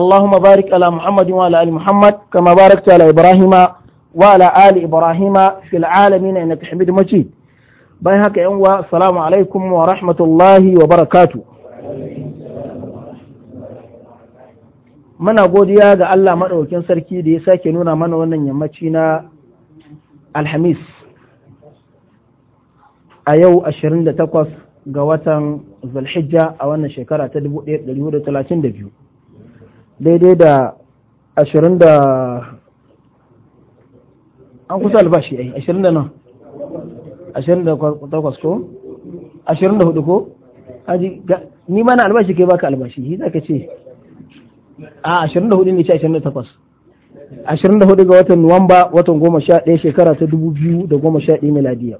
اللهم بارك على محمد وعلى ال محمد كما باركت على ابراهيم وعلى ال ابراهيم في العالمين انك حميد مجيد bayan haka yan uwa assalamu alaikum wa rahmatullahi wa barakatu muna godiya ga Allah maɗaukin sarki da ya sake nuna mana wannan yammaci na alhamis a yau 28 ga watan zulhijja a wannan shekara ta 1432 daidai da ashirin da an kusa albashi ai ashirin da nan ashirin da takwas ko ashirin da hudu ko aji ni ma na albashi ke baka albashi shi za ka ce a ashirin da hudu ne ce ashirin da takwas ashirin da hudu ga watan nuwamba watan goma sha ɗaya shekara ta dubu biyu da goma sha ɗaya miladiya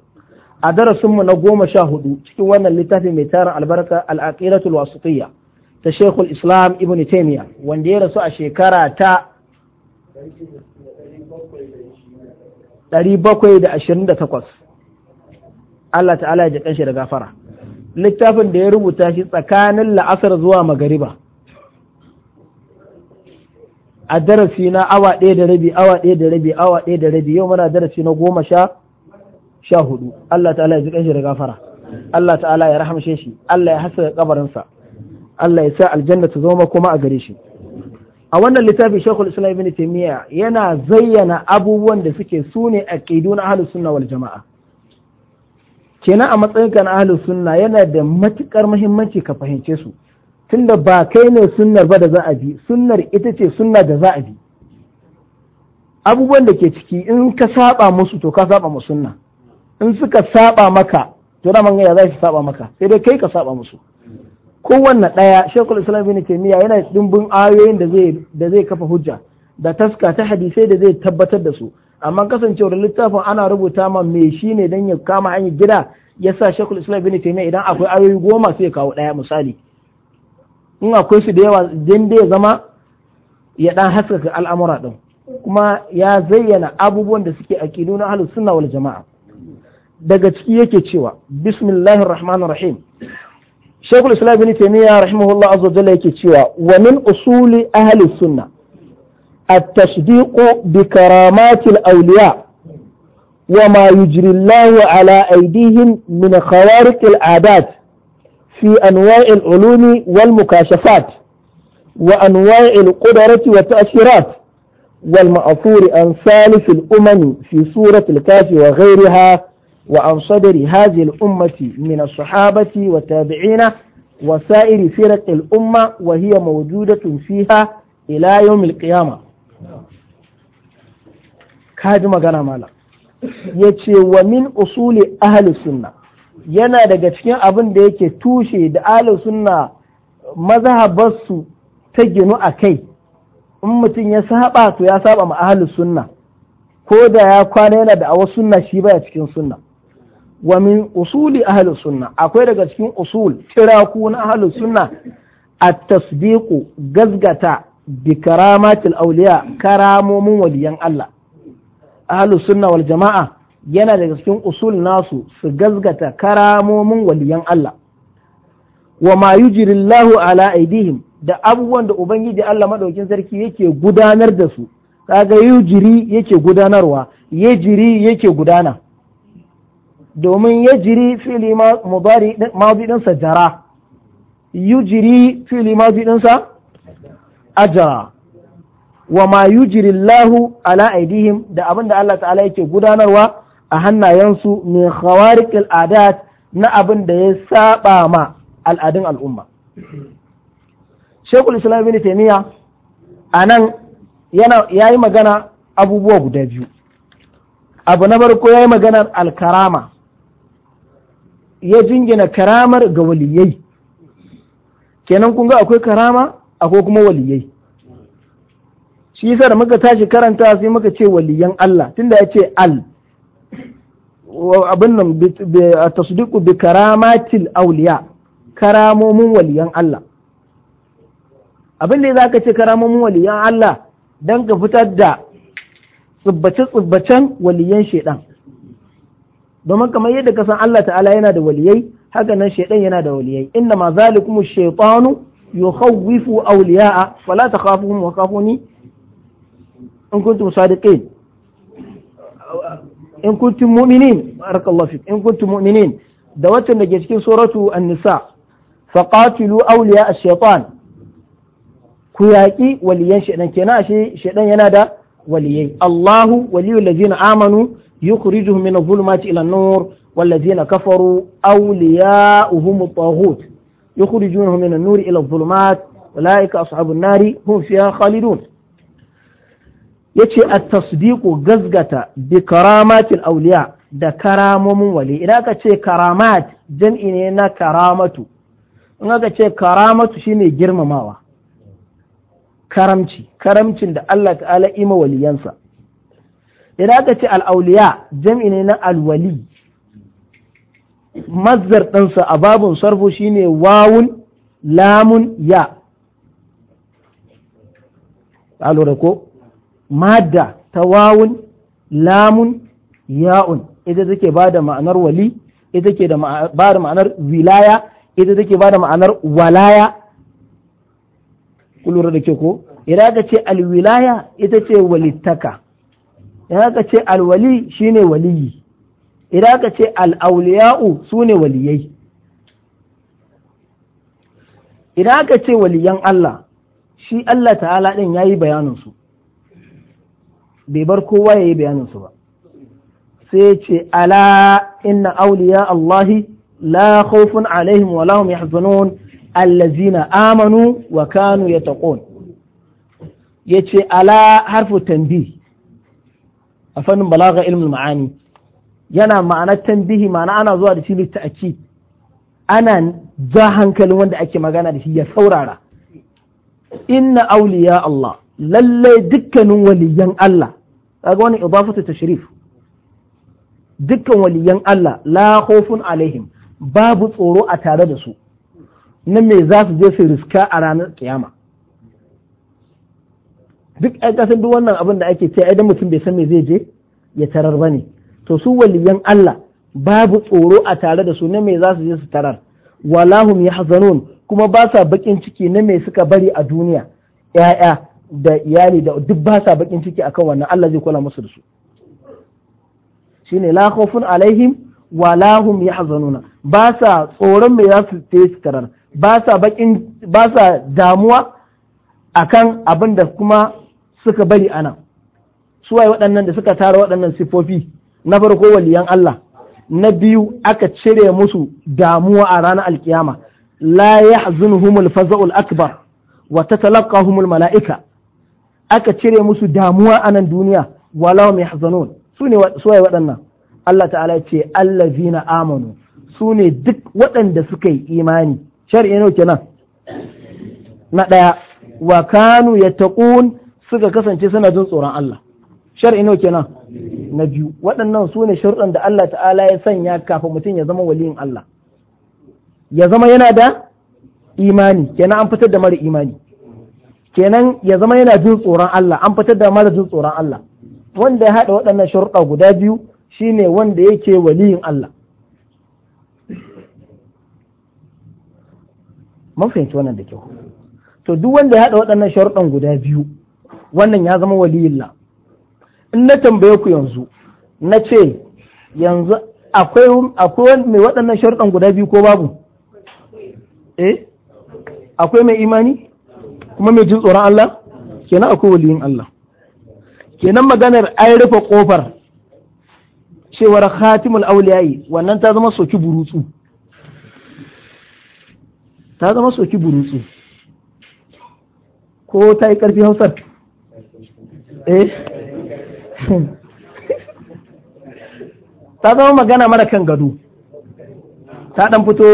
a darasinmu na goma sha hudu cikin wannan littafi mai tarin albarka al'aqidatul wasitiyya ta shekul islam ibn taimiyya wanda ya rasu a shekara ta 728 Allah ta'ala ya jikan shi da gafara littafin da ya rubuta shi tsakanin la'asar zuwa magariba a darasi na awa ɗaya da rabi awa ɗaya da rabi awa ɗaya da rabi yau muna darasi na goma sha sha hudu Allah ta'ala ya ji shi da gafara Allah ta'ala ya rahamshe shi Allah ya hasa kabarinsa Allah ya sa aljanna ta zama kuma a gare shi a wannan littafi shekul islam ibn taymiya yana zayyana abubuwan da suke su ne na ahlu sunna wal jama'a kenan a matsayin ka na sunna yana da matukar muhimmanci ka fahimce su tunda ba kai ne sunnar ba da za a bi sunnar ita ce sunna da za a bi abubuwan da ke ciki in ka saba musu to ka saba musu sunna in suka saba maka to da ya za su saba maka sai dai kai ka saɓa musu kowanne ɗaya shekul islam bin taimiyya yana dimbin ayoyin da zai kafa hujja da taska ta hadisai da zai tabbatar da su amma kasancewar littafin ana rubuta ma me shi ne dan ya kama hanyar gida ya sa shekul islam bin taimiyya idan akwai ayoyi goma sai ya kawo ɗaya misali in akwai su da yawa dan ya zama ya ɗan haskaka al'amura din kuma ya zayyana abubuwan da suke aqidu na ahlus sunna wal jama'a daga ciki yake cewa bismillahir شيخ الاسلام بن تيميه رحمه الله عز وجل cewa ومن اصول اهل السنه التشديق بكرامات الاولياء وما يجري الله على أيديهم من خوارق العادات في أنواع العلوم والمكاشفات وأنواع القدرة والتأثيرات والمأثور عن سالف الأمم في سورة الكاف وغيرها wa an sadari hadhihi al ummati min al wa tabi'ina wa sa'iri firaq al umma wa hiya mawjudatun fiha ila yawm al qiyama kadu magana mala yace wa min usuli ahli sunna yana daga cikin abin da yake tushe da ahli sunna mazhabar su ta ginu akai in mutun ya saba to ya saba ma ahli sunna ko da ya kwana yana da a wasu shi ba cikin sunna wa min usuli ahli sunna akwai daga cikin usul tiraku na ahli sunna at-tasdiqu gazgata bi karamatil awliya karamomin waliyan Allah ahli sunna wal jama'a yana daga cikin usul nasu su gazgata karamomin waliyan Allah wa ma yujrillahu ala aidihim da abubuwan da ubangiji Allah madaukin sarki yake gudanar da su kaga yujiri yake gudanarwa yejiri yake gudana domin ya jiri fili mazi ɗinsa jara yu jiri fili mazi ɗinsa ajara wa ma yu jiri lahu ala aidihim da abin da Allah ta'ala yake gudanarwa a hannayensu min khawariq al'adat na abin da ya saba ma al'adun al'umma shekul islam ibn taimiyya a nan ya yi magana abubuwa guda biyu abu na farko ya yi maganar alkarama ya jingina karamar ga waliyai kenan kun ga akwai karama akwai kuma waliyai shi yasa da muka tashi karanta sai muka ce waliyan Allah tunda ya ce al abin nan tasdiqu bi karamatil awliya karamomin waliyan Allah abin da zaka ce karamomin waliyan Allah dan ka fitar da tsubbace-tsubbacen waliyan shedan domin kamar yadda ka san Allah ta'ala yana da waliyai haka nan shaidan yana da waliyai inna ma zalikum shaytanu yukhawwifu awliya'a fala takhafuhum wa khafuni in kuntum sadiqin in kuntum mu'minin barakallahu fik in kuntum mu'minin da watan daga cikin suratu an-nisa faqatilu awliya'a ash-shaytan ku yaqi waliyan shaidan kenan ashe shaidan yana da waliyai Allahu waliyul ladina amanu yukhrijuhum min adh-dhulumati ila an-nur والذين كفروا أولياؤهم الطاغوت يخرجونهم من النور إلى الظلمات أولئك أصحاب النار هم فيها خالدون yace a tasdiku gazgata bi karamatil auliya da karamomin wali idan aka ce karamat jam'i ne na karamatu in aka ce karamatu shine girmamawa karamci karamcin da Allah ta'ala ima waliyansa idan aka ce al'auliya jam'i ne na alwali mazzar ɗansa a babun sarfo shine wawun lamun ya lura ko madda ta wawun lamun ya'un ita take ba da ma'anar wali ita ke ba da ma'anar wilaya ita take ba da ma'anar walaya ku lura da ke ko idan aka ce alwilaya ita ce walittaka idan aka ce alwali shine waliyi idan aka ce al'auliya'u su ne waliyai idan aka ce waliyan Allah shi Allah ta'ala ɗin ya yi bayaninsu bai bar kowa ya yi bayaninsu ba sai ce ala inna auliya Allahi la khawfun alaihim wa lahum yahzanun allazina amanu wa kanu yattaqun yace ala harfu tanbih a fannin balaga ilmul ma'ani yana ma'ana tanbihi ma'ana ana zuwa da shi ta'aki. ana ja hankalin wanda ake magana da shi ya saurara inna auliya Allah lalle dukkanin waliyan Allah kaga wani idafatu tashrif dukkan waliyan Allah la khawfun alaihim babu tsoro a tare da su nan me za su je su riska a ranar kiyama duk ai kasan duk wannan abin da ake ce ai dan mutum bai san me zai je ya tarar ba ne. to su waliyan Allah babu tsoro a tare da su na me za su je su tarar walahum yahzanun kuma ba sa bakin ciki na me suka bari a duniya ya'ya da iyali da duk ba sa bakin ciki akan wannan Allah zai kula musu da su shine la khawfun alaihim Walahum hum yahzanuna ba sa tsoron me za su je su tarar ba sa bakin ba sa damuwa akan abin da kuma suka bari anan waye waɗannan da suka tara waɗannan siffofi na farko waliyan Allah na biyu aka cire musu damuwa a ranar alkiyama la yahzunhumul faza'ul akbar wa tatalaqahumul mala'ika aka cire musu damuwa a nan duniya wala mai yahzanun su waye waɗannan Allah ta'ala ya ce allazina amanu ne duk waɗanda suka yi imani shar'i ne kenan na ɗaya wa kanu taƙun? suka kasance suna jin tsoron Allah shar'i nawa kenan na biyu waɗannan su ne sharuɗan da Allah ta'ala ya sanya kafin mutum ya zama waliyin Allah ya zama yana da imani kenan an fitar da mara imani kenan ya zama yana jin tsoron Allah an fitar da mara jin tsoron Allah wanda ya haɗa waɗannan sharuɗa guda biyu shine wanda yake waliyin Allah mun fahimci wannan da kyau to duk wanda ya haɗa waɗannan sharuɗan guda biyu wannan ya zama waliyullah in na tambaye ku yanzu na ce yanzu akwai mai waɗannan sharuɗan guda biyu ko babu eh akwai mai imani kuma mai jin tsoron Allah kenan akwai waliyin Allah kenan maganar ai rufe kofar cewar khatimul auliyai wannan ta zama soki burutsu ta zama soki burutsu ko ta yi ƙarfi hausar Eh? ta zama magana mara kan gado ta dan fito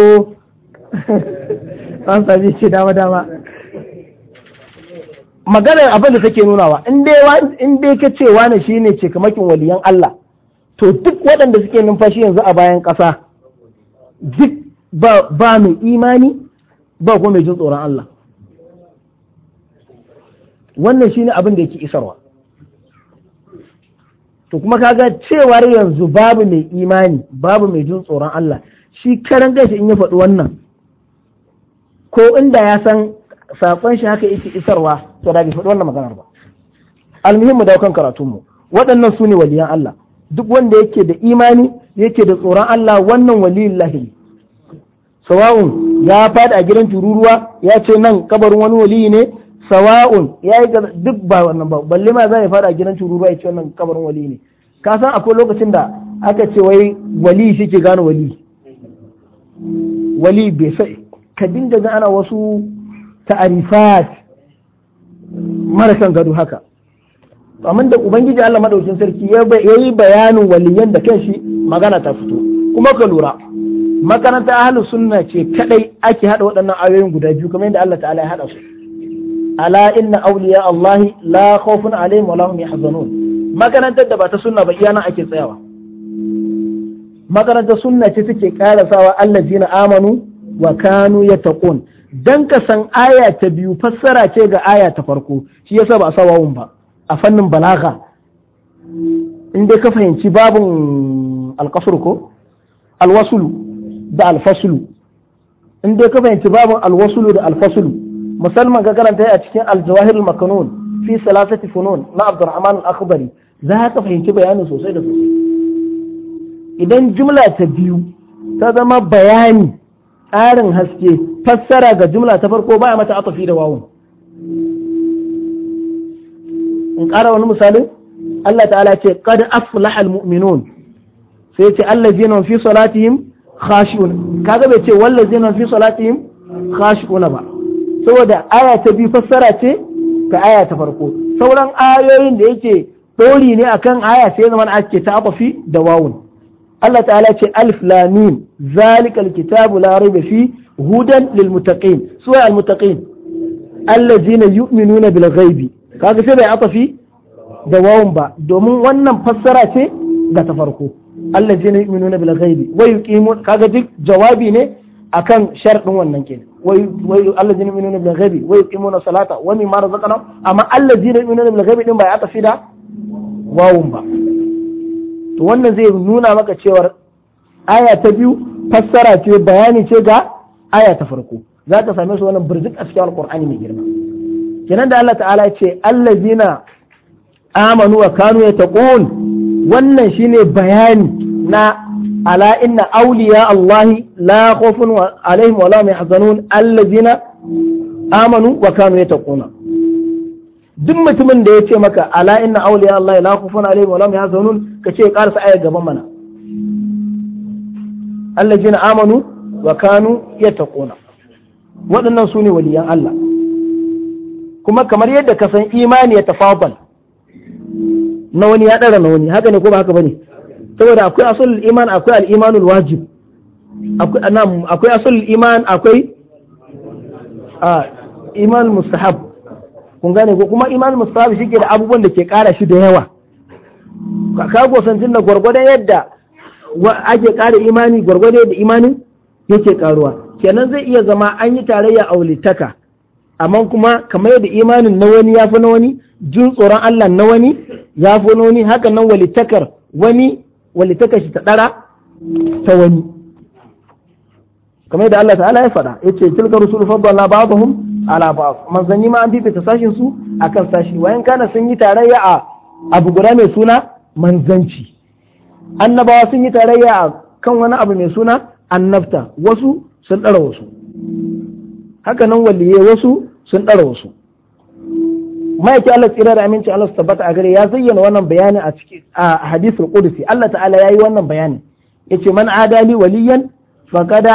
an sami ce dama dama maganar abin da take nunawa in dai ka ce wane shi ne ce kamakin waliyan Allah to duk waɗanda suke numfashi yanzu a bayan ƙasa duk ba mai imani ba kuma mai jin tsoron Allah wannan shi ne abin da yake isarwa to kuma ka ga cewar yanzu babu mai imani babu mai jin tsoron Allah shi karan gashi in ya faɗi wannan ko inda ya san saƙon shi haka yake isarwa to da bai faɗi wannan maganar ba mu dawo kan mu waɗannan su ne waliyan Allah duk wanda yake da imani yake da tsoron Allah wannan waliyun lahi sawa'un ya faɗi a gidan tururuwa ya ce nan kabarin wani waliyi ne sawa'un ya yi duk ba wannan ba balle ma za ya fara gidan cururuwa ya ce wannan kabarin wali ne ka san akwai lokacin da aka ce wai wali shi ke gane wali wali bai sai ka dinga ga ana wasu ta'arifat marasan gado haka amma da ubangiji Allah madaukin sarki ya yi bayanin waliyan da shi magana ta fito kuma ka lura makaranta ahlus sunna ce kadai ake hada waɗannan ayoyin guda biyu kamar yadda Allah ta'ala ya hada su ala inna awliya Allah la khawfun alaihim wa lahum yahzanun makarantar da ba ta sunna ba iyana ake tsayawa makarantar sunna ce take sawa allazina amanu wa kanu yattaqun dan ka san aya ta biyu fassara ce ga aya ta farko shi yasa ba a sa ba a fannin balaga in ka fahimci babin alkasur ko alwasulu da alfasulu in ka fahimci babin alwasulu da alfasulu musamman ga karanta a cikin al-jawahir makanun fi salasati funun na Abdulrahman Akbari, akhbari za ka fahimci bayanin sosai da sosai idan jumla ta biyu ta zama bayani ƙarin haske fassara ga jumla ta farko baya mata atafi da wawun in ƙara wani misali Allah ta'ala ce qad aflaha almu'minun sai ce allazina fi salatihim khashi'un kaga bai ce wallazina fi salatihim khashi'una ba saboda aya ta biyu fassara ce ta aya ta farko sauran ayoyin da yake ɗori ne akan aya sai zaman ake ta abafi da wawun Allah ta'ala ce alif lam mim zalikal kitabu la raiba fi hudan lil muttaqin suwa al muttaqin allazina yu'minuna bil ghaibi kaga sai bai abafi da wawun ba domin wannan fassara ce ga ta farko allazina yu'minuna bil ghaibi wa yuqimun kaga duk jawabi ne akan sharɗin wannan kenan والذين يؤمنون بالغيب ويقيمون الصلاة ومما رزقناهم أما الذين يؤمنون بالغيب din ba ya tafi da wawun ba to wannan zai nuna maka cewar aya ta biyu fassara ce bayani ce ga aya ta farko za ka same su wannan birzik a cikin alkur'ani mai girma kenan da Allah ta'ala ce allazina amanu wa kanu yataqun wannan shine bayani na ala inna awliya allahi la khawfun alaihim wa la hum yahzanun allazina amanu wa kanu yattaquna duk mutumin da ya ce maka ala inna awliya allahi la khawfun alaihim wa la hum yahzanun ka ce karsa ayar gaban mana allazina amanu wa kanu yattaquna waɗannan su ne waliyan Allah kuma kamar yadda ka san imani ya tafadal na wani ya ɗara na wani haka ne ko ba haka bane saboda akwai asulul iman akwai al'imanul wajib akwai asulul iman akwai a iman mustahab kun gane ko kuma iman mustahab shi ke da abubuwan da ke kara shi da yawa ka gosantin da gwargwadon yadda ake kara imani gwargwadon yadda imanin yake karuwa kenan zai iya zama an yi tarayya a wulitaka amma kuma kamar yadda imanin na wani ya fi na wani jin tsoron Allah na wani ya fi na wani haka nan walitakar wani wali ta kashi ta ɗara ta wani kamar da Allah ta'ala ya faɗa ya ce tilka rusulu faddala ba'dhum ala ba'd manzanni ma an bibita sashin su akan sashi wayan kana sun yi tarayya a abu guda mai suna manzanci annabawa sun yi tarayya a kan wani abu mai suna annabta wasu sun ɗara wasu haka nan waliye wasu sun ɗara wasu ma'aiki Allah tsira da aminci Allah su tabbata a gare ya zayyana wannan bayani a cikin a hadisul qudsi Allah ta'ala yayi wannan bayani yace man adali waliyan faqada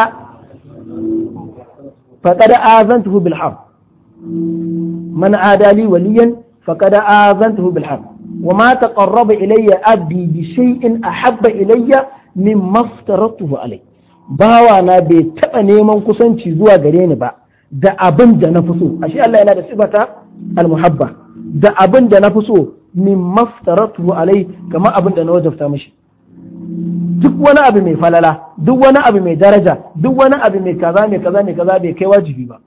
faqada azantuhu bil haqq man adali waliyan faqada azantuhu bil haqq وما تقرب إلي أبدي بشيء أحب إلي مما Bawa na bai بي neman kusanci zuwa gare ni ba. da abin da na fi so ashe Allah yana da sifata almuhabba da abin da na fi so min maftaratu alai kamar abin da na wajabta mashi duk wani abu mai falala duk wani abu mai daraja duk wani abu mai kaza mai kaza mai kaza bai kai wajibi ba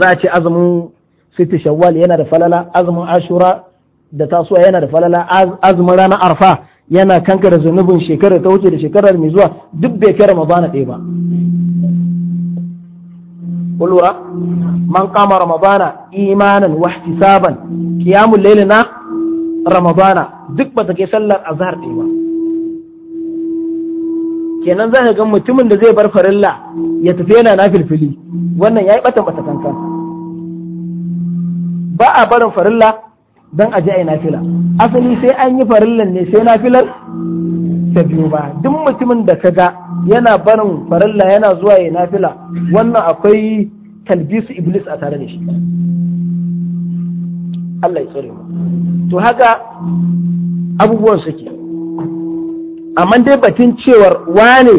za ce azumin siti shawwal yana da falala azumin ashura da tasuwa yana da falala azumin ranar arfa yana kankara zunubin shekarar ta wuce da shekarar mai zuwa duk bai kai ramadana ɗaya ba kulura man kama ramadana imanan wa ihtisaban qiyamul layl na ramadana duk ta kai sallar azhar ɗaya ba kenan za ka ga mutumin da zai bar farilla ya tafi yana na filfili wannan ya yi bata kankan ba a barin farilla don a ji a yi nafila asali sai an yi farillan ne sai nafilar ta biyu ba duk mutumin da ka ga yana barin farilla yana zuwa ya nafila wannan akwai talbisu iblis a tare da shi Allah ya tsare mu to haka abubuwan suke amma dai batun cewar wane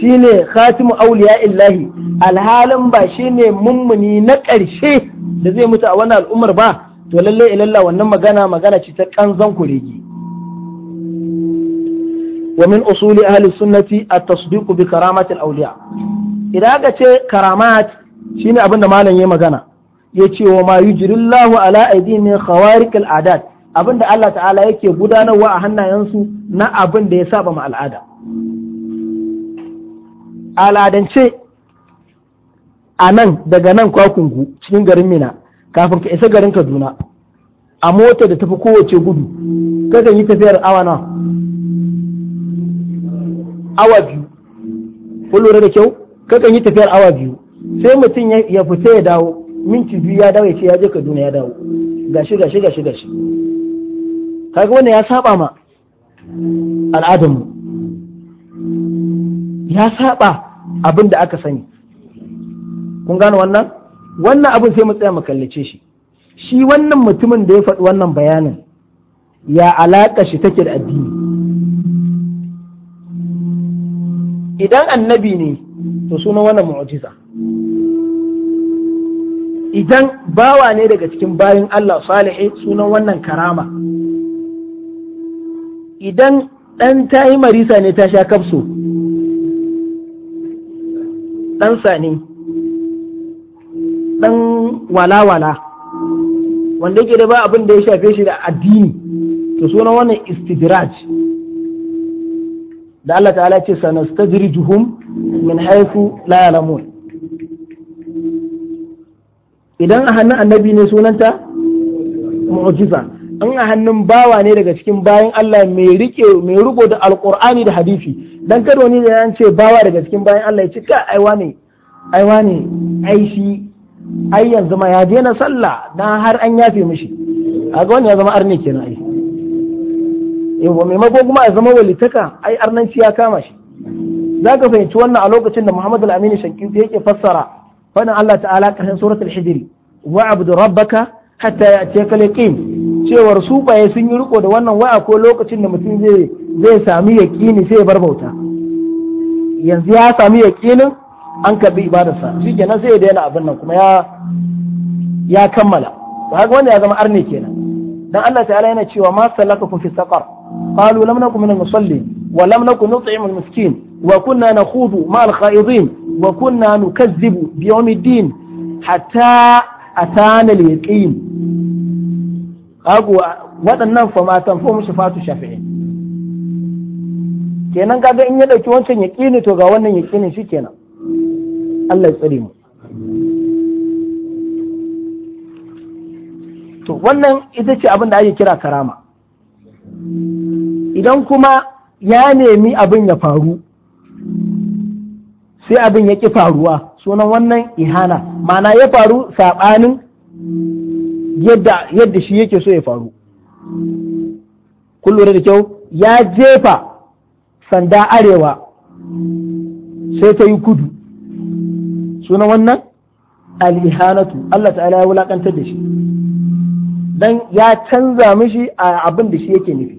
shine khatimu auliya illahi alhalin ba shine mummuni na ƙarshe da zai mutu a wannan al'ummar ba to lalle ilalla wannan magana magana ce ta kanzan kuregi wa min usuli ahli sunnati at-tasdiq bi karamat al-awliya idan aka ce karamat shine abin da malam ya magana ya ce wa ma yujrillahu ala aidi min khawarik al-adat abin da Allah ta'ala yake gudanarwa a hannayensu na abin da ya saba ma al'ada al'adance a nan daga nan kwakungu cikin garin mina kafin ka isa garin kaduna a mota da tafi kowace gudu kakan yi tafiyar awa na awa biyu ko lura da kyau kakan yi tafiyar awa biyu sai mutum ya fita ya dawo minti biyu ya dawo ya ce ya je kaduna ya dawo ga gashi gashi gashi kaga wannan ya saba ma al'adarmu ya saba abin da aka sani kun gane wannan wannan abin sai mu tsaya mu kallace shi shi wannan mutumin da ya faɗi wannan bayanin ya alaƙa shi take da addini idan annabi ne to suna wannan mu'jiza idan bawa ne daga cikin bayin Allah salihi sunan wannan karama idan ɗan tayi marisa ne ta sha kafso ɗansa ne dan wala wanda yake da ba abin da ya shafe shi da addini to suna wannan istidraj da Allah ta'ala ce sanastadrijuhum min haifu la ya'lamun idan a hannun annabi ne sunanta mu'jiza in a hannun bawa ne daga cikin bayan Allah mai rike mai rugo da alqur'ani da hadisi dan kado wani da ce bawa daga cikin bayan Allah ya ce ka aiwa ne aiwa ne ai ai yanzu ma ya daina sallah dan har an yafe mishi kaga wannan ya zama arni kenan ai mai mako kuma ya zama walitaka ai arnanci ya kama shi zaka fahimci wannan a lokacin da Muhammad al-Amin Shankiti yake fassara fadin Allah ta'ala karshen suratul hijri wa abdu rabbaka hatta ya'tiyaka al-yaqin cewar su baye sun yi riko da wannan waya ko lokacin da mutum zai zai sami yaqini sai ya bar bauta yanzu ya sami yaqinin an karbi ibadarsa shi kenan sai ya daina abin nan kuma ya ya kammala to haka wanda ya zama arne kenan dan Allah ta'ala yana cewa ma sallakakum fi saqar qalu lam nakum min musalli wa lam nakum nut'imul miskin wa kunna nakhudu ma al-khaidin wa kunna nukazzibu bi yawmiddin hatta atana al-yaqin waɗannan fa ma musu fatu shafi'in kenan kaga in ya dauki wancan yaqini to ga wannan yaqinin shikenan Allah ya tsare mu to wannan ita ce abin da ake kira karama idan kuma ya nemi abin ya faru sai abin ya ƙi faruwa sunan wannan ihana mana ya faru saɓanin yadda shi yake so ya faru Kullum da kyau ya jefa sanda arewa sai ta yi kudu Suna wannan alihanatu Allah ta'ala ya wulakantar da shi dan ya canza mishi a abin da shi yake nufi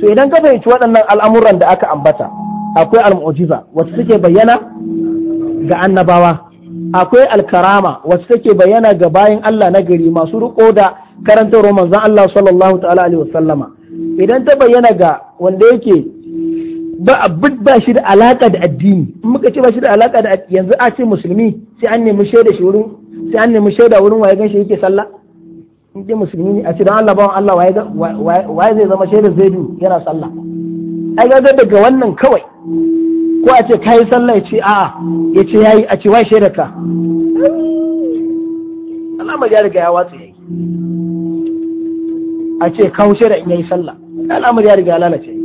to idan ka fahimci waɗannan al'amuran da aka ambata akwai al-mu'jiza wacce take bayyana ga annabawa akwai al-karama wacce take bayyana ga bayin Allah na gari masu riko da karantar manzon Allah sallallahu ta'ala alaihi wasallama idan ta bayyana ga wanda yake ba abin ba shi da alaka da addini in muka ce ba shi da alaka da yanzu a ce musulmi sai an nemi shaida shi wurin sai an nemi shaida wurin waye gan shi yake sallah in dai musulmi ne a ce dan Allah ba Allah waye waye zai zama shaida zai du yana sallah ai ga daga wannan kawai ko a ce kai sallah ya ce a'a ya ce yayi a ce wai shaida ka Allah ma ya riga ya watsa yayi a ce kawo shaida in yayi sallah ma ya riga ya lalace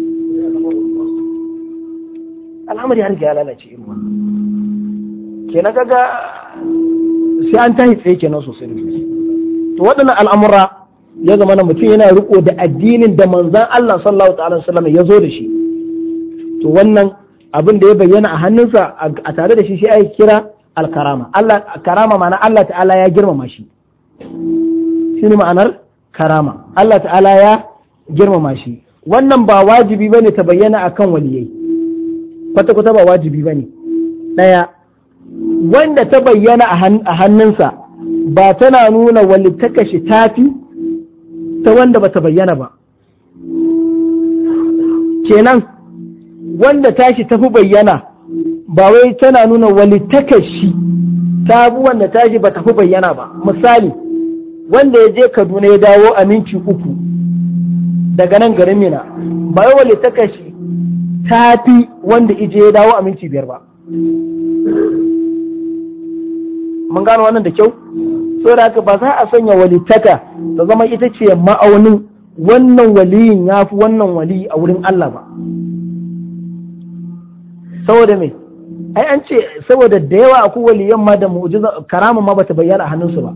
al'amari har ya lalace irin wannan na kaga sai an tashi tsaye ke nan sosai da sosai to waɗannan al'amura ya zama na mutum yana riko da addinin da manzan Allah sallallahu ta'ala wasallam ya zo da shi to wannan abin da ya bayyana a hannunsa a tare da shi shi ai kira alkarama Allah karama ma'ana Allah ta'ala ya girmama shi shine ma'anar karama Allah ta'ala ya girmama shi wannan ba wajibi bane ta bayyana akan waliyai kwata-kwata ba wajibi ba ne ɗaya wanda ta bayyana a hannunsa ba tana nuna walittaka shi tafi ta wanda ba ta bayyana ba kenan wanda tashi tafi bayyana ba wai tana nuna walittaka shi ta wanda tashi ba tafi bayyana ba misali wanda ya je kaduna ya dawo a aminci uku daga nan garin mina ba wai walittaka shi ta fi wanda ije ya dawo a minti biyar ba mun gano wannan da kyau da haka ba za a sanya walitaka ta zama ita ce ma'aunin wannan waliyin ya fi wannan wali a wurin Allah ba saboda me ai an ce saboda da yawa akwai waliyan ma da mu'jiza karama ma bata bayyana a hannunsu ba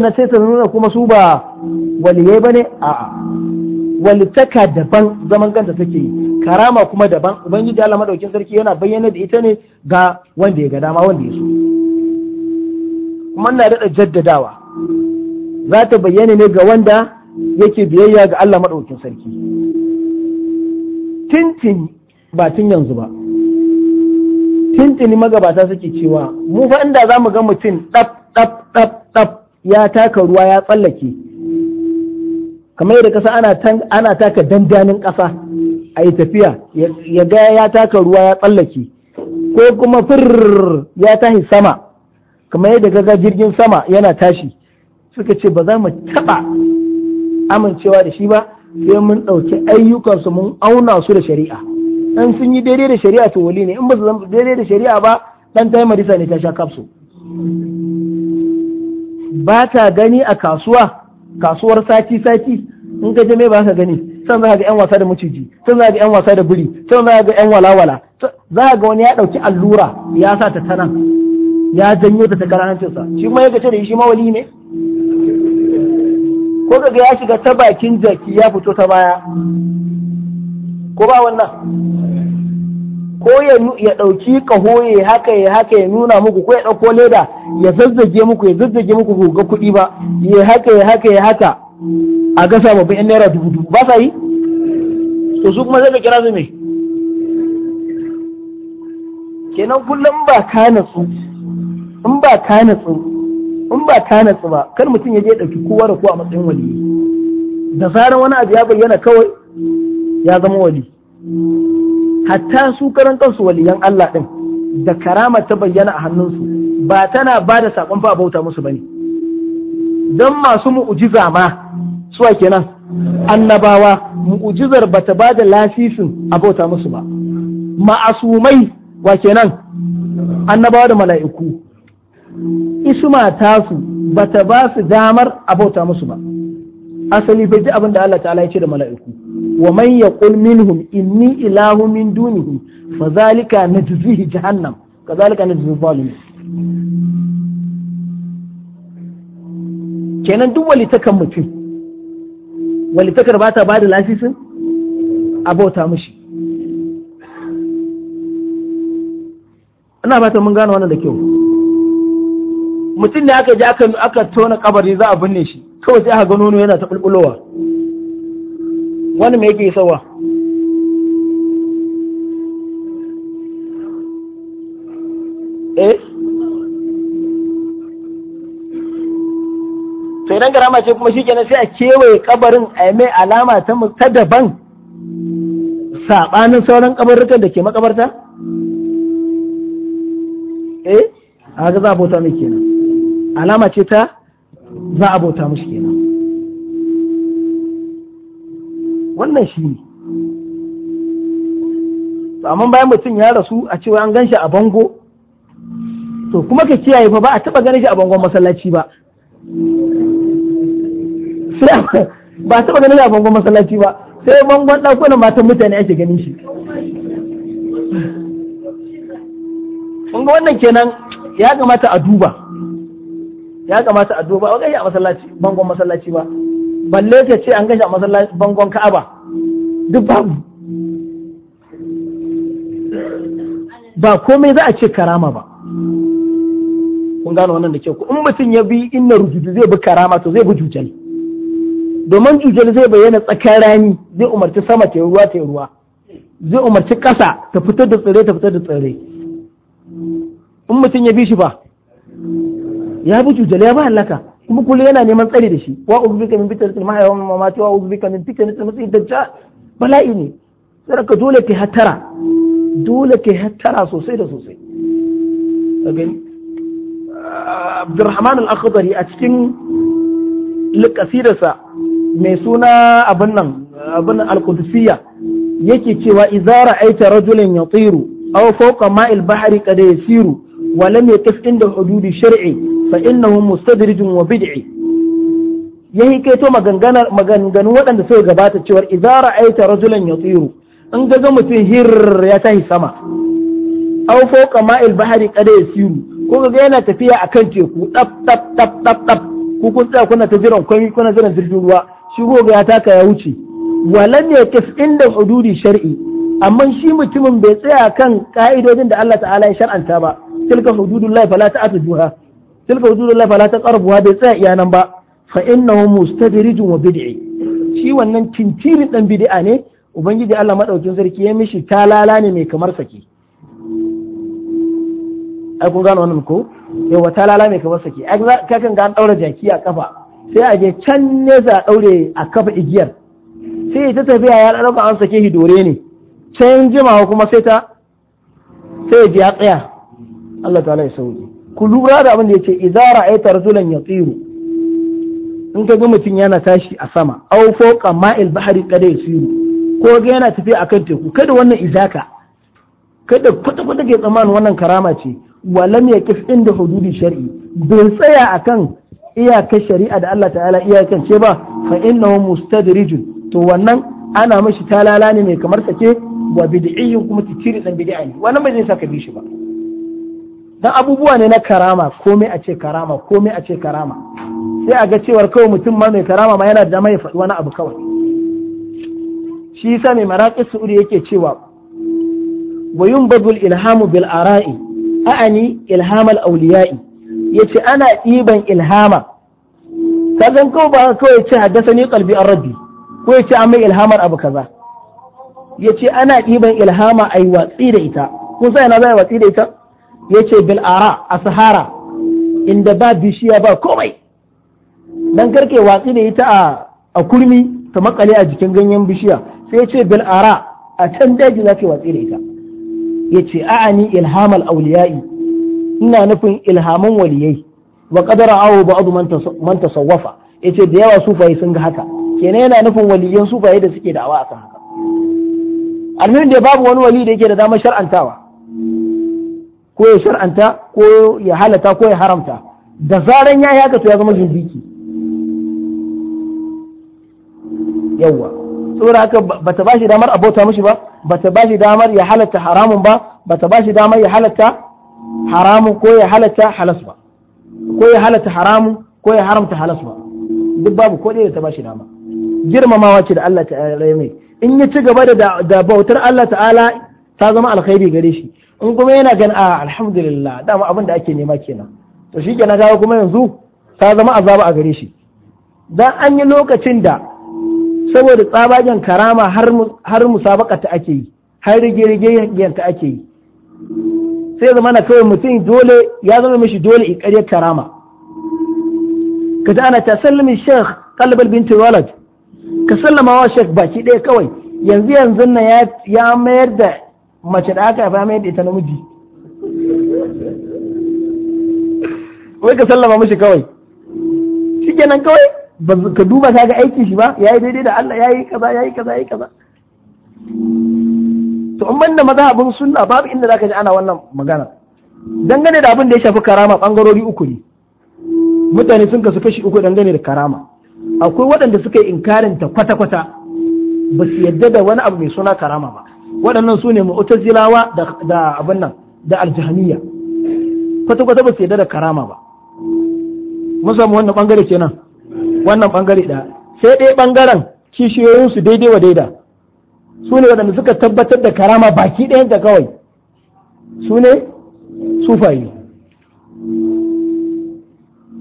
na sai ta nuna kuma su ba waliyai ne? a'a walitaka daban zaman ganta take yi karama kuma daban ubangiji Allah madaukin sarki yana bayyana da ita ne ga wanda ya ga dama wanda ya so kuma ina daɗa jaddadawa za ta bayyana ne ga wanda yake biyayya ga Allah madaukin sarki tintin ba tun yanzu ba tintini magabata suke cewa mu fa inda za mu ga mutum ɗaf ɗaf ɗaf ɗaf ya taka ruwa ya tsallake kamar yadda kasa ana taka dandanin ƙasa a yi tafiya ya ga ya taka ruwa ya tsallake ko kuma fir ya tashi sama kamar yadda gaga jirgin sama yana tashi suka ce ba za mu taba amincewa da shi ba sai mun ɗauki ayyukansu mun auna su da shari'a in sun yi daidai da shari'a to wali ne in ba su daidai da shari'a ba dan tayi marisa ne ta sha kafsu ba ta gani a kasuwa kasuwar sati sati in ka je me ba ka gani san za ga yan wasa da maciji san za ga yan wasa da biri san za ga yan walawala za ga wani ya ɗauki allura ya sa ta tana ya janyo ta ta hancinsa shi ma ya ce da shi wali ne ko ga ya shiga ta bakin jaki ya fito ta baya ko ba wannan ko ya ɗauki kaho ya haka ya haka ya nuna muku ko ya ɗauko leda ya zazzage muku ya zazzage muku ku ga kuɗi ba ya haka ya haka ya haka a ga sababbin yan naira dubu dubu ba sa yi to su kuma zai kira su me kenan kullum ba ka natsu in ba ka natsu in ba ka natsu ba kar mutum ya je ɗauki kowa da kowa a matsayin wali da zarar wani abu ya bayyana kawai ya zama wali hatta su karan kansu waliyan Allah din da karama ta bayyana a hannunsu ba tana ba da sakon fa bauta musu bane dan masu mu'ujiza ma suwa kenan annabawa mu'jizar ta ba da lasisin a bauta musu ba ma'asumai wa kenan annabawa da mala'iku isma tasu bata ba su damar bauta musu ba asali bai ji abin da Allah ta'ala ya ce da mala'iku wa man yaqul minhum inni ilahu min dunihi fa zalika najzihi jahannam kazalika najzi zalimin kenan duk walitakan mutum walitakar ba ta bada lasisin abota mishi ina fatan mun gane wannan da kyau mutum ne aka je aka tona kabari za a binne shi kawai sai aka ga nono yana ta bulbulowa wani me yake sawa eh to idan garama ce kuma kenan sai a kewaye kabarin a mai alama ta ta daban sabanin sauran kabarrukan da ke makabarta eh a ga za a bauta mai kenan alama ce ta za a bauta mushi kenan wannan shi ne amma bayan mutum ya rasu a cewa an gan shi a bango to kuma ka kiyaye fa ba a taba ganin shi a bangon masallaci ba ba a taba ganin shi a bangon masallaci ba sai bangon ɗakunan matan mutane ake ganin shi kun ga wannan kenan ya kamata a duba ya kamata a duba wani a masallaci bangon masallaci ba balle ka ce an gashi a masallacin bangon ka'aba duk babu ba komai za a ce karama ba kun gano wannan da ke ku in mutum ya bi inna rujudu zai bi karama to zai bi jujal domin jujal zai bayyana tsakar rani zai umarci sama ta ruwa ta ruwa zai umarci ƙasa ta fitar da tsire ta fitar da tsire in mutum ya bi shi ba ya bi jujal ya ba halaka kuma kullum yana neman tsari da shi wa bika min fitnatil ya wani mamaci wa bika min fitnatil masih dajjal bala'i ne sai ka dole ka hattara dole ka hattara sosai da sosai ka gani Abdurrahman al-Akhdari a cikin likasirarsa mai suna abin nan abin al-Qudusiyya yake cewa idza ra'aita rajulan yatiru aw fawqa ma'il bahri qad yasiru wa lam yaqif inda hududi shar'i fa innahu mustadrijun wa bid'i ya maganganar maganganun waɗanda suka gabata cewar idza ra'aita rajulan yatiru in ga ga mutum hir ya tahi sama aw fawqa ma'il bahari kada yasiru ko ga yana tafiya akan teku dab dab dab dab dab ku kun tsaya kuna ta jiran kwami kuna jiran jirgin ruwa shi ga ya taka ya wuce walam yakis inda hududi shar'i amma shi mutumin bai tsaya kan ka'idodin da Allah ta'ala ya shar'anta ba tilka hududullahi fala ta'tuduha tilka hududullah fala taqrabuha bai tsaya iya nan ba fa innahu mustadrijun wa bid'i shi wannan tintirin dan bid'a ne ubangiji Allah madaukin sarki ya mishi talala ne mai kamar saki ai kun gano wannan ko yawa talala mai kamar saki ai ka kan ga an daura jaki a kafa sai a je can nesa a daure a kafa igiyar sai ta tafiya ya dauka an sake hidore dore ne can jima kuma sai ta sai ya tsaya Allah ta'ala ya sauke ku lura da abin da ya ce izara idza ra'aita rasulan tsiru. in ka ga mutum yana tashi a sama Aufo foka ma'il bahari kada tsiro ko ga yana tafiya a kan teku kada wannan izaka kada kwata kwata ke tsammanin wannan karama ce wa lam yaqif inda hududi shar'i bai tsaya a kan iyakar shari'a da Allah ta'ala ce ba fa hu mustadrijun to wannan ana mashi talala ne mai kamar sake wa bid'iyyun kuma tikiri dan bid'a ne wannan bai zai saka bi shi ba dan abubuwa ne na karama komai a ce karama komai a ce karama sai a ga cewar kawai mutum ma mai karama ma yana da dama ya faɗi wani abu kawai shi yasa mai maraƙi su'uri yake cewa wa yunbadul ilhamu bil ara'i a'ani ilhamal awliya'i yace ana ɗiban ilhama kagan kawai ba kawai ce haddasa ni kalbi an rabbi ko ya an mai ilhamar abu kaza ya ce ana ɗiban ilhama ai watsi da ita kun sa yana za a watsi da ita yace ce bil'ara a sahara inda ba bishiya ba komai dan karke watsi da ita a kurmi ta makale a jikin ganyen bishiya sai ya ce bil'ara a can daji ke watsi da ita yace ni ilhamal awliya'i ina nufin ilhamun waliyai wa qadara awu ba'd man tasawwafa yace da yawa sufaye sun ga haka kenan yana nufin waliyan sufaye da suke da'awa akan haka almin babu wani wali da yake da damar shar'antawa ko ya shar'anta ko ya halata ko ya haramta da zaran ya yi haka to ya zama zindiki yawwa saboda haka ta bashi damar abota mishi ba ta bashi damar ya halatta haramun ba ta bashi damar ya halatta haramun ko ya halatta halas ba ko ya halatta haramun ko ya haramta halas ba duk babu ko da ta bashi dama girmamawa ce da Allah ta'ala mai in ya ci gaba da bautar Allah ta'ala ta zama alkhairi gare shi in kuma yana gani a ah, alhamdulillah dama abin da ake nema kenan to shi kenan gawa kuma yanzu ta zama azaba a gare shi dan an yi lokacin da saboda tsabagen karama har musabaka ta ake yi har rige-rige yanka ake yi sai zama na kawai mutum dole ya zama mishi dole in karya karama ka ta ana ta sallamin sheikh kalbal binti walad ka sallama wa sheikh baki ɗaya kawai yanzu yanzu na ya mayar da mace da aka haifa mai da ita namiji wai ka sallama mishi kawai shikenan kawai ba ka duba ka ga aiki shi ba yayi daidai da Allah yayi kaza yayi kaza yayi kaza to in banda mazhabin sunna babu inda zaka ji ana wannan magana dangane da abin da ya shafi karama bangarori uku ne mutane sun kasu kashi uku dangane da karama akwai waɗanda suka yi inkarin ta kwata-kwata ba su yadda da wani abu mai suna karama ba waɗannan su ne mu'tazilawa da abin nan da aljahmiya kwata kwata ba su yadda da karama ba mun samu wannan bangare kenan wannan bangare da sai ɗaya bangaren kishiyoyin su daidai wa daida su ne waɗanda suka tabbatar da karama baki ɗayan da kawai su ne sufayi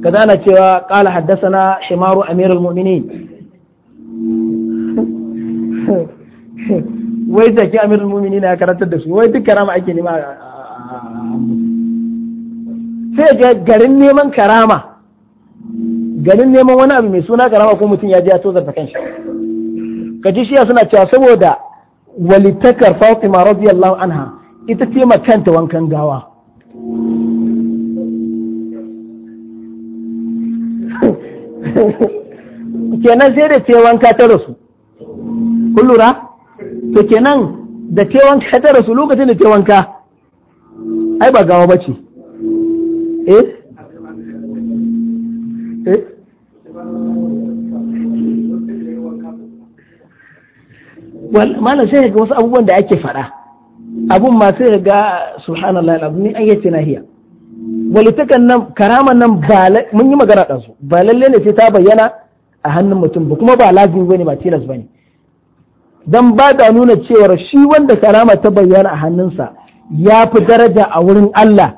kaza ana cewa qala haddathana shimaru amirul mu'minin wai zaki amirul mu'minin ya karantar da su wai duk karama ake nema sai ga garin neman karama garin neman wani abu mai suna karama ko mutum ya ji ya tozarta kanshi ka ji shiya suna cewa saboda walitakar Fatima radiyallahu anha ita ce makanta wankan gawa kenan sai da ce wanka ta rasu kullura to kenan da ke wanka tara su lokacin da ke wanka ai ba gawa bace eh eh malam sai ga wasu abubuwan da ake fada abun ma sai ga subhanallah alazim yace ayyace nahiya walitakan nan karaman nan ba mun yi magana ɗansu ba lalle ne sai ta bayyana a hannun mutum ba kuma ba lazimi bane ba tilas bane Don ba da nuna cewar shi wanda karama ta bayyana a hannunsa ya fi daraja a wurin Allah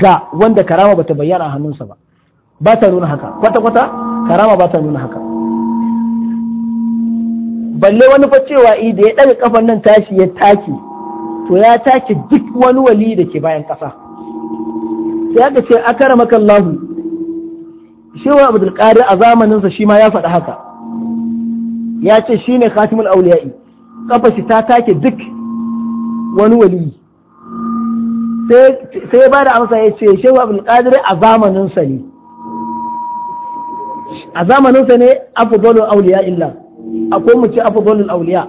ga wanda karama bata bayyana a hannunsa ba ba ta nuna haka kwata-kwata karama ba ta nuna haka balle wani fa cewa da ya ɗaga kafan nan tashi ya take to ya take duk wani wali da ke bayan ƙasa sai aka ce akara makallahu shewa abdulkadir a zamaninsa shi ma ya faɗi haka ya ce shi ne khatimul auliya'i kafa shi ta take duk wani wali sai ba da amsa ya ce shehu abin qadir a zamaninsa ne a zamaninsa ne afdalul auliya illa akwai mu ce afdalul auliya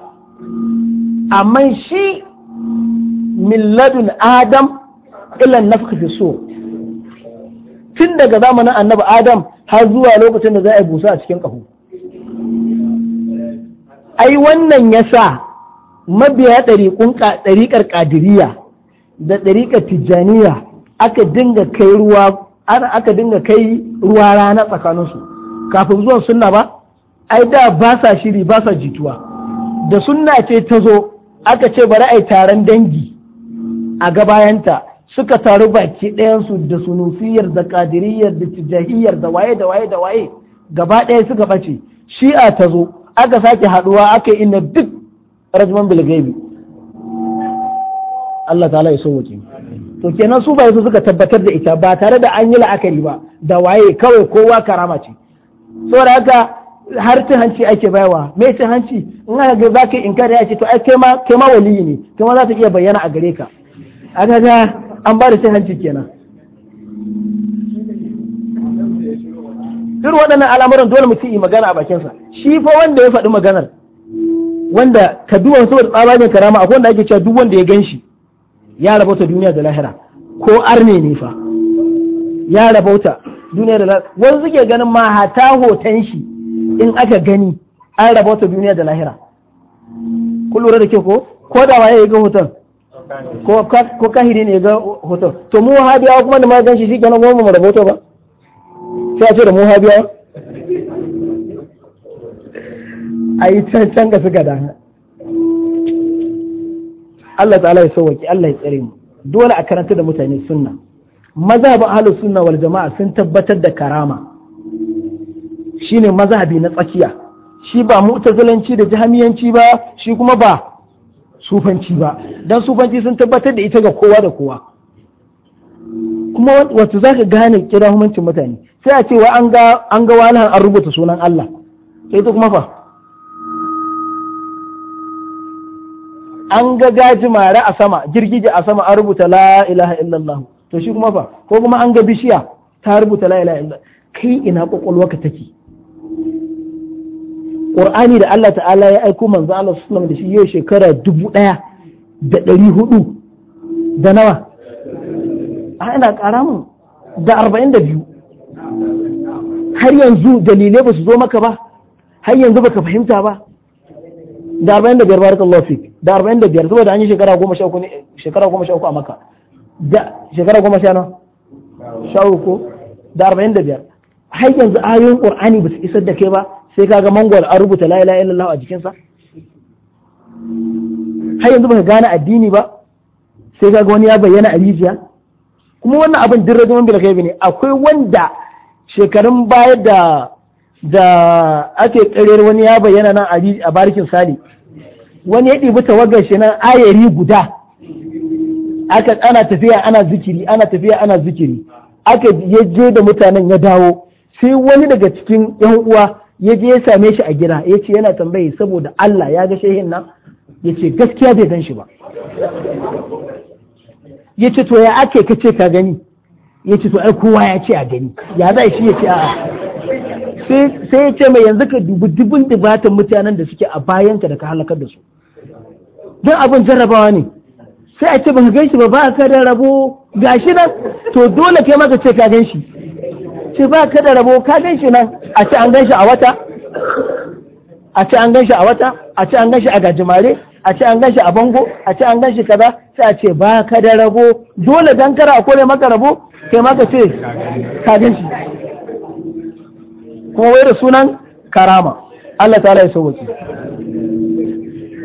amma shi milladun adam illa nafka fi so tun daga zamanin annabi adam har zuwa lokacin da za a yi busa a cikin ƙaho ai wannan ya sa mabiya ɗariƙar ƙadiriya da ɗariƙar tijjaniya aka dinga kai ruwa aka dinga kai ruwa rana tsakaninsu kafin zuwan sunna ba ai da ba sa shiri ba sa jituwa da sunna ce ta zo aka ce bari a yi taron dangi a gabayanta suka taru baki ɗayansu da sunusiyar da ƙadiriyar da tijahiyar da waye da waye da waye gaba ɗaya suka ɓace shi'a ta zo aka sake haduwa aka yi inna duk rajman bil Allah ta'ala ya so wuce to kenan su ba su suka tabbatar da ita ba tare da an yi la'akari ba da waye kawai kowa karama ce saboda haka har ci hanci ake baiwa me cin hanci in aka ga zaka inkari ya ce to ai kai ma kai ma waliyi ne kuma za ta iya bayyana a gare ka aka ga an ba da cin hanci kenan Duk waɗannan al'amuran dole mutum yi magana a bakinsa shi fa wanda ya faɗi maganar wanda ka duba saboda tsabagen karama akwai wanda ake cewa duk wanda ya gan shi ya rabauta duniya da lahira ko arne ne fa ya rabauta duniya da lahira wani suke ganin ma hata hoton shi in aka gani an rabauta duniya da lahira lura da ke ko ko da waye ya ga hoton ko kahiri ne ya ga hoton to mu hadiya kuma da ma gan shi shi kenan mu rabauta ba sai a ce da mu habiya a yi can can ga suka da Allah ta'ala ya sauwaki Allah ya tsare mu dole a karanta da mutane sunna mazhabin ahlus sunna wal jama'a sun tabbatar da karama shine mazhabi na tsakiya shi ba mu'tazilanci da jahamiyanci ba shi kuma ba sufanci ba dan sufanci sun tabbatar da ita ga kowa da kowa kuma wacce za ka gane kira mutane sai a ce wa an ga an ga an rubuta sunan Allah sai ta kuma fa an ga gaji mare a sama girgije a sama an rubuta la ilaha illallah to shi kuma fa ko kuma an ga bishiya ta rubuta la ilaha illallah kai ina ka take Qur'ani da Allah ta'ala ya aiko manzo Allah sallallahu da shi yau shekara dubu ɗaya da ɗari hudu da nawa a ina ƙara mun da arba'in da biyu har yanzu dalilai ba su zo maka ba har yanzu baka fahimta ba da arba'in da biyar rikon lafi da arba'in da biyar saboda an yi shekara goma sha uku shekara goma sha uku a maka da shekara goma sha nan sha uku da arba'in da biyar har yanzu ayoyin qur'ani ba su isar da kai ba sai kaga mangwal an rubuta la ilaha illallah a jikinsa har yanzu baka gane addini ba sai kaga wani ya bayyana a rijiya kuma wannan abin dirrajin wani bilkai ne akwai wanda shekarun baya da da ake karyar wani ya bayyana nan a barikin sali wani ya ɗibi tawagar shi nan ayari guda aka ana tafiya ana zikiri ana tafiya ana zikiri aka ya je da mutanen ya dawo sai wani daga cikin yan uwa ya je ya same shi a gida ya ce yana tambayi saboda Allah ya ga shehin nan ya ce gaskiya bai gan shi ba ya ce to ya ake kace ka gani ya ce to ai kowa ya ce a gani ya za shi ya ce a? sai ya ce mai yanzu ka dubi dubin dubatan mutanen da suke a bayanka da ka halakar da su don abin jarrabawa ne sai a ce ka gan shi ba ba ka da rabo gashi nan to dole kai maka ce ka gan shi ce ba ka da rabo ka gan shi nan a ce an gan shi a wata a ce an ganshi a wata a ce an ganshi a gajimare a ce an ganshi a bango a ce an ganshi kaza sai a ce ba ka da rabo dole don kara a kore maka rabo sai maka ce ka ganshi kuma wai da sunan karama Allah ta ya sauwaki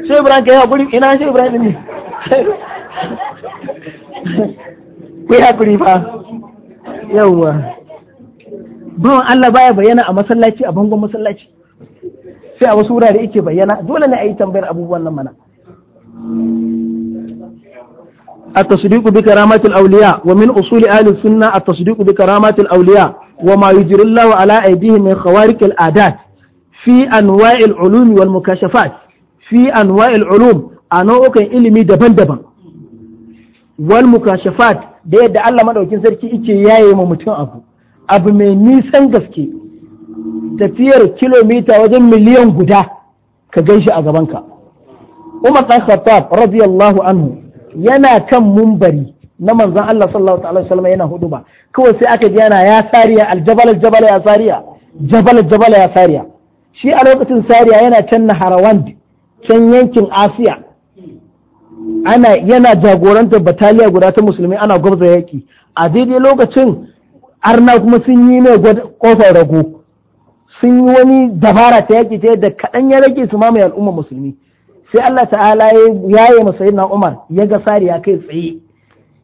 Shehu Ibrahim yi haƙuri, ina shi Ibrahim ne ku yi haƙuri fa yawwa bawan Allah baya bayyana a masallaci a bangon masallaci sai a wasu wurare yake bayyana dole ne a yi tambayar abubuwan nan mana. A ta su duku duka auliya wa min usuli alin sunna a ta su duku duka auliya wa ma yi jirin ala a yi dihi mai fi an wa il ulumi wal mu kashe fi an wa il ulum a nau'ukan ilimi daban daban wal mu da yadda Allah maɗaukin sarki ike yaye ma mutum abu abu mai nisan gaske tafiyar kilomita wajen miliyan guda ka gan shi a gabanka umar ɗan khattab radiyallahu anhu yana kan mumbari na manzon Allah sallallahu alaihi wasallam yana ba, kawai sai aka ji yana ya sariya aljabal aljabal ya sariya jabal jabal ya sariya shi a lokacin sariya yana can na harawand can yankin asiya ana yana jagorantar bataliya guda ta musulmi ana gwabza yaki a daidai lokacin arna kuma sun yi mai kofar rago sun yi wani dabara ta yaki ta yadda kaɗan ya rage su mamaye al'umma musulmi sai Allah ta'ala ya yi masa na Umar ya ga sariya kai tsaye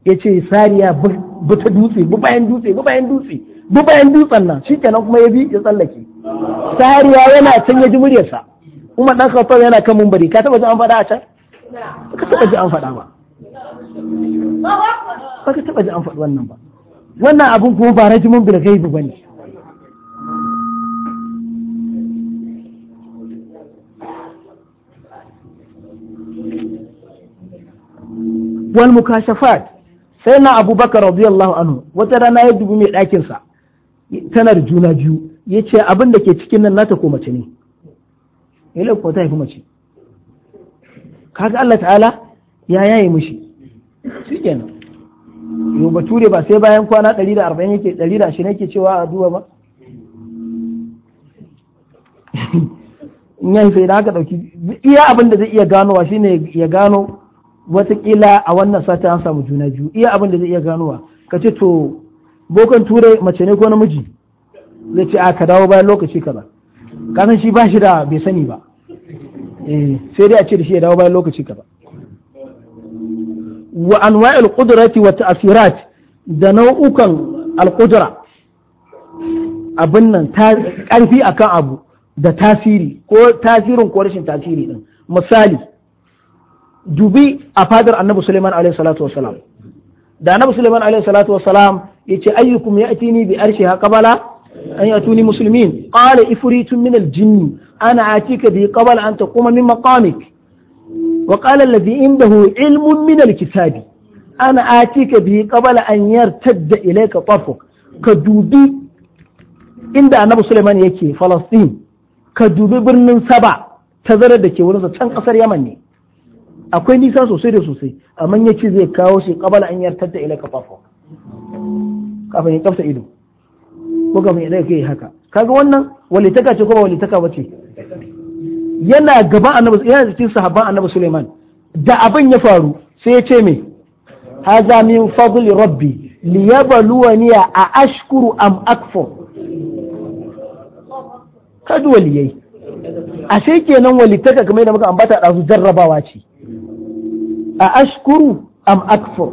ya ce sariya bu ta dutse bu bayan dutse bu bayan dutse bu bayan dutsen nan shi kenan kuma ya bi ya tsallake sariya yana can ya ji muryarsa Umar dan Khattab yana kan mumbari ka taba ji an faɗa a can ka taba ji an faɗa ba ba ka taba ji an faɗi wannan ba wannan abun kuma ba rajimin bil ghaibi bane wal mukashafat sai na abubakar radiyallahu anhu wata rana ya dubi mai ɗakin sa tana da juna biyu yace abin da ke cikin nan nata ko mace ne ila ko ta haifi mace kaga Allah ta'ala ya yaye mishi shikenan yo bature ba sai bayan kwana 140 yake 120 yake cewa a duba ba in yayi sai da aka dauki iya abin da zai iya ganowa shine ya gano watakila a wannan sati an samu juna biyu iya abin da zai iya ganowa ka ce to bokan turai mace ne ko namiji zai ce a ka dawo bayan lokaci kaza kasan shi ba shi da bai sani ba eh, sai dai a ce da shi ya dawo bayan lokaci kaza wa anwa'il qudrati wa ta'sirat da nau'ukan alqudra abin nan ta karfi akan abu da tasiri ko tasirin ko rashin tasiri din misali dubi a fadar annabi Suleiman alaihi salatu wassalam da annabi Suleiman alaihi salatu wassalam yace ayyukum ya'tini bi arshiha qabala an yatuni muslimin qala ifritun min al-jinn ana atika bi qabla an taquma min maqamik wa qala alladhi indahu ilmun min al-kitabi ana atika bi qabla an yartadda ilayka tarfuk ka dubi inda annabi Suleiman yake Falastin ka dubi birnin Saba tazarar da ke wurinsa can kasar Yaman ne akwai nisa sosai da sosai amma ya ce zai kawo shi kabala an yartar da ila kafafa kafin ya kafta ido ko kafin ya daga kai haka kaga wannan taka ce ko taka bace yana gaba annabi yana cikin sahabban annabi Suleiman da abin ya faru sai ya ce me haza min fadli rabbi liyabluwani a ashkuru am akfur kadu waliyai ashe kenan taka kamar da muka ambata da su jarrabawa ce a ashkuru am akfur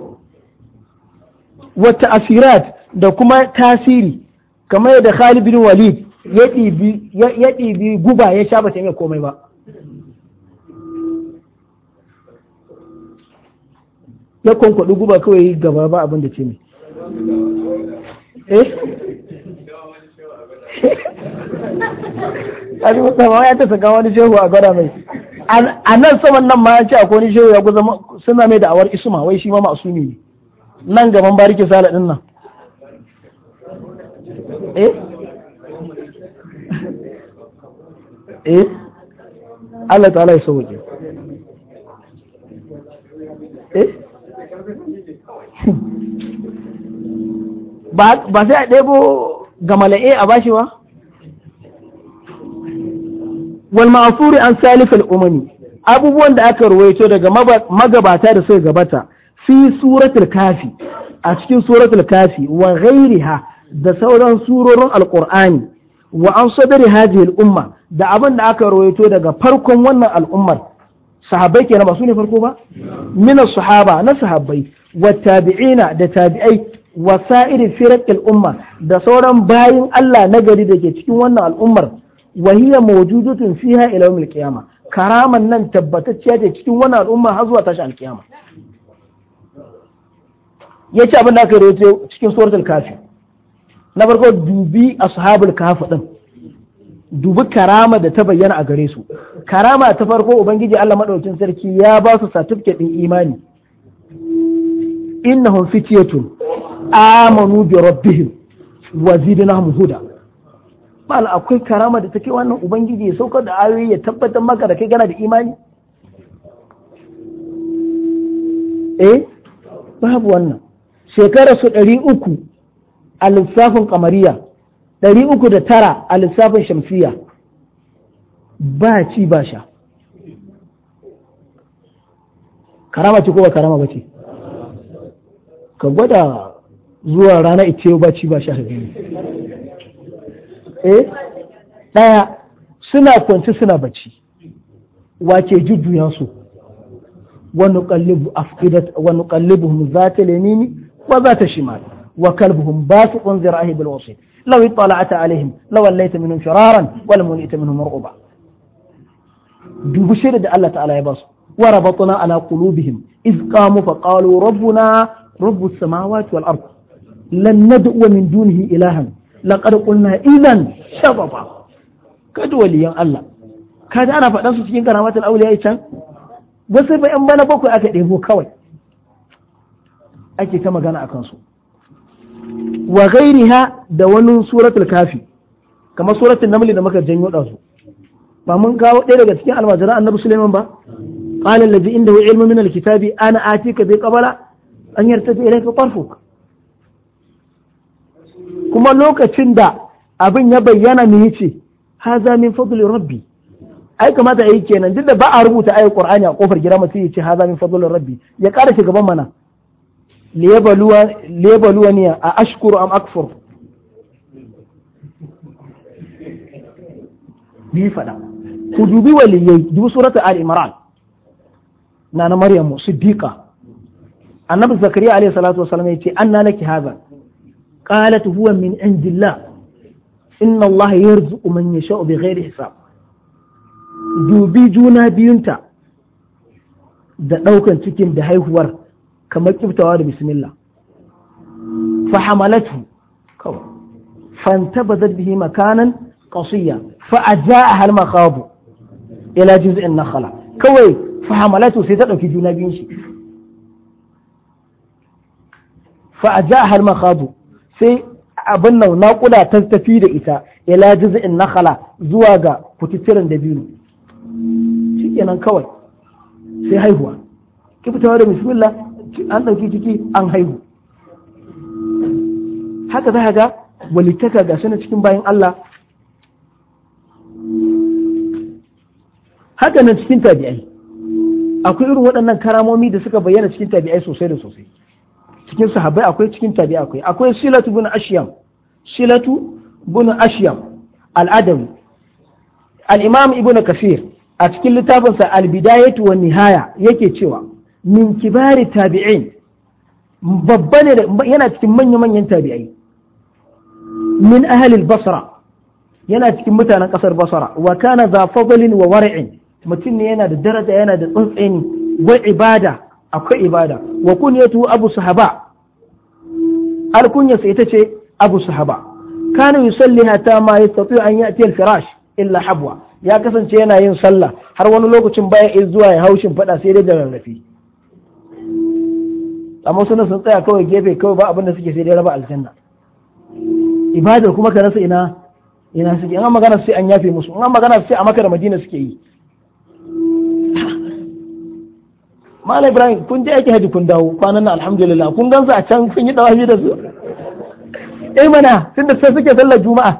wata asirat da kuma tasiri kamar yadda Khalid bin Walid ya ɗibi guba ya sha bata mai komai ba ya kwankwaɗi guba kawai yi gaba ba abin da ce mai eh ya ta saka wani shehu a gwada mai a nan saman nan ma ce akwai wani shehu ya kusa suna mai da'awar isma wai shi ma masu ne nan gaban bariki sala din nan eh eh Allah ta'ala ya sauke eh ba sai a ɗebo mala'e a bashi ba wal ma'asuri an salif al abubuwan da aka ruwaito daga magabata da suka gabata fi suratul kafi a cikin suratul kafi wa ghairiha da sauran surorin alqur'ani wa an sadari hadhihi al-umma da abin da aka rawaito daga farkon wannan al'ummar sahabbai kenan ba su ne farko ba min sahaba na sahabbai wa tabi'ina da tabi'ai wa sa'iri firaqil umma da sauran bayin Allah na gari da ke cikin wannan al'ummar wa hiya mawjudatun fiha ila yawmil qiyama karaman nan tabbatacciya ce cikin wani al'umma har zuwa tashi alkiyama yace abin da aka rawaito cikin suratul kafi na farko dubi ashabul kafi din dubi karama da ta bayyana a gare su karama ta farko ubangiji Allah maɗaukin sarki ya ba su ɗin din imani innahum fityatun amanu bi rabbihim wa zidnahum huda mal akwai karama da take wannan ubangiji ya saukar da ayoyi ya tabbatar maka da kai gana da imani eh babu wannan Shekararsu su ɗari uku a lissafin kamariya ɗari uku da tara a lissafin shamsiya ba ci ba sha karama ce ko ba karama ba ce ka gwada zuwa rana ita ba ci ba sha eh ɗaya suna kwanci suna bacci wace jujjuyan su wa nuqallibu nuqallibuhum zata yamini wa zata shimal wa kalbuhum basiqun zira'ihi bil wasit law ittala'ata alaihim law allaita minhum shiraran wa lam unita minhum mar'uba dubu shida da Allah ta'ala ya basu wa rabatna ala qulubihim iz qamu fa qalu rabbuna rabbus samawati wal ard lan nad'u min dunihi ilahan laƙar ƙunna idan shababa kada waliyan Allah kaji ana faɗan su cikin karamatul auliya can wasu fa yan bana bakwai aka ɗebo kawai ake ta magana a kansu wa ghairiha da wani suratul kafi kamar suratul Namli da muka janyo ɗansu ba mun kawo ɗaya daga cikin almajiran annabi Suleiman ba qala allazi indahu ilmu min alkitabi ana atika bi qabala an yartafi ilayka tarfuk kuma lokacin da abin ya bayyana ni yace haza min fadli rabbi ai kamata yi kenan duk da ba a rubuta ayi qur'ani a kofar gida mutum yace haza min fadli rabbi ya ƙara shi gaban mana liyabaluwa ne a ashkuru am akfur bi faɗa ku dubi waliyai dubi surata al imran na na maryamu siddiqa annabi zakariya alaihi salatu wasallam yace anna laki hadha قالت هو من عند الله إن الله يرزق من يشاء بغير حساب dubi juna biyunta da ɗaukan cikin da haihuwar kamar kiftawa da bismillah fahamalatu kawai fantabazat bihi makanan qasiya fa ajaa hal makhabu ila juz'in nakhla kawai fahamalatu sai ta ɗauki juna biyun shi fa ajaa hal makhabu sai abin nan naƙuda ta tafi da ita ila jiz'in nakhala zuwa ga kututturen dabino shikenan kawai sai haihuwa ki fitawa da bismillah an ɗauki ciki an haihu haka za ga walittaka ga na cikin bayan Allah haka nan cikin tabi'ai akwai irin waɗannan karamomi da suka bayyana cikin tabi'ai sosai da sosai cikin sahabbai akwai cikin tabi akwai akwai silatu bin ashiyam silatu bin ashiyam al'adam al ibn kasir a cikin littafinsa al-bidayatu wa nihaya yake cewa min kibari tabi'in babba ne yana cikin manya-manyan tabi'ai min ahalil basra yana cikin mutanen kasar basra wa kana za fadlin wa war'in mutum ne yana da daraja yana da tsantseni wa ibada akwai ibada wa kunyatu abu sahaba Al-kun alkunyarsa ita ce abu sahaba kana yusalli hatta ma yastati an ya'ti al-firash illa habwa ya kasance yana yin sallah har wani lokacin baya iz zuwa ya haushin fada sai dai da rarrafi amma sunan sun tsaya kawai gefe kawai ba abin da suke sai dai raba aljanna ibadar kuma ka rasa ina ina suke an magana sai an yafe musu an magana sai a maka da madina suke yi mala ibrahim kun je aiki haji kun dawo kwanan nan alhamdulillah kun gan su a can kun yi dawafi da su eh mana tun da sai suke sallar juma'a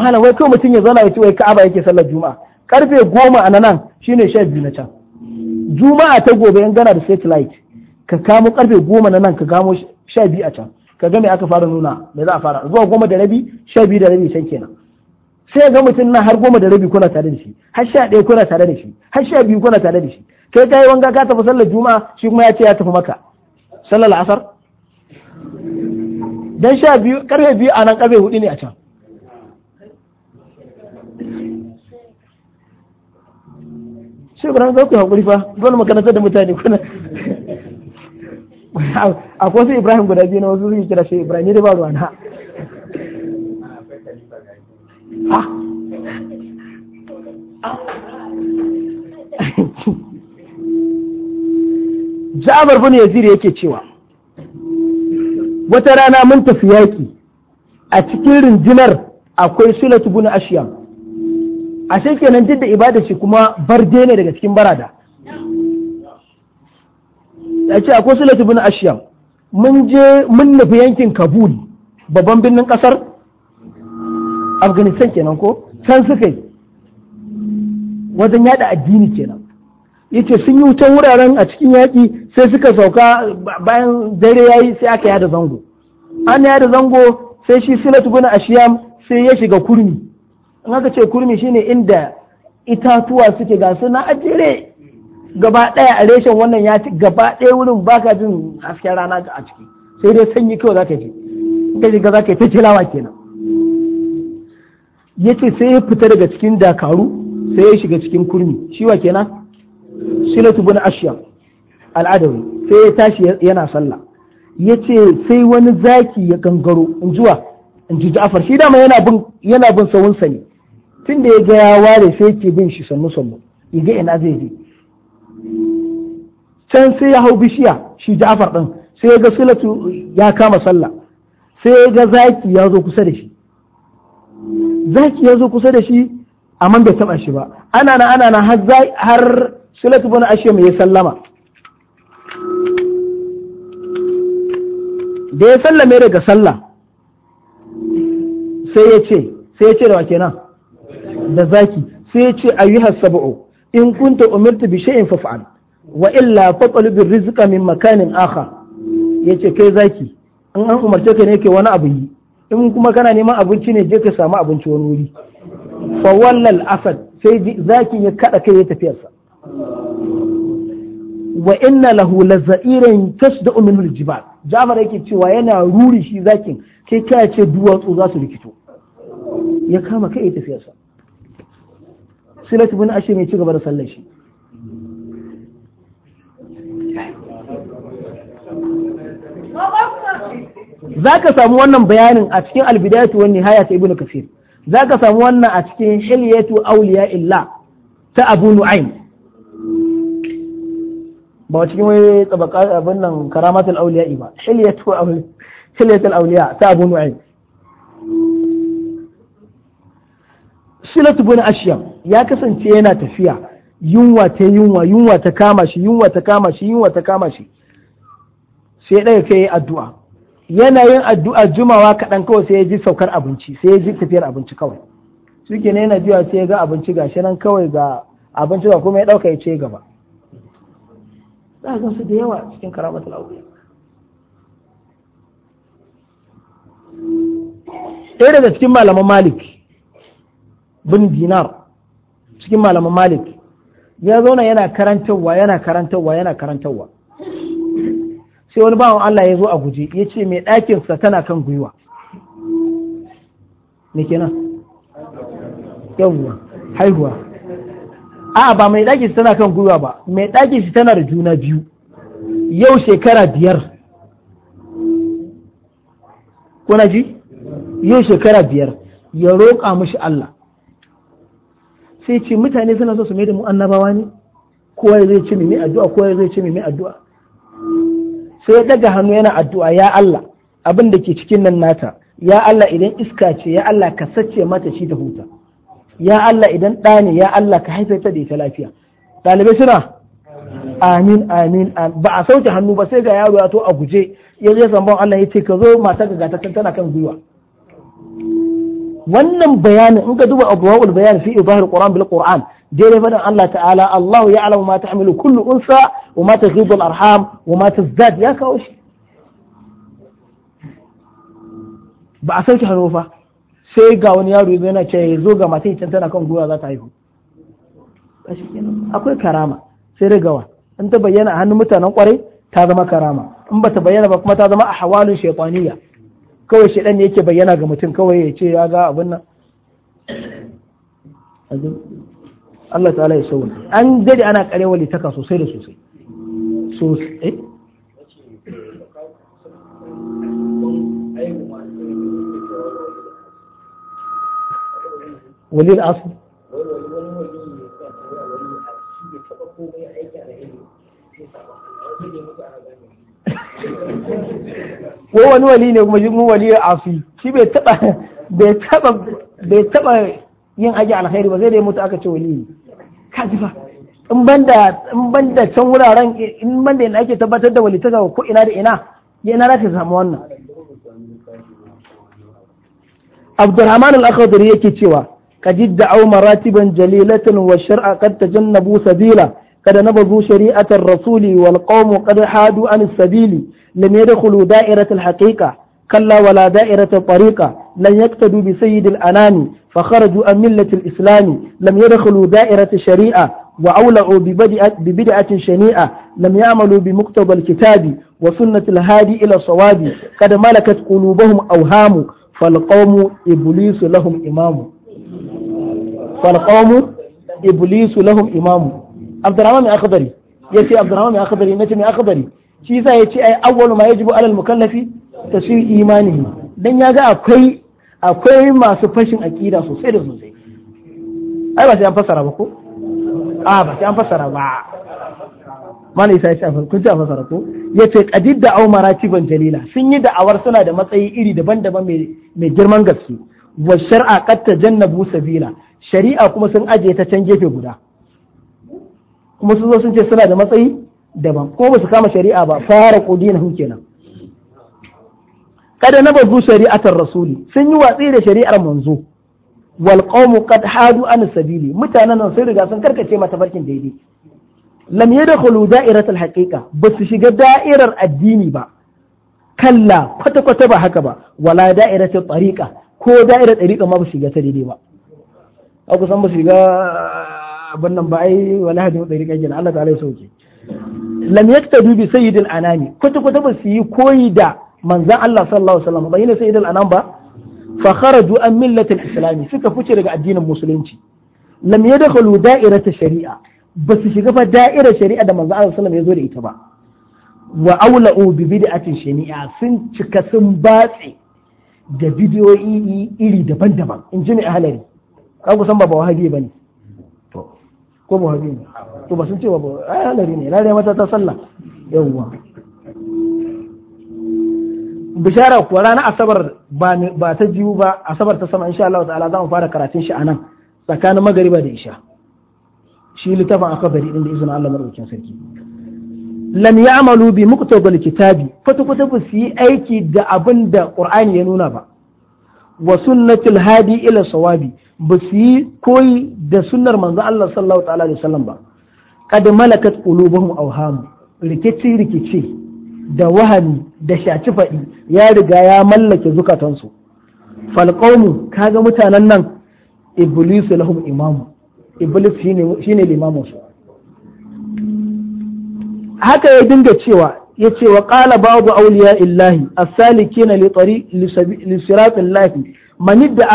mala wai kawai mutum ya zauna ya ce wai ka'aba yake sallar juma'a karfe goma a nan shine sha biyu na can juma'a ta gobe in gana da satellite ka kamo karfe goma na nan ka kamo sha biyu a can ka ga me aka fara nuna me za a fara zuwa goma da rabi sha biyu da rabi can kenan sai ga mutum na har goma da rabi kuna tare da shi har sha ɗaya kuna tare da shi har sha biyu kuna tare da shi kai kai wanka ka tafi sallar juma'a shi kuma ya ce ya tafi maka sallar asar dan sha biyu karfe biyu a nan karfe hudu ne a can shi ibrahim za ku hakuri fa dole makarantar da mutane kuna akwai wasu ibrahim guda biyu na wasu yi kira shi ibrahim ne da ba ruwa na ah! Ja'far bin Yazid yake cewa wata rana mun tafi yaƙi a cikin rundunar akwai sulatu bin a ashe kenan duk da ibada ce kuma barde ne daga cikin barada ya ce akwai sulatu bin ashiyam mun je mun nufi yankin Kabul babban birnin kasar Afghanistan kenan ko can suka yi wajen yada addini kenan yace sun yi wutan wuraren a cikin yaƙi sai suka sauka bayan dare yayi sai aka yada zango an yada zango sai shi silatu bin ashiyam sai ya shiga kurmi in aka ce kurmi shine inda itatuwa suke ga suna ajere gaba ɗaya a reshen wannan ya gaba ɗaya wurin baka jin hasken rana a ciki sai dai sanyi kawai zaka ji ka shiga zaka ta tilawa kenan yace sai ya fita daga cikin dakaru sai ya shiga cikin kurmi shi wa kenan silatu bin ashyam al'adari sai ya tashi yana sallah ya ce sai wani zaki ya gangaro in zuwa in ji ja'afar shi dama yana bin yana bin sawun sani tun da ya ga ya ware sai yake bin shi sannu sannu ya ga ina zai je can sai ya hau bishiya shi ja'afar ɗin, sai ya ga silatu ya kama sallah sai ya ga zaki ya zo kusa da shi zaki ya zo kusa da shi amma bai taba shi ba ana na ana na har bani ashe mu ya sallama da ya sallame daga sallah sai ya ce sai ya ce da kenan da zaki sai ya ce ayyuha sab'u in kunta umirtu bi shay'in faf'al wa illa fatalib rizqa min makanin akhar ce kai zaki in an umarce ka ne ke wani abu yi in kuma kana neman abinci ne je ka samu abinci wani wuri fa wallal asad sai zaki ya kada kai ya tafiyarsa wa inna lahu lazairan tasda'u min aljibal Jafar yake cewa yana ruri shi zakin kai ka ce duwatsu za su rikito ya kama kai ta siyasa Silat ibn Ashir ya ci gaba da sallar shi za samu wannan bayanin a cikin albidayatu wani haya ta ibnu kasir za ka samu wannan a cikin hilyatu auliya illa ta abu nu'aym ba cikin wai tsabaka abin nan karamatul auliya ba hilyatul auliya hilyatul auliya ta abu nu'aym silatu bin ashiyam ya kasance yana tafiya yunwa ta yunwa yunwa ta kama shi yunwa ta kama shi yunwa ta kama shi sai ɗaya kai addu'a yana yin addu'a jumawa kaɗan kawai sai ya ji saukar abinci sai ya ji tafiyar abinci kawai shi ne yana jiwa sai ya ga abinci gashi nan kawai ga abinci ba kuma ya ɗauka ya ce gaba za a su da yawa cikin karamatul auliya ɗaya daga cikin malaman malik bin dinar cikin malaman malik ya zauna yana karantarwa yana karantarwa yana karantarwa sai wani bawan Allah ya zo a guje ya ce mai ɗakinsa tana kan gwiwa ne kenan yawwa haihuwa a'a ba mai ɗaki tana kan gwiwa ba mai ɗaki shi tana da juna biyu yau shekara biyar kuna ji yau shekara biyar ya roƙa mashi Allah sai ce mutane suna so su mai da mu annabawa ne kowa zai ce mai addu'a kowa zai ce mai addu'a sai ya daga hannu yana addu'a ya Allah abin da ke cikin nan nata ya Allah idan iska ce ya Allah ka sace mata shi ta huta ya Allah idan ɗa ne ya Allah ka haifar ta da ita lafiya ɗalibai suna amin amin ba a sauke hannu ba sai ga yaro ya to a guje ya je zamban Allah ya ce ka zo mata ga gata tana kan gwiwa wannan bayanin in ka duba abwaul bayani fi idhar qur'an bil qur'an daidai faɗin Allah ta'ala Allah ya alamu ma ta'amilu kullu unsa wa ma taghidu al-arham wa ma tazdad ya kawo shi ba a sauke hannu ba. sai ga wani yaro yana cewa ya zo ga mata can tana kan gura za ta haihu akwai karama sai rigawa in ta bayyana a hannun mutanen kwarai ta zama karama in bata bayyana ba kuma ta zama a hawalin shaytaniya kawai shaydan ne yake bayyana ga mutum kawai ya ce ya ga abin nan Allah ta'ala ya sauna an dade ana karewa litaka sosai da sosai eh? walil asl ko wani wali ne kuma jimin wali ya afi shi bai taba bai taba bai taba yin aji alkhairi ba zai da mutu aka ce wali ne kaji fa in banda in banda can wuraren in banda yana ake tabbatar da wali ta ko ina da ina ya ina zaka samu wannan Abdurrahman al-Akhdari yake cewa قد ادعوا مراتبا جليلة والشرع قد تجنبوا سبيلا قد نبذوا شريعة الرسول والقوم قد حادوا عن السبيل لم يدخلوا دائرة الحقيقة كلا ولا دائرة الطريقة لن يقتدوا بسيد الأنام فخرجوا عن ملة الإسلام لم يدخلوا دائرة الشريعة وأولعوا ببدعة شنيعة لم يعملوا بمقتضى الكتاب وسنة الهادي إلى الصواب قد ملكت قلوبهم أوهام فالقوم إبليس لهم إمام فالقوم ابليس lahum امام عبد mai akhdari yace عبد mai akhdari nace mai akhdari shi yasa yace اول ما ma على المكلف mukallafi ايمانه دن dan اكوي اكوي akwai masu fashin akida sosai da sosai ai ba sai an اه ba ko a ba sai an fassara ba mana isa ya ko yace qadid da au maratiban jalila sun yi da'awar suna da matsayi iri daban-daban mai girman gaske wa shar'a qatta jannabu sabila shari'a kuma sun ajiye ta can gefe guda kuma sun zo sun ce suna da matsayi daban ko ba su kama shari'a ba fara kudinahum kenan kada na bazu shari'atar rasuli sun yi watsi da shari'ar manzo wal qawmu qad hadu an sabili mutanen nan sun riga sun karkace mata farkin daidai lam yadkhulu da'iratul haqiqa ba su shiga da'irar addini ba kalla kwata kwata ba haka ba wala da'iratul tariqa ko da'irar tariqa ma ba su shiga ta daidai ba a kusan ba su shiga ah, abin nan ba ai Lahadi hadin ɗari kenan Allah ta alai sauke lam dubi, bi sayyidil anami kwata kwata ba su yi koyi da manzon Allah sallallahu alaihi wasallam ba yana sayyidil anam ba fa kharaju an millatil islami suka fice daga addinin musulunci lam yadkhulu da'irata shari'a ba su shiga fa da'irar shari'a da manzon Allah sallallahu alaihi ya zo da ita ba wa aula'u bi bid'atin shani'a sun cika sun batse da bidiyoyi iri daban-daban in ji ne halari an kusan ba wahabi bane ne ko ba wahabi ne to ba sun ce ba ai halari ne lare mata ta sallah yawwa bishara kuwa ranar asabar ba ta jiwu ba asabar ta sama insha Allah ta'ala za mu fara karatun shi anan tsakanin magariba da isha shi littafin akabari din da izinin Allah madaukakin sarki lam ya'malu bi muqtadal kitabi fata kwata ba su yi aiki da abin da qur'ani ya nuna ba wa sunnatul hadi ila sawabi ba su yi koyi da sunnar manzo Allah sallallahu ta'ala da sallam ba kad malakat qulubuhum awham rikici rikici da wahani da shaci fadi ya riga ya mallake zukatansu fal qawmu kaga mutanen nan iblis lahum imam iblis shine shine haka ya dinga cewa yace wa qala babu awliya illahi as-salikina li tariq li siratil lahi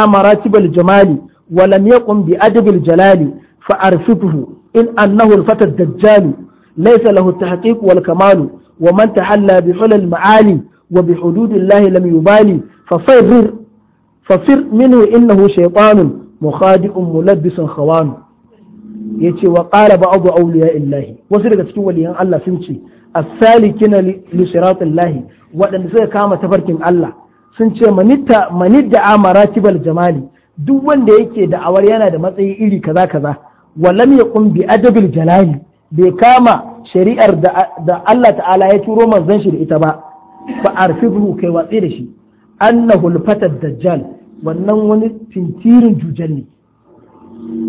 maratibal jamali ولم يقم بأدب الجلال فأرفضه إن أنه الفتى الدجال ليس له التحقيق والكمال ومن تحلى bi المعالي وبحدود الله لم يبالي ففر ففر منه إنه شيطان مخادئ ملبس خوان yace wa qala ba'du awliya illahi wasu daga cikin waliyan Allah sun ce asali kina li lahi waɗanda suka kama tafarkin Allah sun ce manidda manidda jamali duk wanda yake da awar yana da matsayi iri kaza kaza walam yaqum bi adabil jalali bai kama shari'ar da Allah ta'ala ya turo manzon shi da ita ba fa arfidhu kai watsi da shi annahu lfatad dajjal wannan wani tintirin jujal ne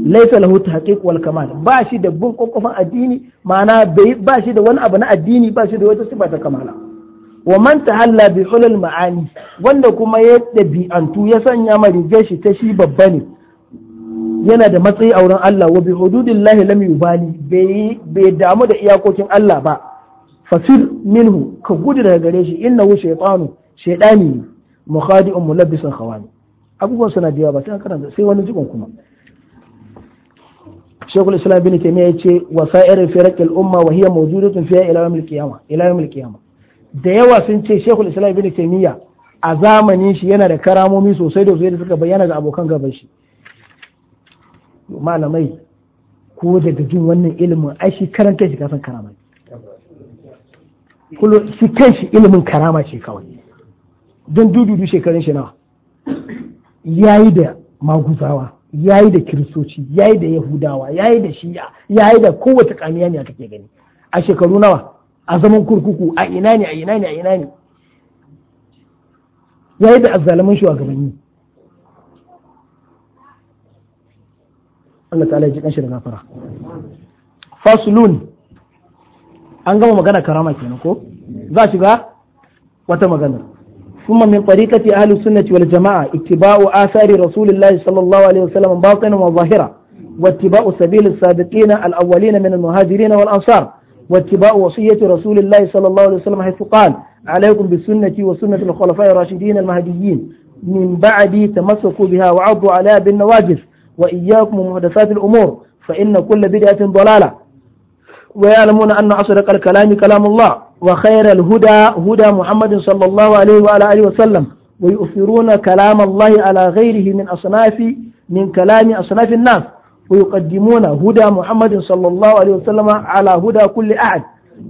laysa lahu tahqiq wal kamal ba shi da bin kokofin addini ma'ana ba shi da wani abu na addini ba shi da wata sifa ta kamala wa man tahalla bi hulul ma'ani wanda kuma ya dabi'antu ya sanya ma riga shi ta shi babba ne yana da matsayi a wurin Allah wa bi hududillahi lam yubali bai damu da iyakokin Allah ba fasir minhu ka gudu daga gare shi innahu shaytanu shaytani mukhadi'un mulabbisan khawani abubuwan suna da yawa ba sai an karanta sai wani jikon kuma shekul islam bin taymiya yace wasa'ir firaqil umma wa hiya mawjudatun fiha ila qiyamah ila qiyamah da yawa sun ce shekul islam ibn taimiyya a zamanin shi yana da karamomi sosai da sosai da suka bayyana ga abokan gaban shi malamai ko daga jin wannan ilimin ai shi karanta shi kasan karama kullum shi kan shi ilimin karama ce kawai don dududu shekarun shi nawa yayi da maguzawa yayi da kiristoci yayi da yahudawa yayi da shiya yayi da kowace kamiya ne kake gani a shekaru nawa a zaman kurkuku a ina ne a ina ne a ina ne ya yi da azzalaman shugabanni Allah ta'ala ya ji kanshi da gafara faslun an gama magana karama kenan ko za shiga wata magana ثم من طريقة أهل السنة والجماعة اتباع آثار رسول الله صلى wa عليه وسلم باطنا وظاهرا واتباع سبيل السابقين الأولين من المهاجرين والأنصار واتباع وصية رسول الله صلى الله عليه وسلم حيث قال عليكم بالسنة وسنة الخلفاء الراشدين المهديين من بعدي تمسكوا بها وعضوا عليها بالنواجذ وإياكم ومحدثات الأمور فإن كل بدعة ضلالة ويعلمون أن أصدق الكلام كلام الله وخير الهدى هدى محمد صلى الله عليه وعلى آله وسلم ويؤثرون كلام الله على غيره من أصناف من كلام أصناف الناس ويقدمون هدى محمد صلى الله عليه وسلم على هدى كل أحد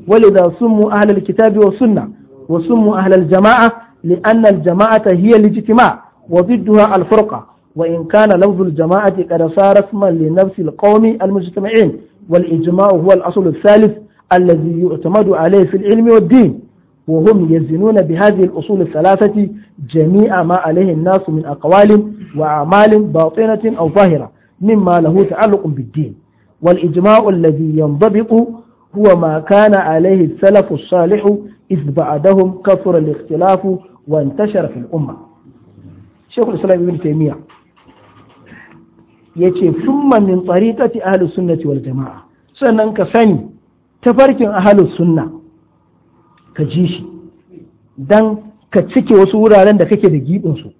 ولذا سموا أهل الكتاب والسنة وسموا أهل الجماعة لأن الجماعة هي الاجتماع وضدها الفرقة وإن كان لفظ الجماعة قد صار اسما لنفس القوم المجتمعين والإجماع هو الأصل الثالث الذي يعتمد عليه في العلم والدين وهم يزنون بهذه الأصول الثلاثة جميع ما عليه الناس من أقوال وأعمال باطنة أو ظاهرة مما له تعلق بالدين والإجماع الذي ينضبط هو ما كان عليه السلف الصالح إذ بعدهم كثر الاختلاف وانتشر في الأمة شيخ الإسلام ابن تيمية yace summa min tariqati ahli sunnati wal jama'a sannan ka sani tafarkin ahli sunna ka ji shi dan ka cike wasu wuraren da kake da gibin su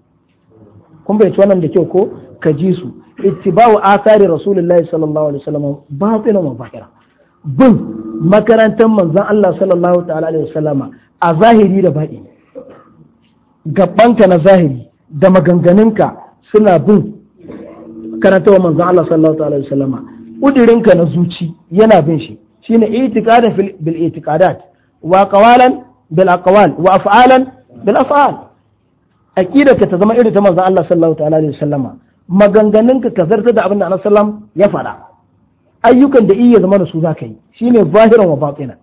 kun bai wannan da kyau ko ka ji su ittiba'u athari rasulullahi sallallahu alaihi wasallam batinan wa zahira bin makarantar manzon Allah sallallahu ta'ala alaihi wasallama a zahiri da baɗi gabanka na zahiri da maganganunka suna bin karantawa manzon Allah sallallahu ta'ala alaihi wasallama udurinka na zuci yana bin shi shine itiqadan bil itiqadat wa qawalan bil aqwal wa af'alan bil af'al aqidaka ta zama irin ta manzon Allah sallallahu ta'ala alaihi wasallama Maganganun ka zartar da abin da sallam ya faɗa ayyukan da iya zama da su za ka yi shine zahiran wa batina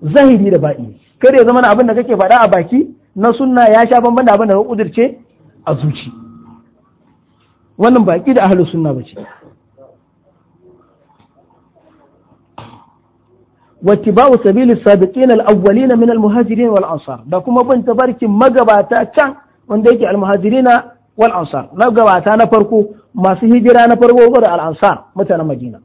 zahiri da baɗi kar ya zama abin da kake faɗa a baki na sunna ya sha bamban da abin da ka a zuci wannan baki da ahlus sunna bace واتباع سبيل السابقين الأولين من المهاجرين والأنصار da kuma bin tabarkin magabata can wanda yake almuhajirina wal ansar magabata na farko masu hijira na farko da al ansar mutanen madina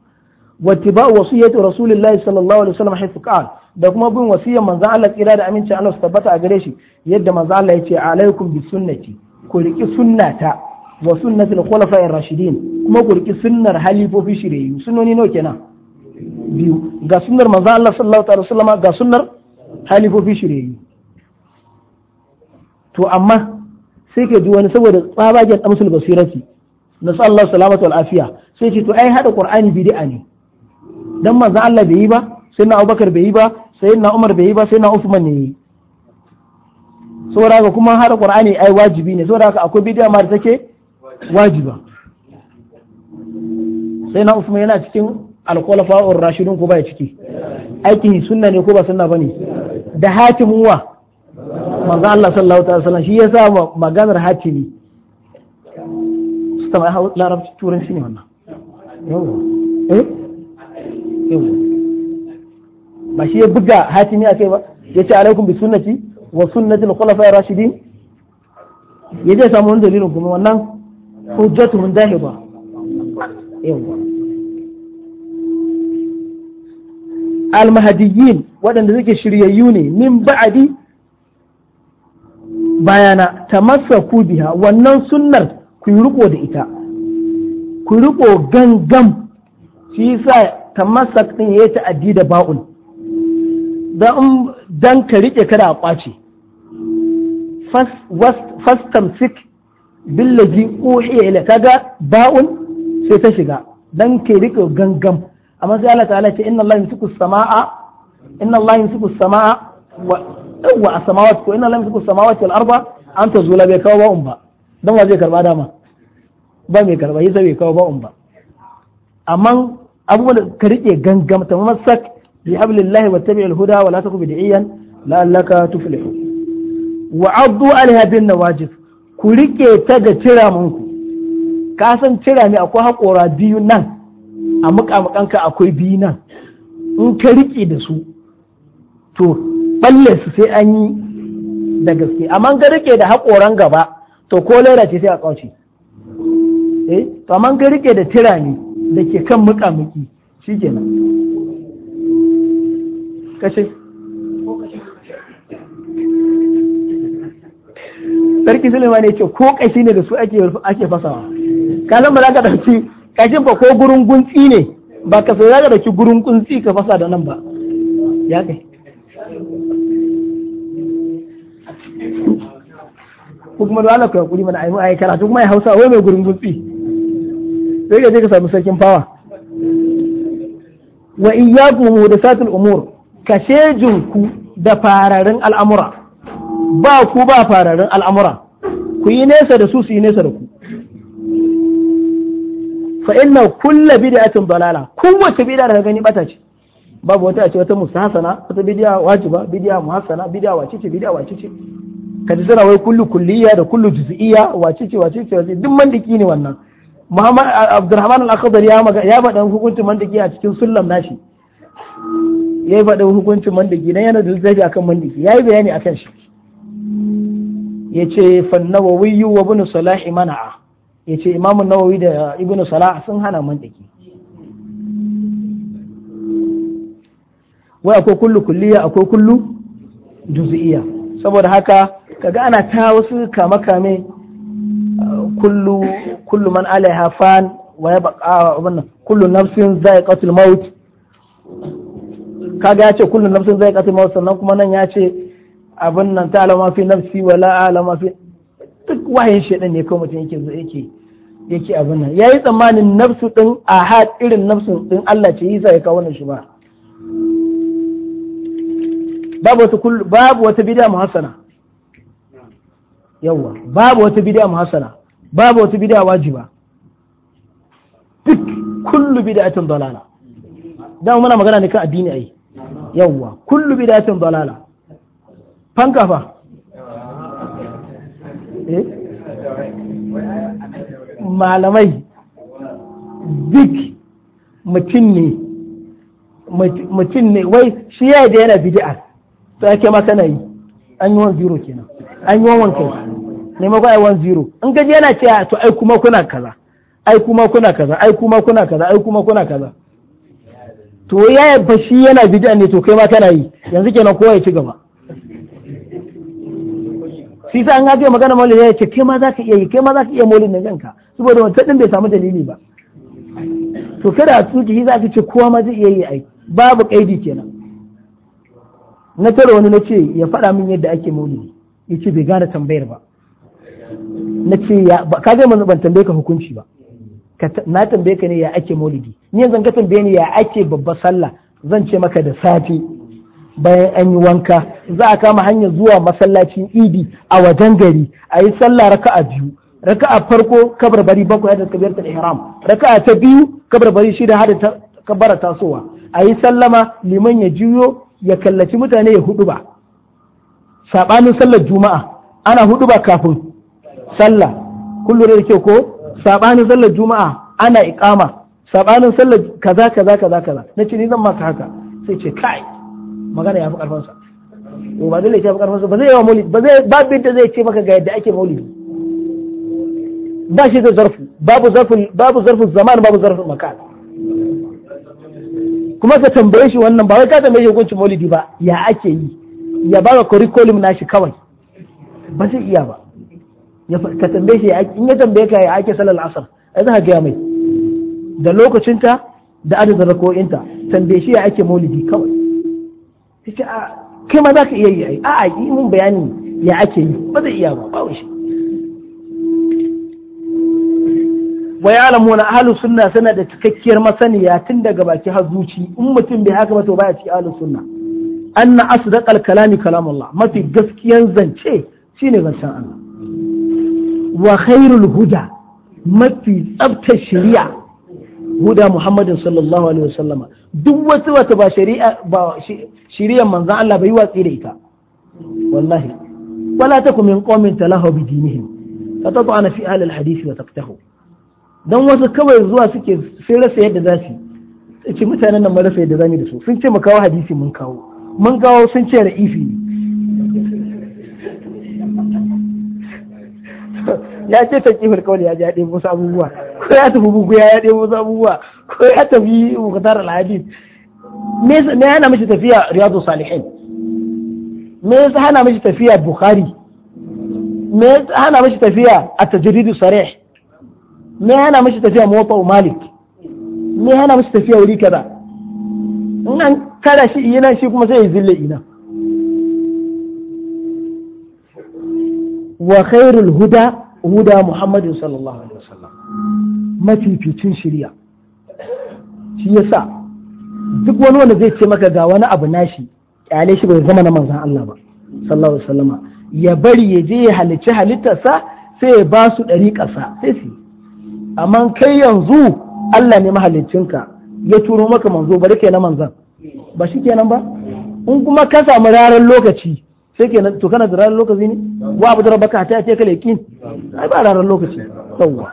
واتباع وصية رسول الله صلى الله عليه وسلم حيث قال da kuma bin wasiyar manzon Allah kira da amincin Allah su tabbata a gare shi yadda manzon Allah ya ce alaikum bi sunnati ku riki sunnata wa sunnatul khulafa'ir rashidin kuma ku riki sunnar halifofi shiriyu sunnoni nawa kenan biyu ga sunnar manzon Allah sallallahu alaihi wasallam ga sunnar halifofi shiriyu to amma sai ka ji wani saboda tsabagen amsul basirati na su salamatu al'afiya sai ce to ai hada qur'ani bid'a ne dan manzo Allah bai yi ba sai na Abubakar bai yi ba sai na Umar bai yi ba sai na Uthman ne yi saboda haka kuma hada qur'ani ai wajibi ne saboda haka akwai bid'a ma da take wajiba sai na Uthman yana cikin al-khulafa'ur rashidun ko ba ciki aikin sunna ne ko ba sunna bane da hakimuwa wa manzo Allah sallallahu alaihi wasallam shi yasa maganar hatimi sistema hau larabci turanci ne wannan yawa eh ba shi ya buga hatimi akai ba ce alaikum bi sunnati wa sunnati al-khulafa'ir rashidin je samu wani dalilin kuma wannan hujjatu mun dahi ba al-mahdiyyin waɗanda suke shiryayyu ne min ba'adi bayana ta masa ku biya, wannan sunnar ku yi riko da ita ku riko gangam shi sa ta masa ɗin ya yi ta'addi da ba'un don ka riƙe kada a fastam sik billaji uhiya ila ga ba'un sai ta shiga don ka riƙe gangam amma sai Allah ta ce inna Allah suku samaa inna Allah samaa yawa a samawat ko ina lam yakun samawati al-arba an zula bai kawo ba'un ba don wa zai karba dama ba mai karba yi bai kawo ba'un ba amma abubuwan da ka rike gangam ta masak bi hablillahi wa tabi'il huda wa la taku bid'iyan allaka tuflihu wa addu alaiha bin nawajib ku rike ta ga cira ku ka san cira ne akwai haƙora biyu nan a muƙamuƙanka akwai biyu nan in ka rike da su to balle su sai an yi da gaske amma ga rike da haƙoran gaba to ko laira ce sai a kauce eh to amma ga rike da tirani da ke kan muƙamuƙi shikenan kace sarki Suleiman ne ce ko kashi ne da su ake ake fasawa ka ba za ka dauki kashin ko gurin guntsi ne ba ka so za ka dauki gurin guntsi ka fasa da nan ba ya kai ko kuma dole ka hakuri mana ai ai karatu kuma ya Hausa wai mai gurin gutsi sai ka je ka samu sarkin fawa wa iyyakum muhdathatul umur kashejin ku da fararin al'amura ba ku ba fararin al'amura ku yi nesa da su su yi nesa da ku fa inna kulla bid'atin dalala kowace bid'a da gani bata ce babu wata ce wata musahasana wata bid'a wajiba bid'a muhasana bid'a wacece bid'a wacece ka ji tana wai kullu kulliya da kullu juz'iyya wace ce wace ce duk mandiki ne wannan Muhammad Abdurrahman al-Akhdari ya maga ya faɗa hukuncin mandiki a cikin sullam nashi ya faɗa hukuncin mandiki nan yana da littafi akan mandiki yayi bayani akan shi yace nawawi wa ibn salah mana'a yace Imam Nawawi da Ibn Salah sun hana mandiki wai akwai kullu kulliya akwai kullu juz'iyya saboda haka kaga ana ta wasu kame-kame kullu kullu man alaiha fan wa ya baka wannan ah, kullu nafsin za'iqatul maut kaga ya ce kullu nafsin za'iqatul maut sannan kuma nan ya ce abin nan ta alama fi nafsi wa la alama fi duk wahayin shedan ne kawai mutum yake yake yake abin nan yayi tsammanin nafsu din ahad irin nafsu din Allah ce yi zai kawo wannan shi ba babu wata babu wata bid'a muhassana yawa babu wata bid'a muhassana babu wata bid'a wajiba duk kullu bid'atin dalala dan muna magana ne kan addini ai yawa kullu bid'atin dalala fanka fa eh malamai duk mutum ne mutum ne wai shi ya da yana bid'a to yake ma kana yi an yi wan zero kenan an yi wan kai ne ma ai wan zero in gaji yana ce to ai kuma kuna kaza ai kuma kuna kaza ai kuma kuna kaza ai kuma kuna kaza to ya yabba shi yana bid'a ne to kai ma kana yi yanzu kenan kowa ya ci gaba shi sa an haɗe magana maulid ya ce kai ma za ka iya yi kai ma za ka iya maulid na kanka saboda wancan din bai samu dalili ba to kada a tsuki za ka ce kowa ma zai iya yi ai babu kaidi kenan na tara wani na ce ya faɗa min yadda ake maulidi ya ce bai gane tambayar ba na ce ya ka ga ban tambaye ka hukunci ba na tambaye ka ne ya ake maulidi ni yanzu ka tambaye ni ya ake babba sallah zan ce maka da safe bayan an yi wanka za a kama hanyar zuwa masallacin idi a wajen gari a yi sallah raka'a biyu raka'a farko bari bakwai hada ta ihram raka'a ta biyu bari shida hada kabara tasowa a yi sallama liman ya juyo ya kallaci mutane ya hudu ba sabanin sallar juma'a ana hudu ba kafin sallah kullu da ke ko sabanin sallar juma'a ana iqama sabanin sallar kaza kaza kaza kaza ce ni zan maka haka sai ce kai magana ya fi karfin sa to ba zai ya fi karfin sa ba zai yawa maulidi ba zai babin da zai ce maka ga yadda ake maulidi ba shi da zarfu babu zarfu babu zarfu zaman babu zarfu makan kuma ka tambaye shi wannan ba wai ka tambaye shi hukuncin maulidi ba ya ake yi ya ba ka curriculum nashi kawai ba zai iya ba ka tambaye shi in ya tambaye ka ya ake sallar asar ai za ka gaya mai da lokacinta da adadin rako'inta tambaye shi ya ake maulidi kawai kai ma za ka iya yi a a yi mun bayani ya ake yi ba zai iya ba ba shi wa na ahlus sunna suna da cikakkiyar masaniya tun daga baki har zuci in mutum bai haka ba to baya cikin ahlus sunna anna asdaqal kalami kalamullah mafi gaskiyan zance shine zancen Allah wa khairul huda mafi tsabtar shari'a huda Muhammadin sallallahu alaihi wasallama duk wata wata ba shari'a ba manzon Allah bai watsi da ita wallahi wala takum min qawmin talahu bi dinihim fatatu ana fi ahli al hadisi wa taqtahu don wasu kawai zuwa suke sai rasa yadda za su ce mutanen nan marasa yadda za mu da su sun ce mu kawo hadisi mun kawo mun kawo sun ce ra'ifi ne ya ce ta kifar kawai ya ji ya ɗebo wasu abubuwa ko ya tafi buguya ya ɗebo wasu abubuwa ko ya tafi mukhtar al-hadis me yana mishi tafiya riyadu salihin me yasa hana mishi tafiya bukhari me hana mishi tafiya at-tajridu sarih me yana mishi tafiya mawafa'u malik me yana mishi tafiya wuri kaza nan kada shi ina shi kuma sai ya zille ina wa khairul huda huda muhammadin sallallahu alaihi wasallam mafificin shirya shi yasa duk wani wanda zai ce maka ga wani abu nashi kyale shi bai zama na manzon Allah ba sallallahu alaihi wasallam ya bari ya je ya halicci halittarsa sai ya ba su ɗariƙarsa sai su amma kai yanzu Allah ne mahalicinka ya turo maka manzo bari kai na manzan ba shi kenan ba in kuma ka samu raran lokaci sai kenan to kana da raran lokaci ne wa abu da rabaka ta ce ka yaqin ai ba raran lokaci yawa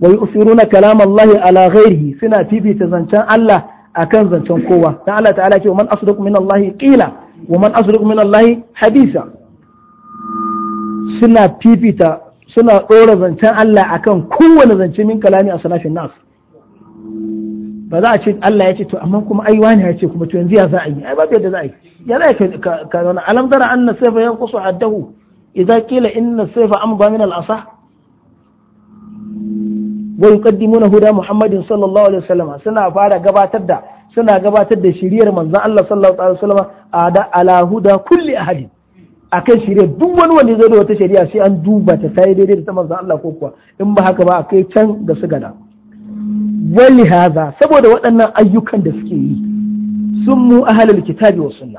wa yusiruna kalam Allah ala ghairihi suna fifita zancen Allah akan zancen kowa dan Allah ta'ala ce man asdaqu min Allah qila wa man asdaqu min Allah hadisa suna fifita suna ɗora zancen Allah akan kowane zance min kalami a salafin nas ba za a ce Allah ya ce to amma kuma ai wani ya ce kuma to yanzu ya za a yi ai babu yadda za a yi ya za ka yi ka zauna alam zara anna sayfa yanqusu haddahu idza qila inna sayfa amda min al-asa wa yuqaddimuna huda muhammadin sallallahu alaihi wasallam suna fara gabatar da suna gabatar da shiriyar manzon Allah sallallahu alaihi wasallam ala huda kulli ahadin A akan shirya duk wani wanda zai da wata shari'a sai an duba ta ta yi daidai da ta manzon Allah ko kuwa in ba haka ba a kai can ga su gada Wani haza saboda waɗannan ayyukan da suke yi sun mu ahlul kitabi wa sunna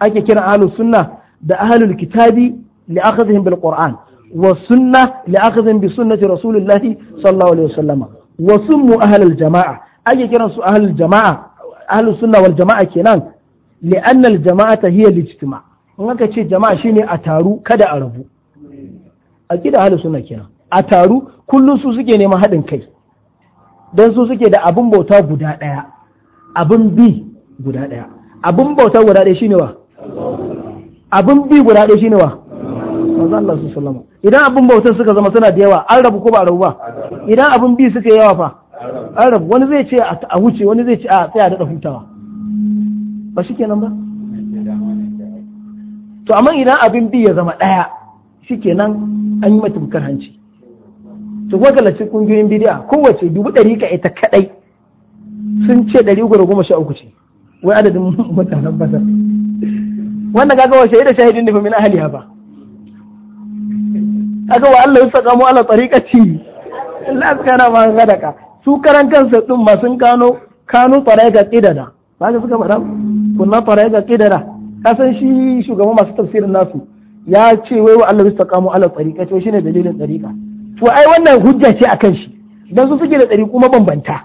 ake kira ahlus sunna da ahlul kitabi li akhdhihim bil qur'an wa sunna li akhdhihim bi sunnati rasulillah sallallahu alaihi wasallam wa sun summu ahlul jama'a ake kiran su ahlul jama'a ahlus sunna wal jama'a kenan li anna al jama'ata hiya al ijtima' in aka ce jama'a shine a taru kada a rabu A aqida hali suna kenan a taru kullum su suke neman haɗin kai don su suke da abin bauta guda ɗaya abin bi guda ɗaya abin bauta guda ɗaya shine wa abin bi guda ɗaya shine wa manzo Allah su sallama idan abin bautar suka zama suna da yawa an rabu ko ba rabu ba idan abin bi suka yawa fa an rabu wani zai ce a huce wani zai ce a tsaya da hutawa ba shikenan ba to amma idan abin bi ya zama ɗaya shikenan an yi mata hanci to kuma kallaci kungiyoyin bidiya kowace dubu ɗari ka ita kaɗai sun ce ɗari uku da goma sha uku ce wai adadin mutanen basar wanda kaga wa shaida shahidin da fa min ahliha ba kaga wa Allah ya saka mu ala tariqati Allah kana ma gadaka su karan kansa din ma sun kano kanu tariqa qidada ba ka suka faɗa kunna tariqa qidada kasan shi shugaban masu tafsirin nasu ya ce wai wa Allah zai kamo ala tsarika to shine dalilin tsarika to ai wannan hujja ce akan shi dan su suke da tsariku mabambanta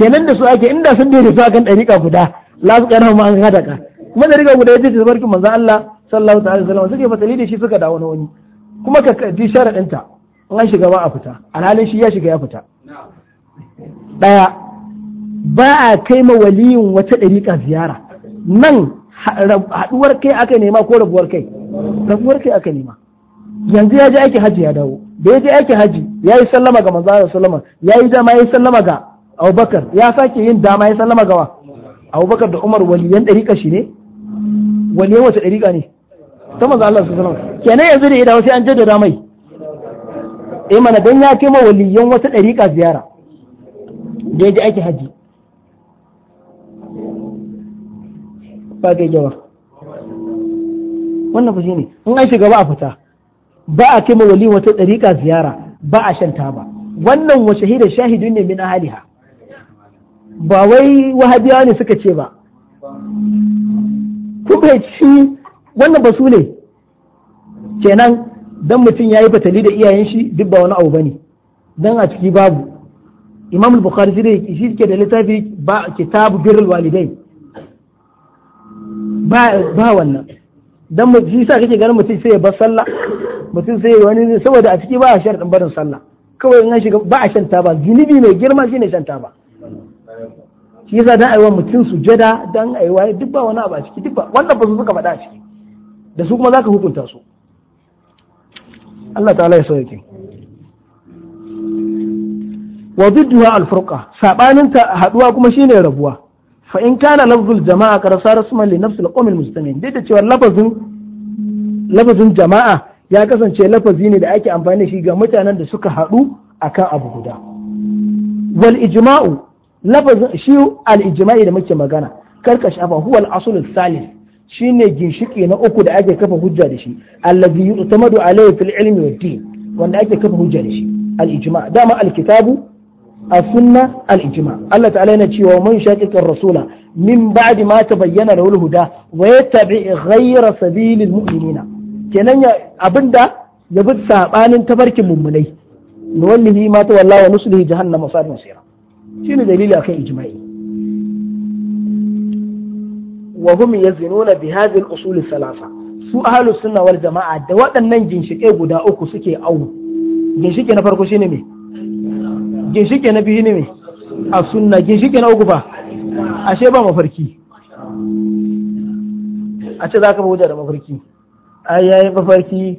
kenan da su ake inda sun da su akan tsarika guda la su kana ma an hada ka kuma tsarika guda yace ta barkin manzo Allah sallallahu ta'ala alaihi wasallam suke fasali da shi suka dawo na wani kuma ka ji sharadin ta an shiga ba a fita alhalin shi ya shiga ya fita daya ba a kai ma waliyin wata ɗariƙa ziyara nan haɗuwar kai aka nema ko rabuwar kai rabuwar kai aka nema yanzu ya je aiki hajji ya dawo da ya je aiki hajji ya yi sallama ga manzo sallama ya yi dama ya yi sallama ga abubakar ya sake yin dama ya sallama gawa abubakar da umar waliyan ɗariƙa shi ne waliyan wata ɗariƙa ne ta manzo Allah su sallama kenan yanzu da ya dawo sai an da mai eh mana dan ya kai ma waliyan wata ɗariƙa ziyara da ya je aiki hajji. ba ka wannan ku ne in an shiga ba a fita ba a kai wali wata ɗariƙa ziyara ba a shanta ba wannan wa shahida shahidun ne min haliha. ba wai wahabiyawa ne suka ce ba kuma ci wannan ba su ne kenan dan mutum ya yi fatali da iyayen shi duk ba wani abu bane dan a ciki babu imam al-bukhari shi ke da littafi ba kitab birrul walidai ba wannan dan mu shi sa kake ganin mutum sai ya bar sallah mutum sai ya wani saboda a ciki ba a sharɗin barin sallah kawai in an shiga ba a shan taba zunubi mai girma shine shan taba shi yasa dan aiwa mutum su jada dan aiwa duk ba wani abu a ciki duk ba wannan ba su suka faɗa a ciki da su kuma zaka hukunta su Allah ta'ala ya sauke wa dudduha al-furqa sabanin ta haduwa kuma shine rabuwa fa in kana lafzul jama'a ka rasa isman li nafsil qawmil muslimin duk da cewa lafazin lafazin jama'a ya kasance lafazi ne da ake amfani da shi ga mutanen da suka haɗu akan abu guda wal ijma'u lafazin shi al ijma'i da muke magana karka shafa huwa al asl salis shine ginshiki na uku da ake kafa hujja da shi allazi yu'tamadu alayhi fil ilmi wad din wanda ake kafa hujja da shi al ijma' dama al kitabu السنة الإجماع الله تعالى نتي ومن شاكك الرسول من بعد ما تبين له الهدى ويتبع غير سبيل المؤمنين كنن أبدا يبد سابان تبارك ممني نوله ما تولى ونصله جهنم وصار مصيرا شنو دليل أخي إجماعي وهم يزنون بهذه الأصول الثلاثة su ahlus sunna wal jama'a da waɗannan ginshiƙe guda uku suke awu ginshiƙe na farko shine me ginshike na biyu ne me a sunna ginshike na uku ba ashe ba mafarki a ce za ka bude da mafarki ai yi mafarki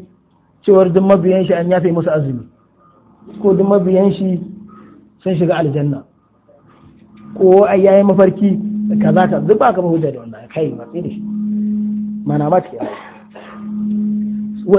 cewar duk mabiyan shi an yafe musu azumi ko duk mabiyan shi sun shiga aljanna ko ai yi mafarki da ka duk ba ka bude da wannan kai ba da shi mana ba ta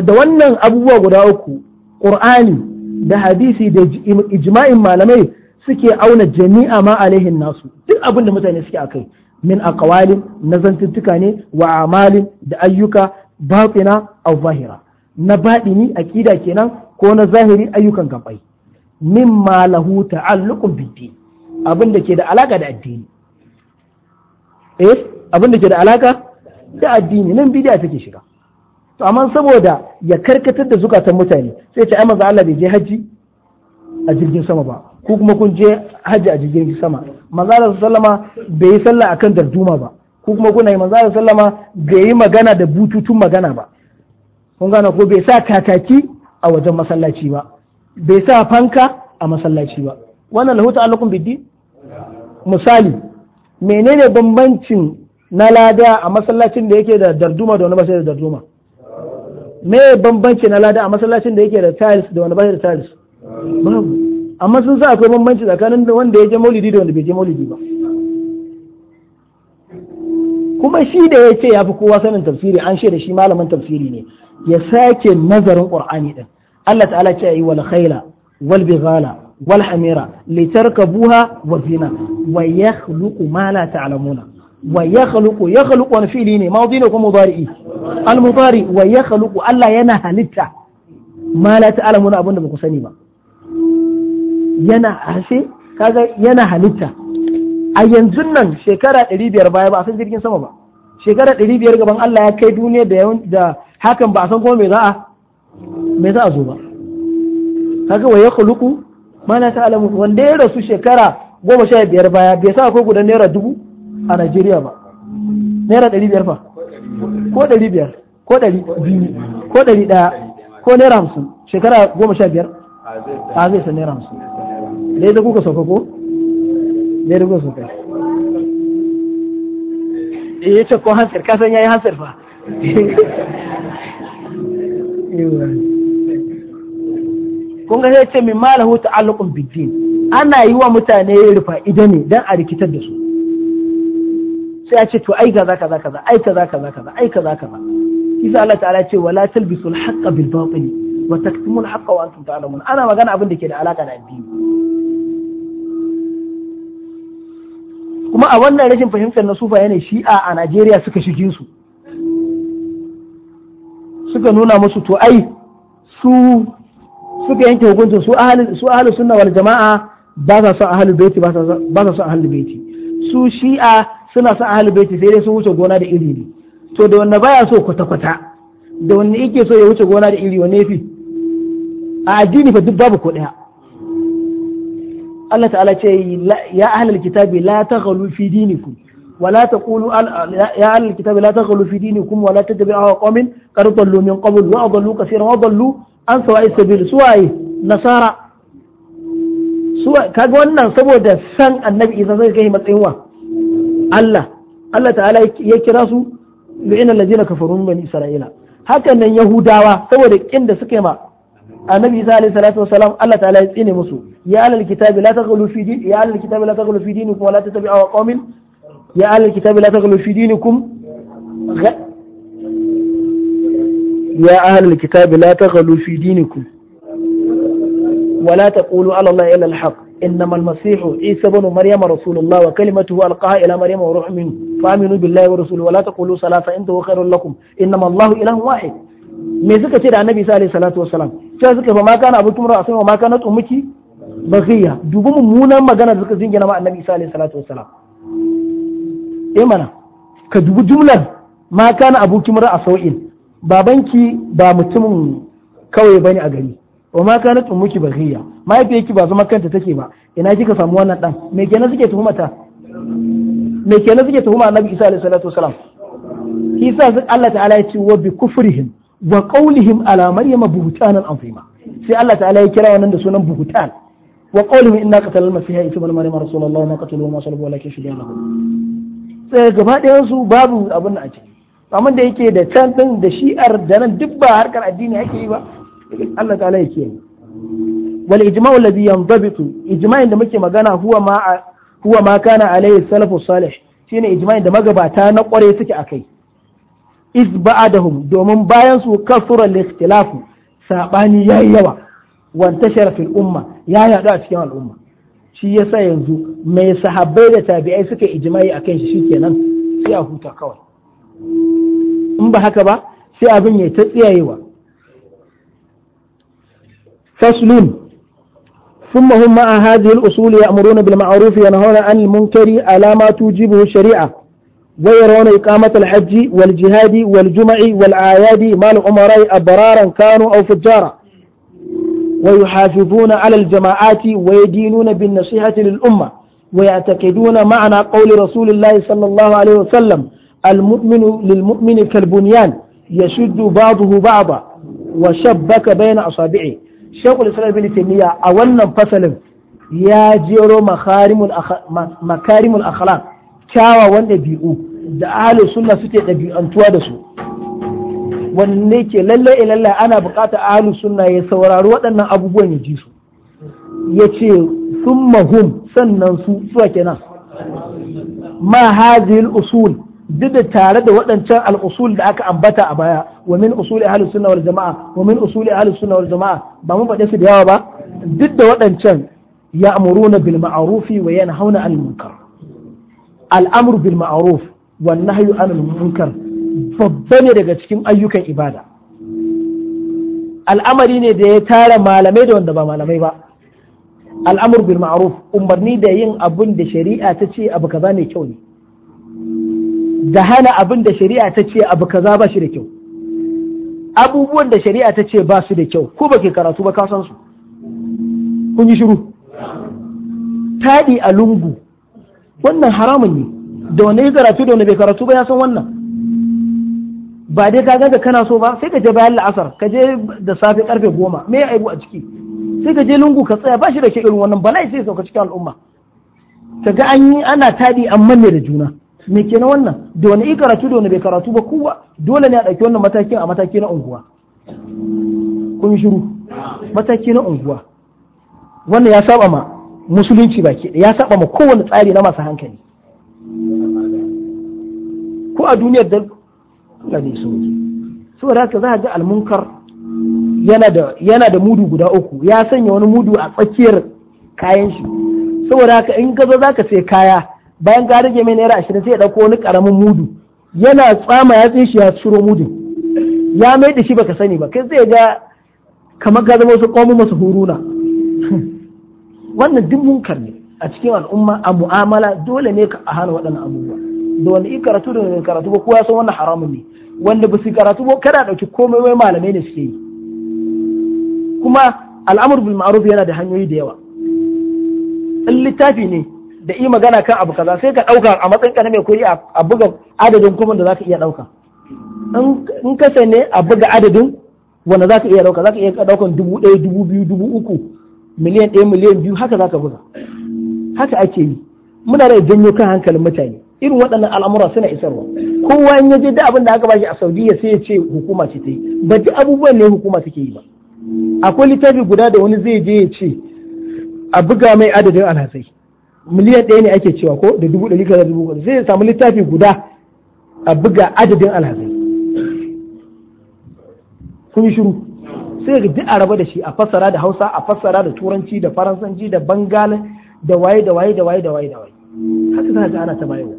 da wannan abubuwa guda uku qur'ani da hadisi da ijma'in malamai suke auna jami'a ma alaihin nasu duk abin da mutane suke akai min aqwalin na zantuttuka ne wa amalin da ayyuka batina aw zahira na baɗini aƙida kenan ko na zahiri ayyukan gabai min lahu ta'alluqun bidi abin da ke da alaka da addini eh abin da ke da alaka da addini nan bidiya take shiga to amma saboda ya karkatar da zukatan mutane sai ce ai manzo Allah bai je haji a jirgin sama ba ko kuma kun je haji a jirgin sama manzo Allah sallama bai yi sallah akan darduma ba ko kuma kuna yi manzo sallama bai yi magana da bututun magana ba kun gane ko bai sa kakaki a wajen masallaci ba bai sa fanka a masallaci ba wannan lahu ta'allakum biddi misali menene bambancin na lada a masallacin da yake da darduma da wani ba sai da darduma me bambanci na lada a masallacin da yake da tiles da wanda bai da tiles amma sun sa akwai bambanci tsakanin wanda ya je maulidi da wanda bai je maulidi ba kuma shi da ya ce ya fi kowa sanin tafsiri an shaida shi malamin tafsiri ne ya sake nazarin qur'ani din Allah ta'ala ce yi wal khaila wal bighala wal hamira litarkabuha wa zina wa yakhluqu ma la ta'lamuna wa yakhluqu yakhluqu wani fi'li ne maudi ne ko mudari'i al mudari wa yakhluqu Allah yana halitta ma la ta'lamuna abin da ba sani ba yana ashe kaga yana halitta a yanzu nan shekara 500 baya ba a san jirgin sama ba shekara 500 gaban Allah ya kai duniya da da hakan ba a san ko me za a zo ba kaga wa yakhluqu ma la ta'lamu wanda ya rasu shekara goma sha biyar baya bai sa ko gudan naira dubu a Najeriya ba naira ɗari biyar fa ko ɗari biyar ko ɗari biyu ko ɗari ɗaya ko naira hamsin shekara goma sha biyar a zai san naira hamsin da ya kuka sauka ko da ya kuka sauka eh, ya ce ko hansar kasan ya yi hansar fa kun ga sai ce min malahu ta'alluqun bid Bidin? ana yi wa mutane rufa ne dan a rikitar da su sai a ce to ai kaza kaza kaza ai kaza kaza kaza ai kaza kaza kisa Allah ta'ala ce wala talbisu al-haqqa bil batil wa taktumu al-haqqa wa antum ta'lamun ana magana abin da ke da alaka da addini kuma a wannan rashin fahimtar na sufa yana shi'a a Najeriya suka shige su suka nuna musu to ai su suka yanke hukunci su ahli su ahli sunna wal jama'a ba sa son ahli baiti ba sa son ahli baiti su shi'a suna son a baiti sai dai sun wuce gona da iri ne to da wanne baya so kwata kwata da wanne yake so ya wuce gona da iri wanne fi? a addini fa duk babu ko daya Allah ta'ala ce ya ahlul kitabi la taghalu fi dinikum ولا تقولوا يا أهل الكتاب لا تغلوا في دينكم ولا تتبعوا أهواء قوم قد ضلوا من قبل وأضلوا كثيرا وضلوا عن سواء السبيل سواء نصارى سواء كاغوانا سبودا Allah Allah ta'ala ya kira su lu'ina allazina kafaru min bani isra'ila hakan nan yahudawa saboda kin da suka yi ma annabi isa alaihi salatu wasalam Allah ta'ala ya tsine musu ya alal kitabi la taghlu fi din ya alal kitabi la taghlu fi dinikum wa la tattabi'u qawmin ya alal kitabi la taghlu fi dinikum ya ahlal kitabi la taghlu fi dinikum ولا تقولوا على الله إلا الحق إنما المسيح عيسى بن مريم رسول الله وكلمته ألقاها إلى مريم وروح منه فآمنوا بالله ورسوله ولا تقولوا صلاة فإنه خير لكم إنما الله إله واحد me suka ce da annabi isa alaihi salatu wasalam sai suka fa ma kana abu tumra asai ma kana ummuki baghiya dubi mummunan magana da suka zingina ma annabi isa alaihi salatu wasalam eh mana ka dubi jumlar ma kana abu tumra asau'in babanki ba mutumin kawai bane a gari wa ma kanat ummuki baghiya yake ba zama kanta take ba ina kika samu wannan dan me kenan suke tuhumata me kenan suke tuhuma annabi isa alaihi salatu wasalam isa Allah ta'ala ya ce wa bi kufrihim wa qawlihim ala maryama buhtanan azima sai Allah ta'ala ya kira wannan da sunan buhtan wa qawlihim inna qatalna masiha isa ibn maryama rasulullah ma qataluhu ma salabu walakin shudiya lahu sai gaba ɗayan su babu abin a ciki amma da yake da can din da shi'ar da nan duk ba harkar addini ake yi ba Allah ta'ala ya ce wal ijma'u alladhi ijma'in da muke magana huwa ma huwa ma kana alayhi salafu salih shine ijma'in da magabata na kware suke a kai. akai da ba'adahum domin bayan su kasura al Saɓani sabani yayi yawa wani fil umma ya yaɗu a cikin al'umma shi yasa yanzu mai sahabbai da tabi'ai suka ijma'i akan shi nan, sai a huta kawai in ba haka ba sai abin ya ta tsayayewa. فصل ثم هم مع هذه الأصول يأمرون بالمعروف وينهون عن المنكر على ما توجبه الشريعة ويرون إقامة الحج والجهاد والجمع والأعياد مع الأمراء أبرارا كانوا أو فجارا ويحافظون على الجماعات ويدينون بالنصيحة للأمة ويعتقدون معنى قول رسول الله صلى الله عليه وسلم المؤمن للمؤمن كالبنيان يشد بعضه بعضا وشبك بين أصابعه shekul islam bin taimiyya a wannan fasalin ya jero makarimul akhlaq kyawawan ɗabi'u da ahlus sunna suke ɗabi'antuwa da su wanne ke lalle ilalla eh ana bukata ahlus sunna ya saurari waɗannan abubuwan ya ji su ya ce sun mahum sannan su suwa kenan ma hazil usul duk da tare da waɗancan al'usul da aka ambata a baya wa min usuli ahlus sunna wal jama'a wa min usuli ahlus sunna wal jama'a ba mun faɗe su da yawa ba duk da waɗancan ya'muruna bil ma'rufi wa yanhauna 'anil munkar al'amru bil ma'ruf wan nahyu 'anil munkar babba ne daga cikin ayyukan ibada al'amari ne da ya tara malamai da wanda ba malamai ba al'amru bil ma'ruf umarni da yin abun da shari'a ta ce abu kaza ne kyau ne da hana abin da shari'a ta ce abu kaza ba shi da kyau abubuwan da shari'a ta ce ba su da kyau ko baki karatu ba ka su kun yi shiru taɗi a lungu wannan haramun ne da wani yi karatu da wani bai karatu ba ya san wannan ba dai ka ganga kana so ba sai ka je bayan la'asar ka je da safe karfe goma me ya aibu a ciki sai ka je lungu ka tsaya ba shi da ke irin wannan bala'i sai sauka cikin al'umma ka ga an yi ana taɗi an manne da juna me kenan wannan da wani i karatu da wani bai karatu ba kowa dole ne a ɗauki wannan matakin a mataki na unguwa kun shiru mataki na unguwa wannan ya saba ma musulunci baki ya saba ma kowane tsari na masu hankali ko a duniyar da ga ne so saboda haka za ga almunkar yana da yana da mudu guda uku ya sanya wani mudu a tsakiyar kayan shi saboda haka in ka zo zaka sai kaya bayan ka rage mai naira ashirin sai ya ɗauko wani ƙaramin mudu yana tsama ya tsaye shi ya shiro mudu. ya mai da shi baka sani ba kai zai ga kamar ka zama wasu ƙomu masu huruna wannan duk munkar ne a cikin al'umma a mu'amala dole ne ka a hana waɗannan abubuwa da wani in karatu da wani karatu ba kowa ya san wannan haramun ne wanda ba su karatu ba kada ɗauki komai wai malamai ne suke yi kuma al'amur bil ma'ruf yana da hanyoyi da yawa in littafi ne da yi magana kan abu kaza sai ka ɗauka a matsayin ka na mai kuri a buga adadin kuma da za ka iya ɗauka in ka ne a buga adadin wanda za ka iya ɗauka za ka iya ɗaukan dubu ɗaya dubu biyu dubu uku miliyan ɗaya miliyan biyu haka za ka buga haka ake yi muna da janyo kan hankalin mutane irin waɗannan al'amura suna isarwa kowa in ya je da abin da aka bashi a saudiya sai ya ce hukuma ce ta yi ba duk abubuwan ne hukuma suke yi ba akwai littafi guda da wani zai je ya ce a buga mai adadin alhazai miliyan ɗaya ne ake cewa ko da dubu ɗari kaza dubu kaza sai samu littafi guda a buga adadin alhazai kun yi shiru sai ga duk a raba da shi a fassara da hausa a fassara da turanci da faransanci da bangala da waye da waye da waye da waye da waye haka za ga ana ta bayarwa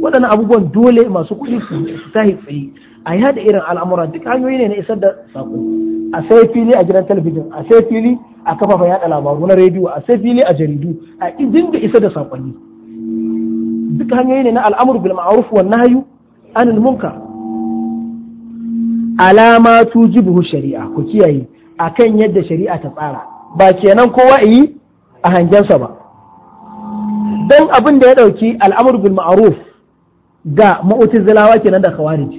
waɗannan abubuwan dole masu kuɗi su tahi tsaye a yada irin al'amura duk hanyoyi ne na isar da saƙo a sai fili a gidan talabijin a sai fili a kafafen yada labaru na rediyo a sai fili a jaridu a idin da isa da sakonni duk hanyoyi ne na al'amur bil ma'ruf wan nahyu anil munkar alama tujibu shari'a ku kiyaye akan yadda shari'a ta tsara ba kenan kowa yi a hangen hangensa ba dan abin da ya dauki al'amur bil ma'ruf ga ma'utizilawa kenan da khawarij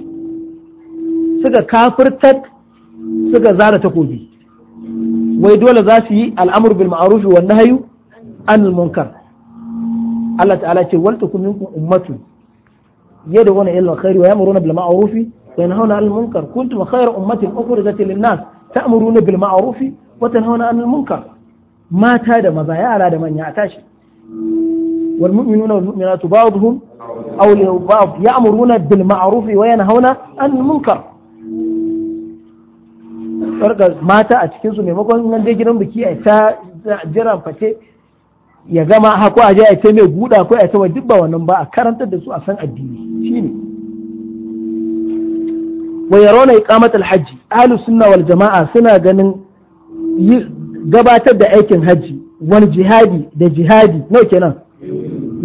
suka kafirtar suka zana takobi wai dole za su yi al'amur bil ma'ruf wa nahyu anil munkar Allah ta'ala ce wal takum minkum ummatun yad'una ila al-khair wa ya'muruna bil ma'ruf wa yanhauna 'anil munkar kuntum khayra ummatin ukhrijat lin-nas ta'muruna bil ma'ruf wa tanhauna 'anil munkar mata da maza yara da manya a tashi wal mu'minuna wal mu'minatu ba'dhum awliya'u ba'd ya'muruna bil ma'ruf wa yanhauna 'anil munkar ɗarka mata a cikin su maimakon nan dai gidan biki a ta jiran fate ya gama hako a je a ta mai guda ko a ta wa dubba wannan ba a karantar da su a san addini shine wa yarawna iqamat al sunna wal jamaa suna ganin gabatar da aikin haji wal jihadi da jihadi nawa kenan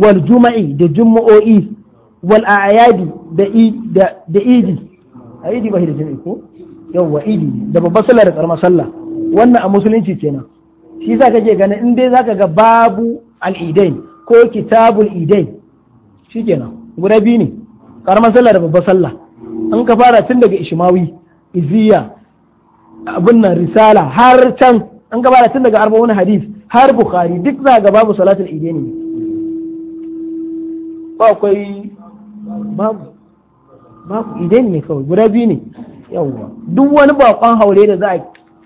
wal juma'i da jumu'o'i wal a'yadi da idi a idi ba da ko yawwa idi da babbar sallah da karamar sallah wannan a musulunci kenan shi za ka ke gani in dai za ka ga babu al'idain ko kitabul idain kenan guda biyu ne karamar sallah da babbar sallah an ka fara tun daga ishimawi, iziya abin nan risala har can an gabata tun daga arba'un hadis har bukhari duk za ga babu salatul idain ne ba akwai babu babu idain ne kawai guda biyu ne yawwa duk wani bakon haure da za a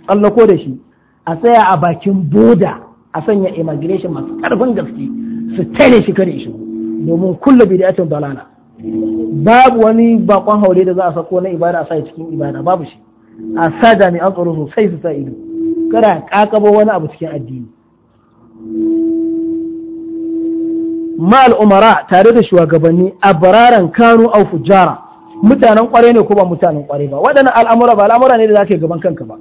tsallako da shi a tsaya a bakin boda a sanya immigration masu karfin gaske su tare shi kare shi domin kullu da dalala babu wani bakon haure da za a sako na ibada a sa cikin ibada babu shi a sa jami'an tsaro sosai su sa ido kada kakabo wani abu cikin addini ma al'umara tare da shugabanni a bararan Kano au fujara mutanen kware ne ko ba mutanen kware ba waɗannan al'amura ba al'amura ne da za ka yi gaban kanka ba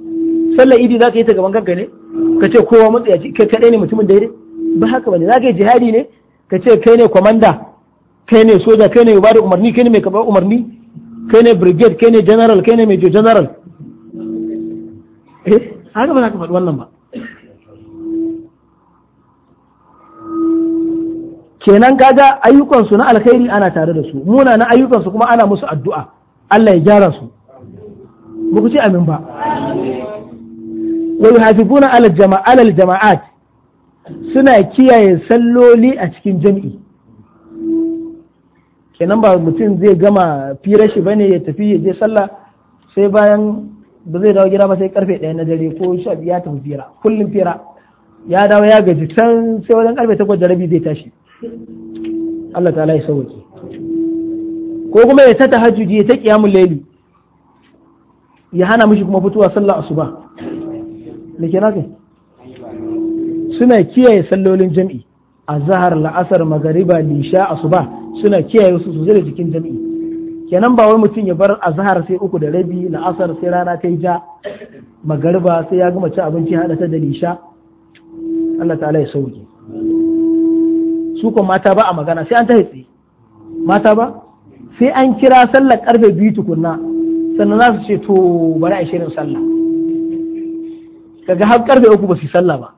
sallar idi za ka yi ta gaban kanka ne ka ce kowa mutsayaci kai kaɗai ne mutumin daidai ba haka ba ne za ka yi jihadi ne ka ce kai ne kwamanda kai ne soja kai ne bada umarni kai ne mai karɓar umarni kai ne brigade kai ne general kai ne major general eh haka ba za ka faɗi wannan ba kenan kaga ayyukansu na alkhairi ana tare da su na ayyukansu kuma ana musu addu'a Allah ya gyara su Mu ku ce amin ba wa yuhafifuna alal jama'at suna kiyaye salloli a cikin jami'i. kenan ba mutum zai gama fira shi bane ya tafi ya je sallah sai bayan ba zai dawo gida ba sai karfe ɗaya na dare ko sha ya tafi fira kullum fira ya dawo ya gaji can sai wajen karfe takwas da rabi zai tashi Allah ta'ala ya sauke ko kuma ya ta hajjuji ya ta qiyamul laili ya hana mishi kuma fitowa sallah asuba me ke suna kiyaye sallolin jami'i Zahar la'asar magariba lisha asuba suna kiyaye su sosai da jikin jam'i. kenan ba wai mutum ya bar azhar sai uku da rabi la'asar sai rana ta ja magariba sai ya gama ci abinci hada ta da lisha Allah ta'ala ya sauke su mata ba a magana sai an ta mata ba sai an kira sallar karfe biyu tukunna sannan za su ce to bari a shirin sallah kaga har karfe uku ba su sallah ba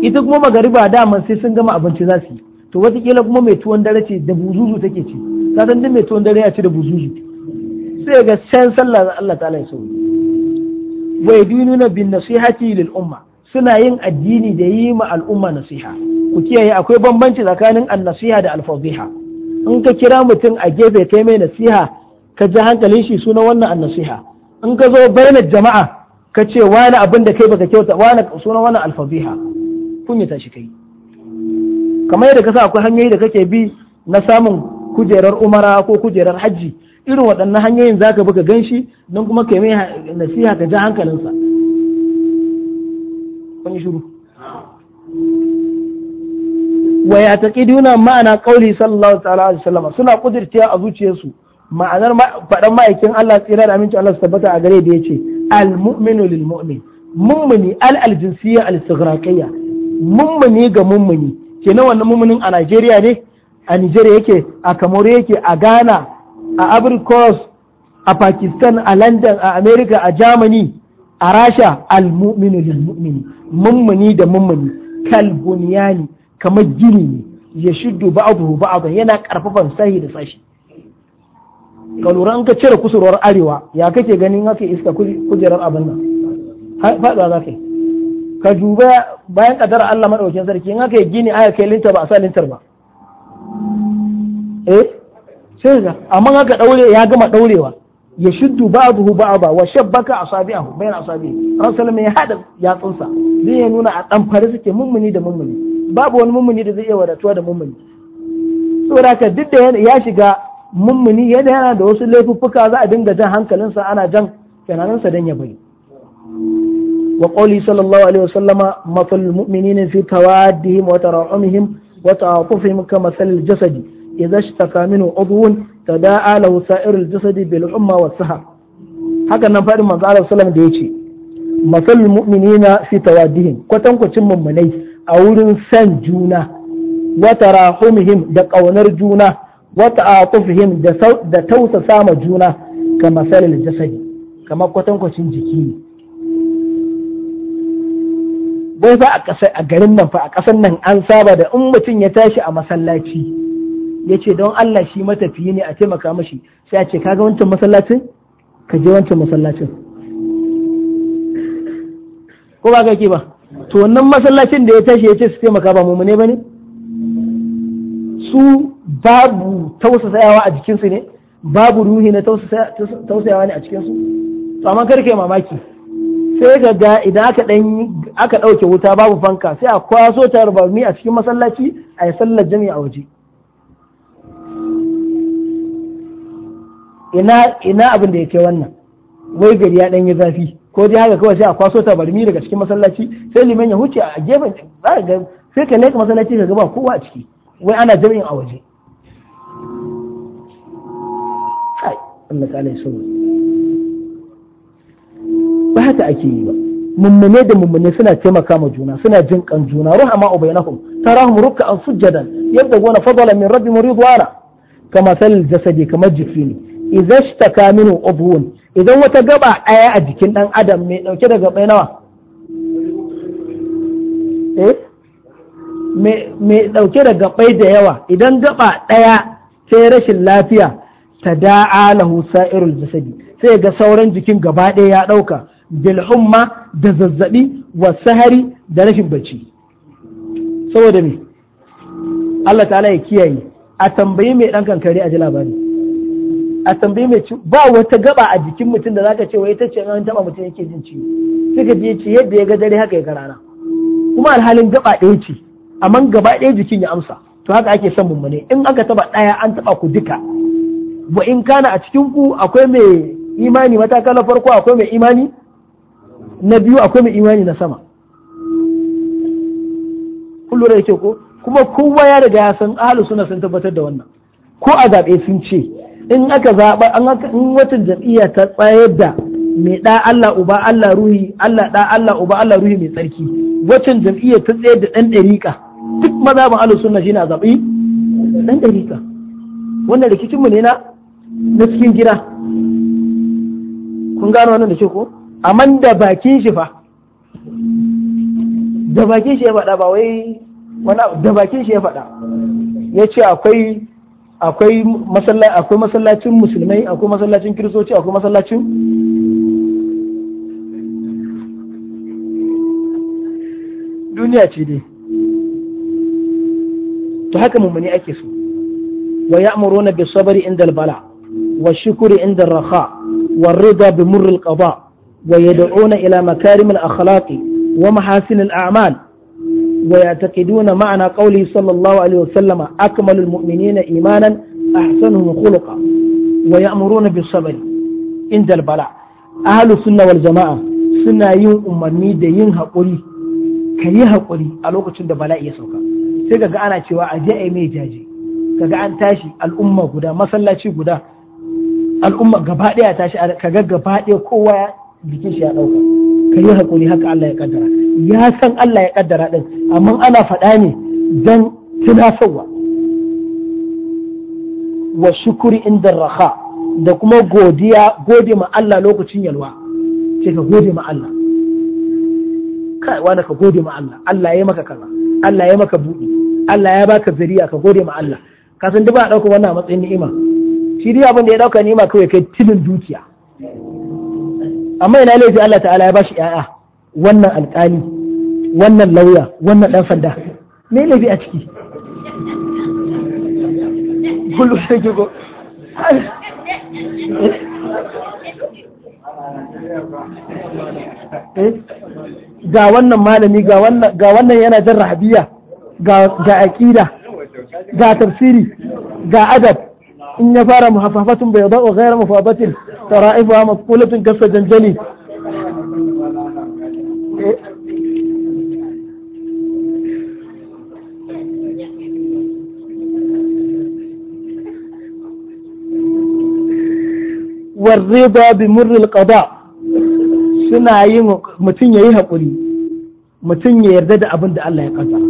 ita kuma magariba dama sai sun gama abinci za su yi to watakila kuma mai tuwon dare ce da buzuzu take ci sadan duk mai tuwon dare ya ci da buzuzu sai ga can sallah Allah ta'ala ya sauyi wa yadinuna bin nasihati lil umma suna yin addini da yi ma al'umma nasiha ku kiyaye akwai bambanci tsakanin annasiha da alfaziha in ka kira mutum a gefe kai mai nasiha ka ji hankalin shi suna wannan annasiha in ka zo bainar jama'a ka ce wani abin da kai baka kyauta wani suna wannan alfaziha yi shi kai kamar yadda ka sa akwai hanyoyi da kake bi na samun kujerar umara ko kujerar hajji irin waɗannan hanyoyin zaka bi ka ganshi don kuma kai mai nasiha ka ji hankalinsa kun yi shiru wa ya duna ma'ana qauli sallallahu ta'ala a wasallam suna kudirce a zuciyarsu ma'anar faɗan ma'aikin Allah tsira da aminci Allah su tabbata a gare da ya al mu'minu lil mu'min mummuni al aljinsiyya al istighraqiyya mummuni ga mummuni kenan wannan mummunin a Najeriya ne a Nijeriya yake a kamar yake a Ghana a Ivory a Pakistan a London a Amerika, a Germany a rasha Muminu, lil mu'mini mummuni da mummuni kal bunyani kamar gini ne ya shuddu ba'dahu ba'dahu yana karfafan sahi da sashi ka lura an ka cire kusurwar arewa ya kake ganin haka iska kujerar abin nan faɗuwa za ka yi ka duba bayan kadar Allah madaukakin sarki in haka gini aya kai linta ba a sa lintar ba eh sai ga amma haka daure ya gama daurewa yashuddu ba'dahu ba'da wa shabbaka asabi'ahu bayna asabi'i ran sallama ya hada yatsunsa zai ya nuna a dan fare suke mummuni da mummuni babu wani mummuni da zai iya wadatuwa da mummuni saboda duk da ya shiga mummuni yana yana da wasu laifuffuka za a dinga jan hankalinsa ana jan kananansa dan ya bari wa qawli sallallahu alaihi wasallama mafal mu'minina fi tawaddihim wa tarahumihim wa ta'atufihim kama jasadi idza ishtaka minhu tada'a lahu sa'irul jasadi bil umma wa saha hakan nan fadin manzo Allah sallallahu da yace masal mu'minina fi tawaddihim kwatankwacin mummunai a wurin san juna wa tarahumihim da ƙaunar juna wa ta'atufihim da tausa sama juna ka salil jasadi kama cin jiki ne wai fa a garin nan fa a ƙasar nan an saba da in mutum ya tashi a masallaci ya ce don Allah shi matafiye ne a taimaka mashi sai a ce kaga wancan masallacin ka je wancan masallacin ko ba ke ba to wannan masallacin da ya tashi ya ce su taimaka ba ne ba ne su babu tausasayawa a jikinsu ne babu ruhi na tausayawa ne a cikinsu to amma kai mamaki sai ga ga idan aka dan aka dauke wuta babu fanka sai a kwaso tarbarmi a cikin masallaci a sallar jami'a a waje ina ina abin da yake wannan wai gari ya dan yi zafi ko dai haka kawai sai a kwaso tabarmi daga cikin masallaci sai liman ya huce a gefen za ga sai ka leka masallaci ka ga kowa a ciki wai ana jami'in a waje ba haka ake yi ba mummune da mummune suna taimaka ma juna suna jin kan juna ruha ma ubainahum tarahum an sujjadan yadda gona fadala min mu ridwana kama sal jasadi kamar jiki izash ta kaminu ubun idan wata gaba ɗaya a jikin ɗan adam mai ɗauke da gabai nawa eh? mai ɗauke da gabai da yawa idan gaba ɗaya sai rashin lafiya ta da'a lahu sa'irul jasadi sai ga sauran jikin gaba ɗaya ya ɗauka bil da zazzabi wa sahari da rashin bacci saboda me Allah ta'ala ya kiyaye a tambayi mai ɗan kankare a ji labari a tambayi mai ciwo ba wata gaba a jikin mutum da zaka ce wai ta ce an taba mutum yake jin ciwo suka je ce yadda ya ga dare haka ya ga rana kuma alhalin gaba ɗaya ce amma gaba ɗaya jikin ya amsa to haka ake son mummune in aka taba ɗaya an taba ku duka wa in kana a cikin ku akwai mai imani matakala farko akwai mai imani na biyu akwai mai imani na sama kullum da yake ko kuma kowa ya riga ya san ahalu suna sun tabbatar da wannan ko a zaɓe sun ce in aka zaɓa in wata jam'iyya ta tsayar da mai ɗa Allah uba Allah ruhi Allah ɗa Allah uba Allah ruhi mai tsarki wacin jam'iyya ta tsayar da ɗan ɗariƙa duk maza ba Allah suna shi na zaɓi ɗan ɗariƙa wannan rikicin mu ne na na cikin gida kun gano wannan da ke ko amma da bakin shi fa da bakin shi ya faɗa ba wai wani da bakin shi ya faɗa ya ce akwai akwai masallaci akwai masallacin musulmai akwai masallacin kiristoci akwai masallacin duniya ce dai to haka mummuni ake so wa ya'muruna bis sabri inda al bala wa shukri inda al raha wa rida bi murr al qada wa yad'una ila makarim al akhlaqi wa mahasin al a'mal ويعتقدون معنى قوله صلى الله عليه وسلم أكمل المؤمنين إيمانا أحسنهم خلقا ويأمرون بالصبر عند البلاء أهل السنة والجماعة سنة يوم أمني دين هقولي كي هقولي ألوك تند بلاء يسوكا سيكا أنا تيوا أجاء مي جاجي kaga an tashi al'umma guda masallaci guda al'umma gaba ɗaya tashi kaga gaba ɗaya kowa Bikin shi ya ɗauka ka yi haƙuri haka Allah ya ƙaddara ya san Allah ya ƙaddara ɗin amma ana faɗa ne don tunasarwa wa shukuri inda raha da kuma godiya gode ma Allah lokacin yalwa ce ka gode ma Allah kai wani ka gode ma Allah Allah ya maka kaza Allah ya maka buɗi Allah ya baka zuriya ka gode ma Allah ka san duk ba ɗauka wannan a matsayin ni'ima shi dai abin da ya ɗauka ni'ima kawai kai tilin dukiya amma ina laifi Allah ta'ala ya bashi ya'a wannan alƙali wannan lauya wannan ɗan sanda me laifi a ciki eh? ga wannan malami ga wannan yana jan rahabiya ga aƙida ga tafsiri ga adab in ya fara muhafafatun bai ba'u ghayra mufabatin tara'ifuha masqulatun kasa janjali warrida bi murril qada suna yin mutum ya yi haƙuri, mutum ya yarda da abin da Allah ya kaddara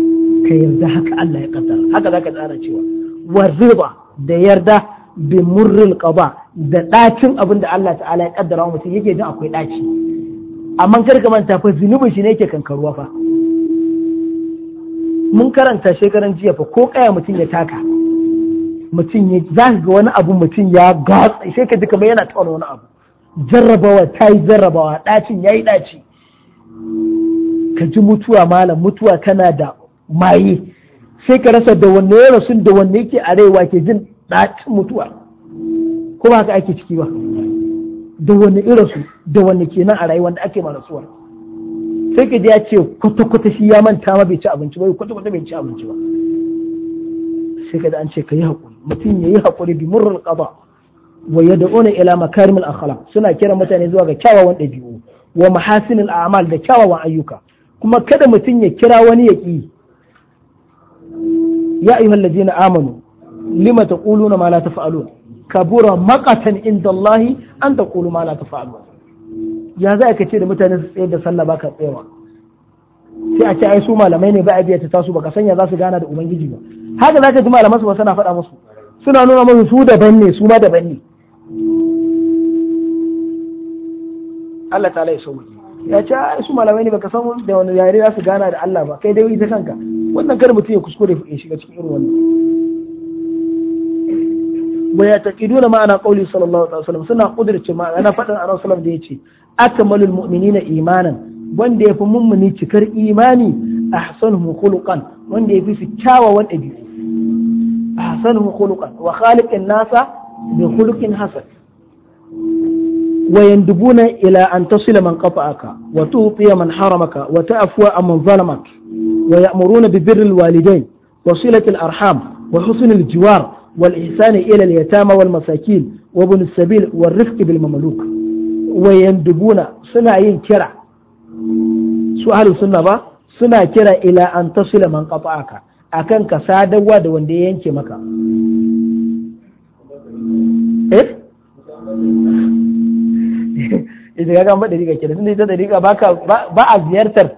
ka yarda haka Allah ya kaddara haka za zaka tsara cewa warrida da yarda bi murril qaba da ɗacin abin da Allah ta'ala ya kaddara wa mutum yake jin akwai daci amma kar ka manta fa zunubin shi ne yake kankaruwa fa mun karanta shekaran jiya fa ko kaya mutum ya taka mutum ya za ga wani abu mutum ya gatsa sai ka ji kamar yana tauna wani abu jarrabawa ta yi jarrabawa ɗacin ya yi ɗaci ka ji mutuwa malam mutuwa tana da maye sai ka rasa da wanne ya da wanne yake arewa ke jin ɗacin mutuwa ko ba ka ake ciki ba da wani irinsu da wani kenan a rayuwar da ake marasuwa sai ka ji ya ce kwata-kwata shi ya manta ma bai ci abinci ba kwata-kwata bai ci abinci ba sai ka da an ce ka yi haƙuri mutum ya yi haƙuri bi murar ƙaba wa yad'una ila makarimil akhlaq suna kiran mutane zuwa ga kyawawan ɗabi'u wa mahasinil a'mal da kyawawan ayyuka kuma kada mutum ya kira wani ya ƙi ya ayyuhal ladina amanu lima تقولون ma لا تفعلون كبر مقتا inda Allah an تقولوا ma لا تفعلون ya za ka ce da mutane su tsaye da sallah baka tsayawa sai a ce ai su malamai ne ba a biya ta tasu baka sanya za su gana da ubangiji ba haka zaka ji malaman su ba suna faɗa musu suna nuna musu su daban ne su ma daban ne Allah ta laisa mu. ya ce ai su malamai ne baka san da wani yare za su gana da Allah ba kai dai ta kanka wannan kar mutum ya kuskure ya shiga cikin irin wannan wa ya taƙidu na ma'ana ƙauli sallallahu alaihi wasallam suna ƙudurci ma'ana na faɗin arawa sallam da ya ce aka malul mu'mini na imanin wanda ya fi mummuni cikar imani a hasan hukulukan wanda ya fi fi kyawawan ɗabi'u a hasan hukulukan wa khaliƙin nasa da hulukin hasan wa yandubuna ila an tasila man aka wa tuhfiya man haramaka wa ta'fuwa amman zalamak wa ya'muruna bi birril walidain wa silatil arham wa husnil jiwar والإحسان إلى اليتامى والمساكين وابن السبيل والرفق بالمملوك ويندبون صناعين كرع سؤال السنة با صناع كرع إلى أن تصل من قطعك أكن كسادة واد وندين كمكا إيه إذا كان gamba ديكا كرع tunda ita dariƙa ba a ziyartar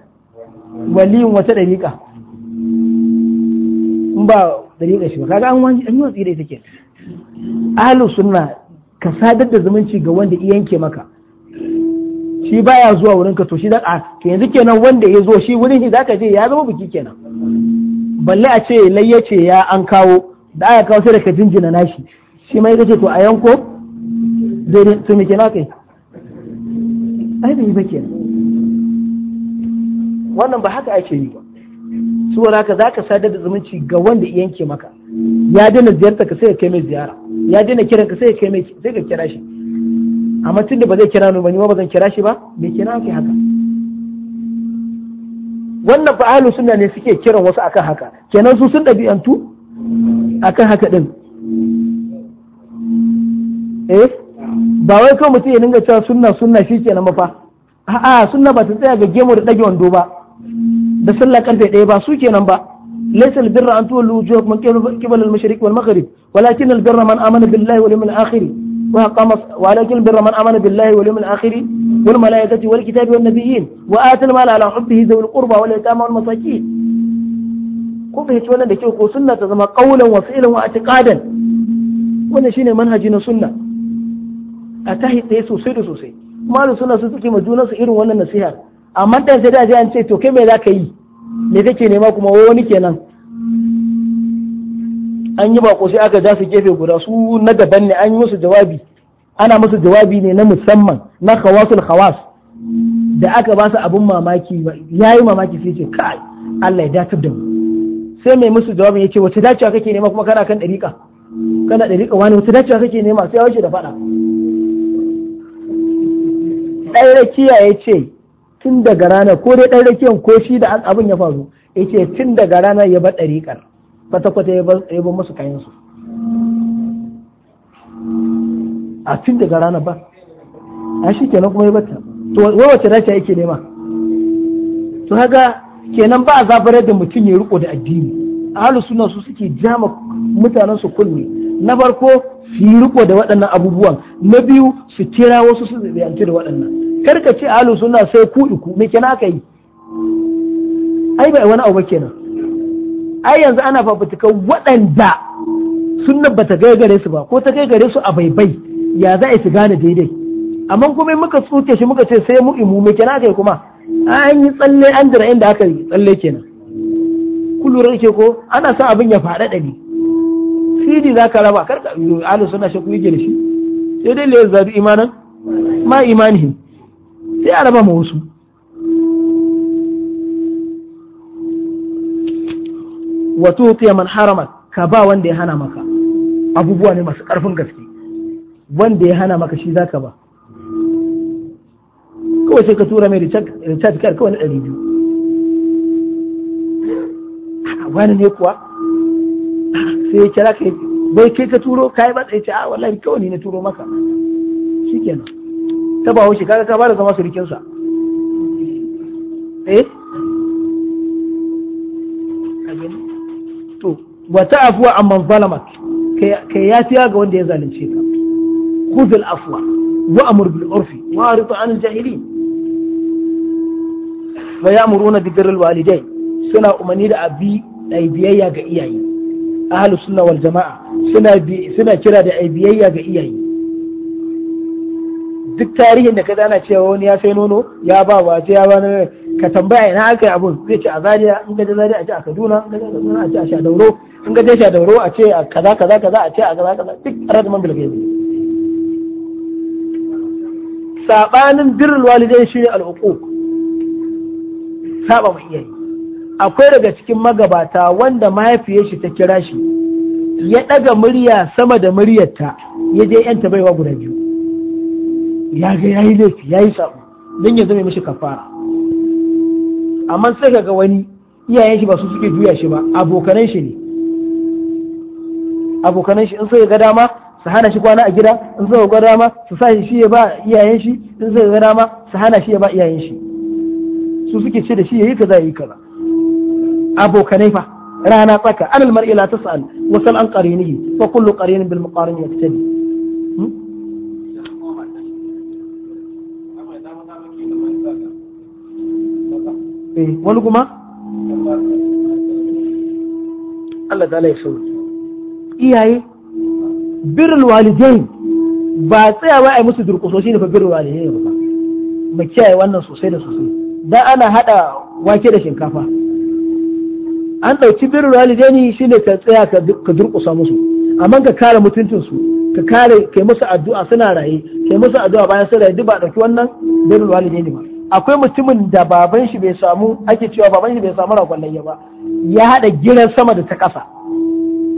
waliyin wata dariƙa shi ba kaga an wani an yi watsi da ita ke ahlus sunna ka sadar da zumunci ga wanda iya yanke maka shi baya zuwa wurin ka to shi dan a to yanzu kenan wanda ya zo shi wurin shi zaka je ya zama biki kenan balle a ce lai ce ya an kawo da aka kawo sai da ka jinjina nashi shi ma kace ce to a yanko zai to me kenan kai ai bai ba kenan wannan ba haka ake yi ba saboda haka ka sadar da zumunci ga wanda yanke maka ya daina ziyarta ka sai ka kai mai ziyara ya daina kiran ka sai ka kai mai sai ka kira shi amma tunda ba zai kira ni ba ni ba zan kira shi ba me kira ake haka wannan fa ahlus sunna ne suke kiran wasu akan haka kenan su sun dabi'antu akan haka din eh ba wai kawai mutum ya dinga cewa sunna sunna shi kenan ba fa a'a sunna ba ta tsaya ga gemu da dage wando ba da sallah karfe ɗaya ba su kenan ba ليس البر أن تولوا وجوهكم قبل المشرق والمغرب ولكن البر من آمن بالله واليوم الآخر ولكن البر من بالله واليوم والكتاب والنبيين المال على حبه ذوي القربى واليتامى والمساكين da kyau ko sunna ta zama kaulan wa fi'lan wa atiqadan wannan manhaji na sunna a tahi tsaye sosai da sosai kuma wannan amma dan sai da je an ce to kai me za ka yi me kake nema kuma wani kenan an yi bako sai aka ja su gefe guda su na daban ne an yi musu jawabi ana musu jawabi ne na musamman na khawasul khawas da aka ba su abun mamaki yayi mamaki sai ce kai Allah ya datar da mu sai mai musu jawabin yace wace dacewa kake nema kuma kana kan dariƙa kana dariƙa wani wace dacewa kake nema sai ya wuce da faɗa ɗaya kiyaye ce tun daga ranar ko dai ɗan rakiyar ko shi da abin ya faru ya ce tun daga ranar ya bar ɗariƙar kwata-kwata ya bar kayan kayansu a tun daga ranar ba a shi kenan kuma ya bata to wace rasha yake nema to haka kenan ba a zabarar da mutum ya riko da addini ahlus suna su suke jama mutanen su kunne na farko su yi riko da waɗannan abubuwan na biyu su kira wasu su zabiyantu da waɗannan karka ce alu suna sai ku iku me kina ka yi ai bai wani abu kenan ai yanzu ana fafutuka waɗanda ba bata gai gare su ba ko ta gai gare su a baibai ya za a su gane daidai amma kuma muka tsuke shi muka ce sai mu imu me kina ka yi kuma an yi tsalle an dira inda aka yi tsalle kenan Ku lura ke ko ana sa abin ya faɗaɗa ni. sidi za ka raba karka alu suna shi ku yi da shi sai dai la zabi imanan ma imanihim sai a raba ma wasu wato tiya man harama ka ba wanda ya hana maka abubuwa ne masu ƙarfin gaske wanda ya hana maka shi za ka ba kawai sai ka tura mai recharge card kawai na ɗari biyu wani ne kuwa sai ya kira ka bai kai ka turo ka yi ba tsaye ce a ah, wallahi kawai ne na turo maka shikenan ta ba haushi kaga ka ba da zama surukin sa eh to wa an man zalamak ka yafiya ga wanda ya zalunce ka khudh al-afwa wa amur bil urfi wa arid an al-jahilin wa ya'muruna bi al walidain suna umarni da abi ai biyayya ga iyaye ahlus sunna wal jama'a suna suna kira da ai biyayya ga iyaye duk tarihin da ka ana cewa wani ya sai nono ya ba wa ce ya ba na ka tambaya ina aka yi abun zai ce a Zariya, in ga je Zariya a ce a kaduna in ka kaduna a ce a shadauro in ka je shadauro a ce a kaza kaza kaza a ce a kaza kaza duk da man bilgai ne. sabanin birrul walidai shine al-uquq saba mai iyaye akwai daga cikin magabata wanda mahaifiyar shi ta kira shi ya daga murya sama da muryarta ya je yanta baiwa guda biyu ya ga yayi laifi yayi sabu Don ya zama mashi kafara amma sai ga wani iyayen shi ba su suke juya shi ba abokanan shi ne abokanan shi in sai ga dama su hana shi kwana a gida in sai ga dama su sa shi ya ba iyayen shi in sai ga dama su hana shi ya ba iyayen shi su suke ce da shi yayi kaza yayi kaza abokanai fa rana tsaka anal mar'i la tas'al wa sal an qarinihi fa kullu qarinin bil muqarin yaktabi Eh, wani kuma Allah ta ya sauki iyaye birin walidain ba tsayawa yi musu shi ne fa birrul walidain ba Ba kiyaye wannan sosai da sosai dan ana hada wake da shinkafa an ɗauki ne shi ne ka tsaya ka durƙusa musu amma ka kare mutuncinsu ka kare kai musu addu'a suna raye kai musu addu'a bayan suna raye duk ba ɗauki wannan birrul ne ba akwai mutumin da baban shi bai samu ake cewa baban shi bai samu ragon layya ba ya hada giran sama da ta kasa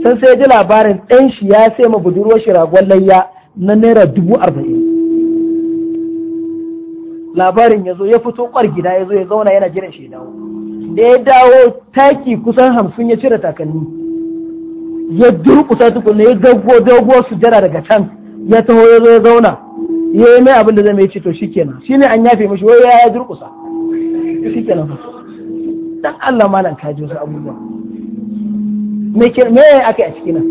sai sai ji labarin ɗan shi ya sai ma budurwar shi ragon layya na naira dubu arba'in labarin ya zo ya fito kwar gida ya zo ya zauna yana jiran shi dawo da ya dawo taki kusan hamsin ya cire takalmi ya durkusa tukunna ya gaggo doguwar sujada daga can ya taho ya zo ya zauna ya yi mai abin da zai mai ce to shikenan shine an yafe mashi wai ya durkusa shikenan ba dan Allah malam ka ji wasu abubuwa me ke me aka a cikin nan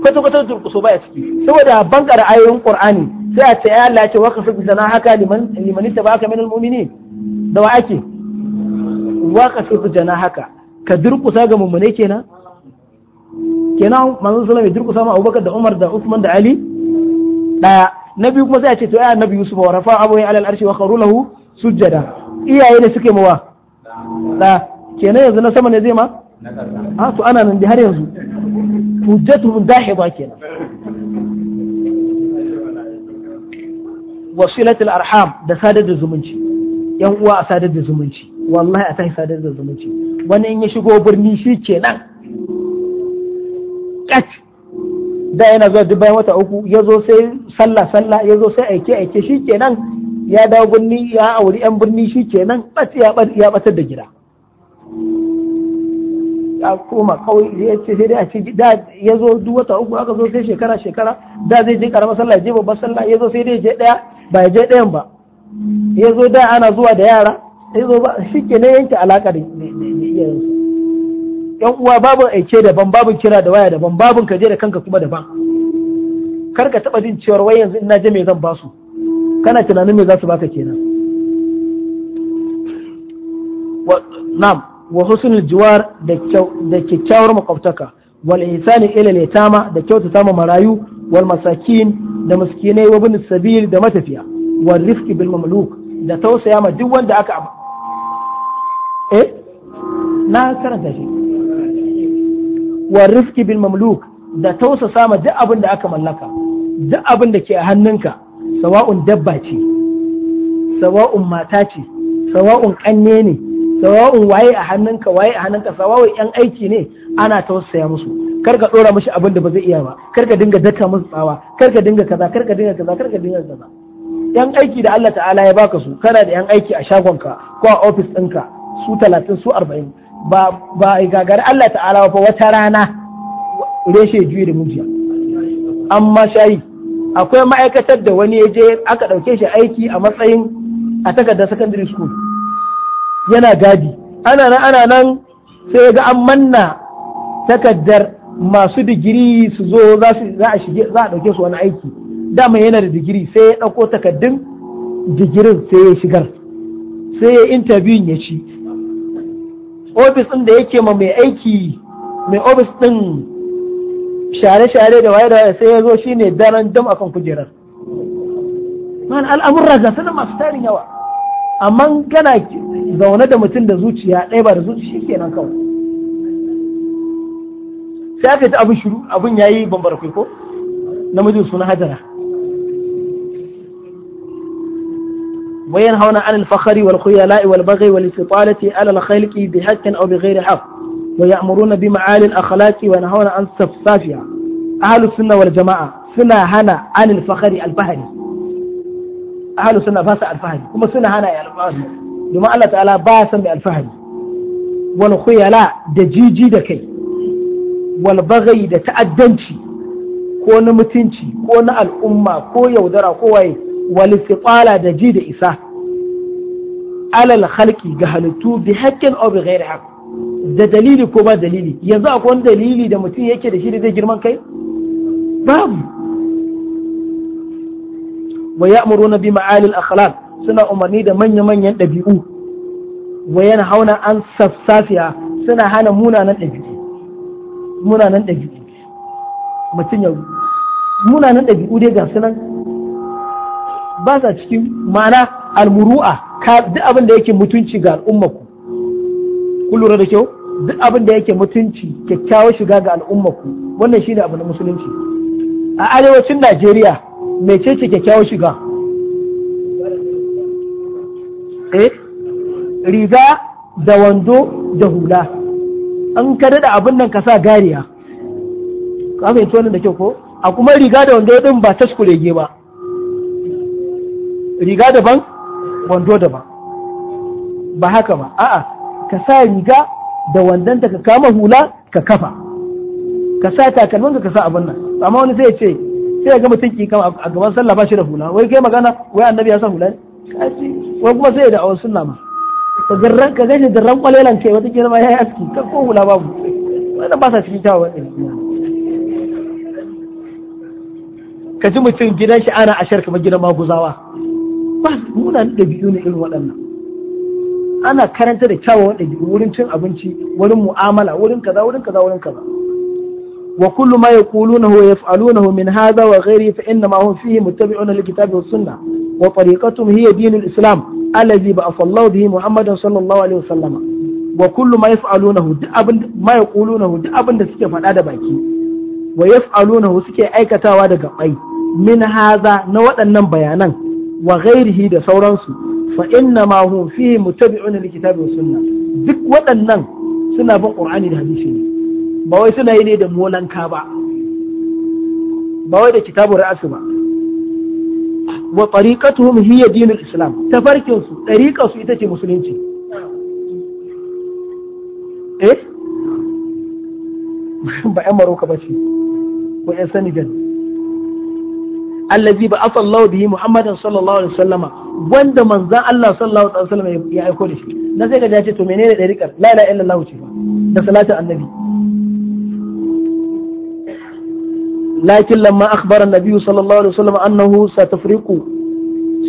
kwata kwata durkuso baya ciki saboda bankara ayoyin qur'ani sai a ce ya Allah ya ce wa kasu sana haka liman liman aka minal mu'minin da wa ake wa kasu jana haka ka durkusa ga mummune kenan kenan manzo sallallahu alaihi durkusa ma Abubakar da Umar da Uthman da Ali daya na biyu kuma sai a ce to ai nabi Yusuf wa rafa abuhi alal arshi wa kharu lahu sujjada iyaye ne suke mawa da kenan yanzu na sama ne zai ma a ah, to ana nan da har yanzu hujjatuhum dahiba kenan wasilatul arham da sadar da zumunci yan uwa a sadar da zumunci wallahi a tashi sadar da zumunci wani in ya shigo birni shi kenan kat da yana zuwa duk bayan wata uku ya zo sai sallah sallah ya zo sai aike aike shi kenan ya dawo birni ya auri yan birni shi kenan ya batar da gida ya koma kawai ya ce sai dai a ce da ya zo duk wata uku aka zo sai shekara shekara da zai je karamar sallah ya je babbar sallah ya zo sai dai je daya ba ya je dayan ba ya zo da ana zuwa da yara ya zo ba shi kenan yanke alaka da iyayensu yan uwa babu aike daban babun kira da waya daban babun kaje da kanka kuma daban kar ka taba jin cewa wai yanzu ina je me zan basu kana tunanin me za su baka kenan wa nam wa husnul jiwar da da kyakkyawar makwabtaka wal ihsani ila litama da kyautata ma marayu wal masakin da miskinai wa bin sabil da matafiya wal rifqi bil mamluk da tausaya ma duk wanda aka eh na karanta shi wa rifki bil mamluk da tausa sama duk abin da aka mallaka duk abin da ke a hannunka sawa'un dabba ce sawa'un mata ce sawa'un kanne ne sawa'un waye a hannunka waye a hannunka sawa'un yan aiki ne ana tausaya musu kar ka dora mishi abin da ba zai iya ba kar ka dinga daka musu tsawa kar ka dinga kaza kar ka dinga kaza kar ka dinga kaza yan aiki da Allah ta'ala ya baka su kana da yan aiki a shagonka ko a ofis ɗinka su talatin su arba'in ba gagari Allah ta'ala ba wata rana reshe juyi da mujiya amma shayi akwai ma'aikatar da wani ya je aka ɗauke shi aiki a matsayin a takardar secondary school yana gadi ana nan ana nan sai ga an manna takardar masu digiri su zo za a shige za a ɗauke su wani aiki dama yana da digiri sai ya ɗauko takardun digirin sai ya shigar sai ya interview ya ci ofis ɗin da yake ma mai aiki mai ofis ɗin share-share da waye da waye sai ya zo shi ne daren dam a kan kujerar man al'amurra ga sanin masu tarin yawa amma gana zaune da mutum da zuciya ɗaya ba da zuciya kenan kawai sai aka ta abin shiru abin ya yi bambar ko namijin suna hajara وينهون عن الفخر والخيلاء والبغي والاستطالة على الخلق بحق أو بغير حق ويأمرون بمعالي الأخلاق وينهون عن سفسافها أهل السنة والجماعة سنة هنا عن الفخر البهري أهل السنة فاسع الفهري كما سنة هنا يا الفهري لما الله تعالى باسا بالفهري والخيلاء دجيجي دكي والبغي دتأدنشي ko na mutunci ko na al'umma ko yaudara ko waye kwala da ji da isa alal halki ga halittu bi haqqin obi bi ghairi da dalili ko ba dalili yanzu akwai wani dalili da mutum yake da shi da zai girman kai babu wa ya'muruna bi ma'alil akhlaq suna umarni da manya-manyan ɗabi'u wa yana hauna an sassafiya suna hana munanan ɗabi'u munanan ɗabi'u mutum ya munanan ɗabi'u dai ga sunan ba sa cikin ma'ana almuru'a duk abin da yake mutunci ga al'ummaku ku lura da kyau duk abin da yake mutunci kyakkyawar shiga ga al'ummaku wannan shine abu na musulunci a arewacin Najeriya mecece kyakkyawar shiga eh riga da wando da hula an ka da abin nan ka sa gariya ka fahimci wannan da kyau ko a kuma riga da wando din ba ta ba riga daban wando daban ba haka ba a'a ka sa riga da wandonta ka kama hula ka kafa ka sa takalmin ka sa abin nan amma wani sai ce sai ga mutum ki kama a gaban sallah ba shi da hula wai kai magana wai annabi ya sa hula wai kuma sai da awon sunna ma ka garran ka gashi ran kwalelan kai wata girma yayi aski ka ko hula babu wannan ba sa cikin kyawawan ka ji mutum gidan shi ana ashar kamar gidan maguzawa da ɗabi'u ne irin waɗannan ana karanta da kyawawan ɗabi'u wurin cin abinci wurin mu'amala wurin kaza wurin kaza wurin kaza wa kullu ma yaqulunahu wa yaf'alunahu min hadha wa ghairi fa inna ma hum fihi muttabi'una likitabi was sunnah wa tariqatuhum hiya dinul islam alladhi ba'athallahu bihi Muhammadan sallallahu alaihi wasallama wa kullu ma yaf'alunahu duk abin ma yaqulunahu duk abin da suke faɗa da baki wa yaf'alunahu suke aikatawa daga bai min haza na waɗannan bayanan wa ghairihi da sauransu fa inna ma hum fihi muttabi'una li wa sunna duk waɗannan suna bin qur'ani da hadisi ne ba wai suna yi ne da molanka ba ba wai da kitabu ra'asu ba wa tariqatuhum hiya dinul islam tafarkin su tariqa su ita ce musulunci eh ba yan maroka ba ce ko yan senegal allazi ba asallahu bihi muhammadan sallallahu alaihi wasallama wanda manzan Allah sallallahu alaihi wasallam ya aiko da shi Na sai ka ce to menene dariƙar la ilaha illallah ce da salatu annabi lakin lamma akhbara annabi sallallahu alaihi wasallam annahu satafriqu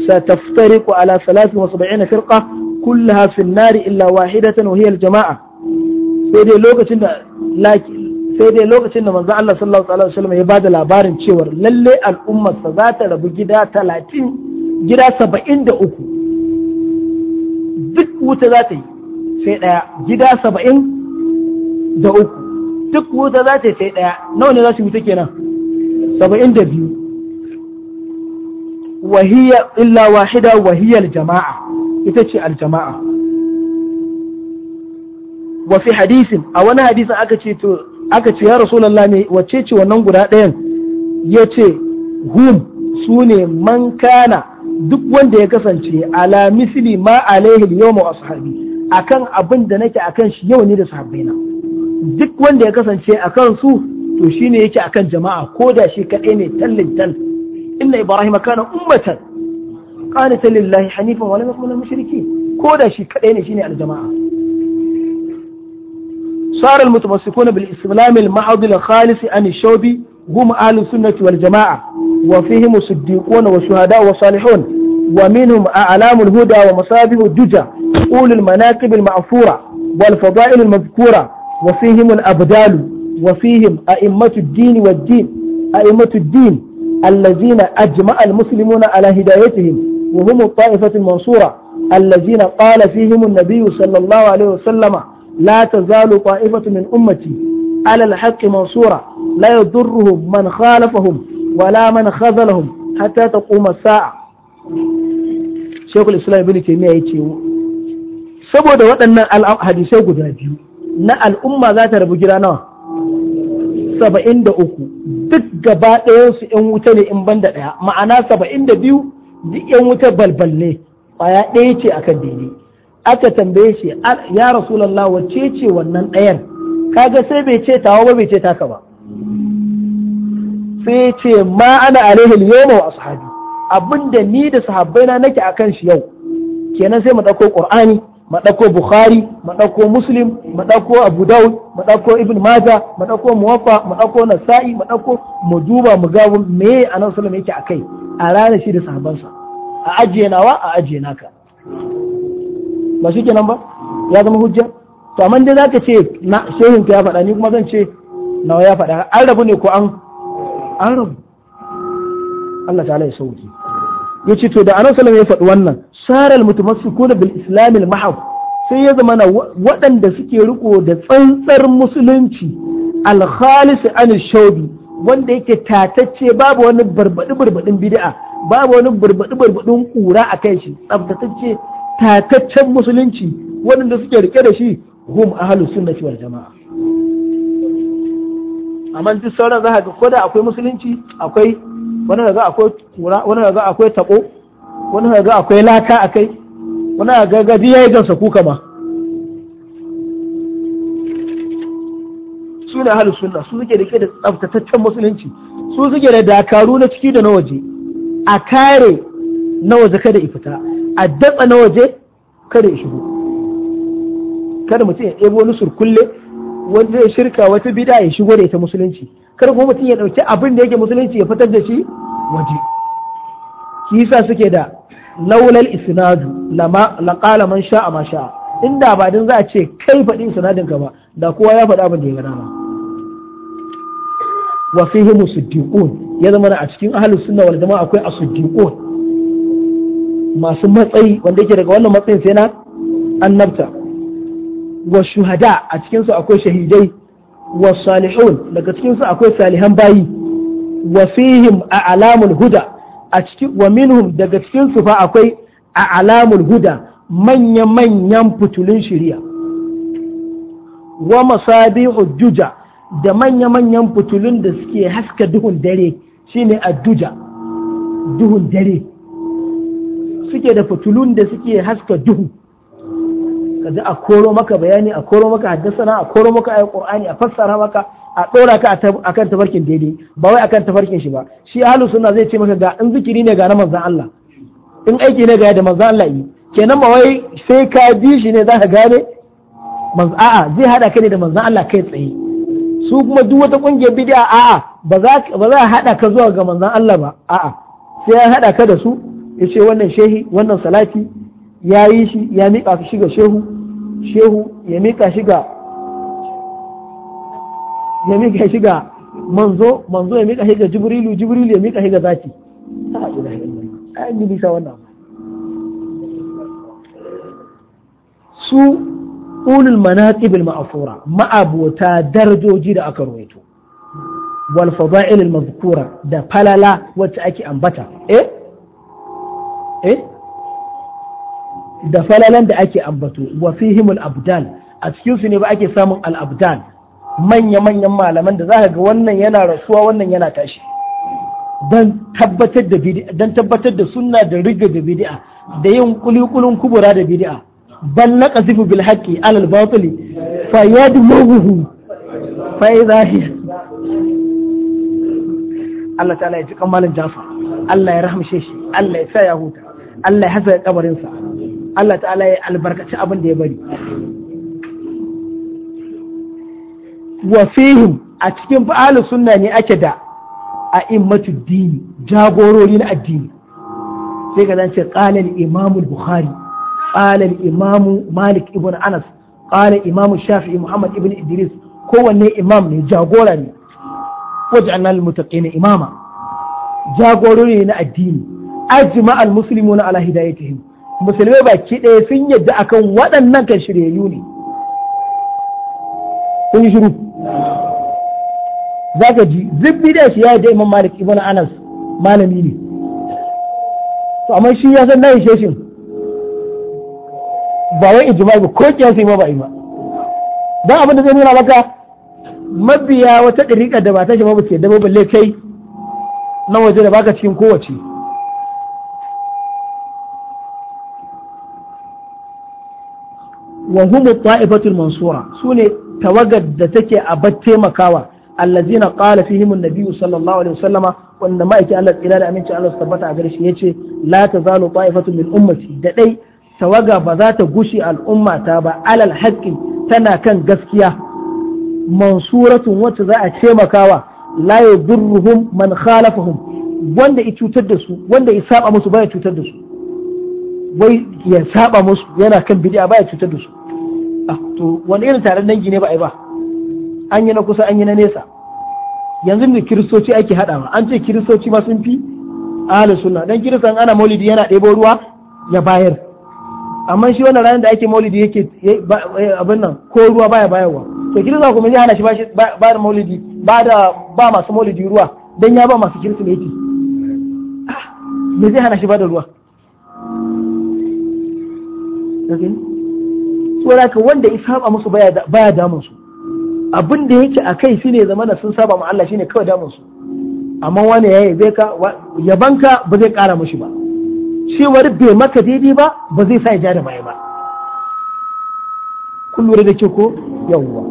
satafriqu ala wa 73 firqa kullaha fi an Nari illa wahidatan wa hiya al-jama'a sai dai lokacin da sai dai lokacin da manzo Allah sallallahu alaihi wasallam ya bada labarin cewa lalle al'ummar sa za ta rabu gida 30 gida 73 duk wuta za ta yi sai daya gida 70 da uku duk wuta za ta yi sai daya nawa ne za su wuta kenan 72 wahiya illa wahida wahiyar jama'a ita ce aljama'a wa fi hadisin a wani hadisin aka ce to aka ce ya rasu ne wace ce wannan guda ɗayan ya ce hum su ne man duk wanda ya kasance ala misli ma alaihi yawma ashabi akan abin da nake akan shi yau ne da sahabbaina duk wanda ya kasance akan su to shine yake akan jama'a ko da shi kaɗai ne tallin tal inna ibrahim kana ummatan qanita lillahi hanifan wa lam yakun ko da shi kaɗai ne shine aljama'a صار المتمسكون بالإسلام المحض الخالص عن الشوب هم أهل السنة والجماعة وفيهم الصديقون والشهداء والصالحون ومنهم أعلام الهدى ومصابيح الدجى أولي المناقب المعفورة والفضائل المذكورة وفيهم الأبدال وفيهم أئمة الدين والدين أئمة الدين الذين أجمع المسلمون على هدايتهم وهم الطائفة المنصورة الذين قال فيهم النبي صلى الله عليه وسلم la tazalu ta'ifatu min ummati alal al-haqqi mansura la yadurruhum man khalafahum wala man khazalahum ta taquma sa'a Sheikhul Islam Ibn Taymiyyah yace saboda waɗannan hadisai guda biyu na al'umma za ta rabu gida nawa saba'in da uku duk gaba ɗayansu ‘yan ne in banda ɗaya ma'ana saba'in da biyu duk wuta balbal ne ƙwaya ɗaya ce akan daidai aka tambaye shi ya rasulallah wacce ce wannan ɗayan kaga sai bai ce tawa ba bai ce taka ba sai ce ma ana alaihi yawma wa ashabi abinda ni da na nake akan shi yau kenan sai mu ɗauko qur'ani mu dauko bukhari mu dauko muslim mu dauko abu daud mu dauko ibn majah mu dauko muwaffa mu dauko nasa'i mu dauko mu duba mu ga me annabi sallallahu alaihi wasallam yake akai a rana shi da sahabansa. a ajiye nawa a ajiye naka ba shi kenan ba ya zama hujja to amma dai zaka ce na shehin ka ya faɗa ni kuma zan ce nawa ya faɗa an rabu ne ko an an rabu Allah ta'ala ya sauki yace to da Annabi sallallahu ya faɗi wannan saral mutamassikuna bil islam al mahab sai ya zama na waɗanda suke riko da tsantsar musulunci al khalis an shawbi wanda yake tatacce babu wani barbadi barbadin bid'a babu wani barbadi barbadin kura akan shi tsabtatacce tataccen musulunci waɗanda suke rike da shi hum ahlus sunnati wal jama'a amma duk sauran za ka ga ko da akwai musulunci akwai wani ga akwai kura wani ga akwai tako wani ga akwai laka akai wani ga gadi yayi gansa kuka ma su ne ahlus sunna su suke rike da tsaftataccen musulunci su suke da dakaru na ciki da na waje a kare na waje kada ifita a datsa na waje kada ya shigo kada mutum ya ɗebo wani surkulle wanda ya shirka wata bida ya shigo da ita musulunci kada kuma mutum ya ɗauki abin da yake musulunci ya fitar da shi waje kisa suke da laulal isnadu lama laqala man sha'a ma sha'a inda ba din za a ce kai faɗin isnadin ka ba da kowa ya faɗa abin da ya gana wa fihi musaddiqun ya zama a cikin ahlus sunna wal jama'a akwai asuddiqun masu matsayi wanda yake daga wannan matsayin sai na annabta wa shuhada a cikinsu akwai shahidai wa salihun daga cikinsu akwai salihan bayi wa fihim a alamul huda a cikin wa minhum daga cikinsu fa akwai a alamul huda manya-manyan fitulun shiriya wa masabihu juja da manya-manyan fitulun da suke haska duhun dare shine a duja duhun dare suke da fitulun da suke haska duhu ka a koro maka bayani a koro maka haddasa a koro maka ayat qur'ani a fassara maka a dora ka akan tafarkin daidai ba wai akan tafarkin shi ba shi ahlus sunna zai ce maka ga in zikiri ne ga na manzon Allah in aiki ne ga da manzon Allah yi kenan ba wai sai ka bi shi ne zaka gane manzon a'a zai hada ka ne da manzon Allah kai tsaye su kuma duk wata kungiyar bid'a a'a ba za ba za hada ka zuwa ga manzon Allah ba a'a sai ya hada ka da su ya ce wannan shehi wannan salati ya yi shi ya miƙa shi ga shehu shehu ya miƙa shi ga ya miƙa shi ga manzo manzo ya miƙa shi ga jibrilu jibrilu ya miƙa shi ga zaki an yi bisa wannan su ulul manaqib al ma'thura ma'abota darajoji da aka ruwaito wal fada'il al mazkura da falala wacce ake ambata eh Eh? da falalan da ake ambato wa fihimul abdal a cikin su ne ba ake samun al abdal manya manyan malaman da zaka ga wannan yana rasuwa wannan yana tashi dan tabbatar da bid'a dan tabbatar da sunna da riga da bid'a da yin kulikulun kubura da bid'a bal naqzifu bil haqqi ala al batili fa yadmuhu fa idahi Allah ta'ala ya ji kamalan jafa Allah ya rahmshe shi Allah ya sa ya huta Allah ya haska kabarinsa Allah ta'ala ya albarkaci abin da ya bari wa a cikin fa'alu sunna ne ake da a immatu dini jagorori na addini sai ka zance qala al-imam al-bukhari qala imam malik ibn anas qala imam shafi'i muhammad ibn idris kowanne imam ne jagora ne waj'alna lil muttaqina imama jagorori na addini ajma al muslimuna ala hidayatihim musulmai baki ɗaya sun yadda akan waɗannan kan shiryayyu ne kun shiru zaka ji zubbi da shi ya da imam malik ibn anas malami ne to amma shi ya san nayi sheshin ba wai ijma'i ba ko kiyasi ma ba ima dan abin da zai nuna maka mabiya wata dariƙa da ba ta shi ba ba ce da ba balle kai na waje da baka cikin kowace wa hum ta'ifatul mansura sune tawagar da take a bat taimakawa allazina qala fihim an-nabiy sallallahu alaihi wasallama wanda ma'aikin Allah tsira da aminci Allah tabbata a gare shi yace la tazalu ta'ifatun min ummati da ɗai tawaga ba za ta gushi al'ummata ba alal haqqi tana kan gaskiya mansuratun wacce za a taimakawa la yadurruhum man khalafahum wanda ya cutar da su wanda ya saba musu baya cutar da su wai ya saba musu yana kan bid'a baya cutar da su ah, to wani irin taron dangi ne ba ai ba an yi na kusa an yi na nesa yanzu ne kiristoci ake haɗawa an ce kiristoci ma sun fi ahlus sunna dan kiristan ana maulidi yana ɗebo ruwa ya bayar amma shi wannan ranar da ake maulidi yake eh, eh, abin nan ko ruwa baya bayarwa to kirista kuma zai hana shi ba da maulidi ba da ba masu maulidi ruwa dan ya ba masu kirsimeti ah, me zai hana shi ba da ruwa saboda ka wanda ya saba musu baya damun su abin da yake a kai shine zama da sun saba ma Allah shine kawai damun su amma wani ya zai ka yabanka ba zai kara mushi ba cewar bai maka daidai ba ba zai sa ya ja da baya ba kun lura da ke ko yawwa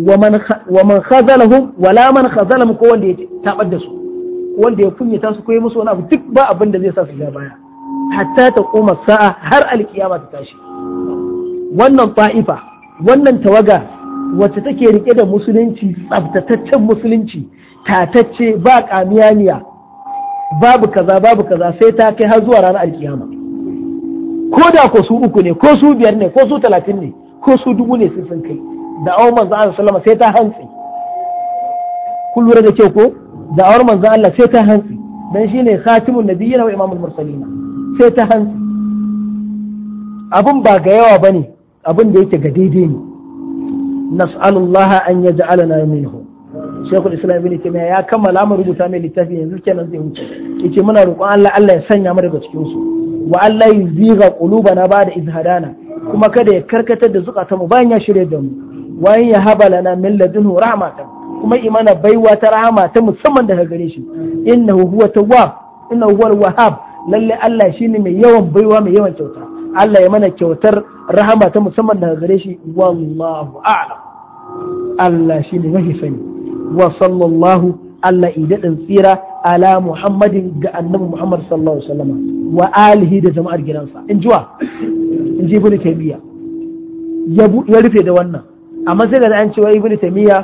wa man khazalahum wala man khazalahum ko wanda ya tabar da su wanda ya kunyata su ko ya musu wani abu duk ba abin da zai sa su ja baya hatta ta koma sa'a har alkiyama ta tashi wannan fa'ifa wannan tawaga wacce take rike da musulunci tsaftataccen musulunci tatacce ba kamiyaniya babu kaza babu kaza sai ta kai har zuwa ranar alkiyama ko da ko su uku ne ko su biyar ne ko su talatin ne ko su dubu ne sun sun kai da awon manzo Allah sallama sai ta hantsi kun lura da kyau ko da awon manzo Allah sai ta hantsi dan shine khatimun nabiyyi wa imamul mursalin sai ta hanzu. abin ba ga yawa ba ne abin da yake ga daidai ne nas'alullaha an na minhu shekul islam ibn taymiya ya kammala mu rubuta mai littafi yanzu kenan zai wuce yace muna roƙon Allah Allah ya sanya mu daga cikin su wa Allah yuziga qulubana ba'da izhadana kuma kada ya karkatar da zukata mu bayan ya shirya da mu wa ya habalana min ladunhu rahmatan kuma imana baiwa ta rahama ta musamman daga gare shi innahu huwa tawwab innahu huwa wahhab lalle Allah shine mai yawan baiwa mai yawan kyauta Allah ya mana kyautar rahama ta musamman daga gare shi wallahu a'lam Allah shine mafi sani wa sallallahu Allah idadin tsira ala Muhammadin ga annabi Muhammad sallallahu alaihi wasallam wa alihi da jama'ar gidansa in jiwa in ji ibnu taymiya ya rufe da wannan amma sai da an cewa ibnu taymiya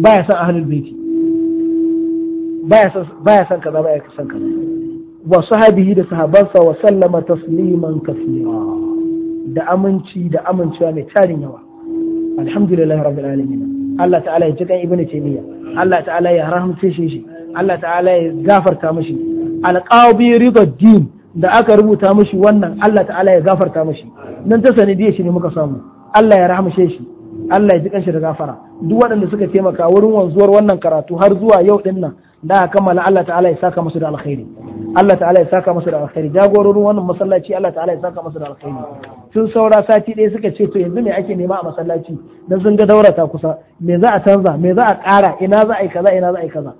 baya san ahlul baiti baya san baya san kaza baya san kaza wa sahabihi da sahabansa wa sallama tasliman kasira da aminci da amincewa mai tarin yawa alhamdulillah rabbil alamin Allah ta'ala ya ji kan ibnu taymiya Allah ta'ala ya rahamce shi Allah ta'ala ya gafarta mishi alqabi ridaddin da aka rubuta mishi wannan Allah ta'ala ya gafarta mishi nan ta sanidiyar shi ne muka samu Allah ya rahamshe shi Allah ya ji kanshi da gafara duk waɗanda suka taimaka wurin wanzuwar wannan karatu har zuwa yau din nan da kammala Allah ta'ala ya saka musu da alkhairi Allah ta'ala ya saka musu da alkhairi jagororin wannan masallaci Allah ta'ala ya saka musu da alkhairi tun saura sati ɗaya suka ce to yanzu me ake nema a masallaci dan sun ga daura ta kusa me za a canza me za a ƙara ina za a yi kaza ina za a yi kaza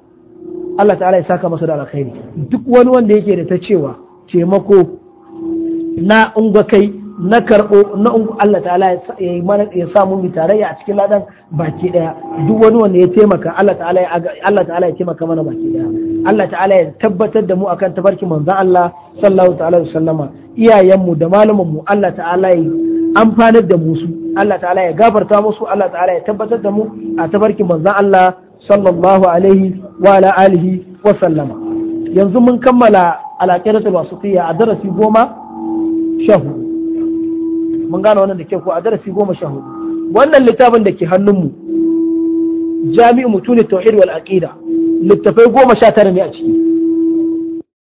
Allah ta'ala ya saka musu da alkhairi duk wani wanda yake da ta cewa taimako na ungwa kai na karɓo na unku Allah ta'ala ya yi mana ya samu mu tarayya a cikin ladan baki daya duk wani wanda ya taimaka Allah ta'ala ya Allah ta'ala ya taimaka mana baki daya Allah ta'ala ya tabbatar da mu akan tabarkin manzon Allah sallallahu ta'ala alaihi wasallama iyayen mu da malaman mu Allah ta'ala ya amfanar da mu su Allah ta'ala ya gafarta musu Allah ta'ala ya tabbatar da mu a tabarkin manzon Allah sallallahu alaihi wa ala alihi wa sallama yanzu mun kammala alaƙiratul wasitiyya a darasi goma sha hudu mun gane wannan da ke ko a darasi goma sha hudu wannan littafin da ke hannunmu jami'u mutune tauhid wal aqida littafai goma sha tara ne a ciki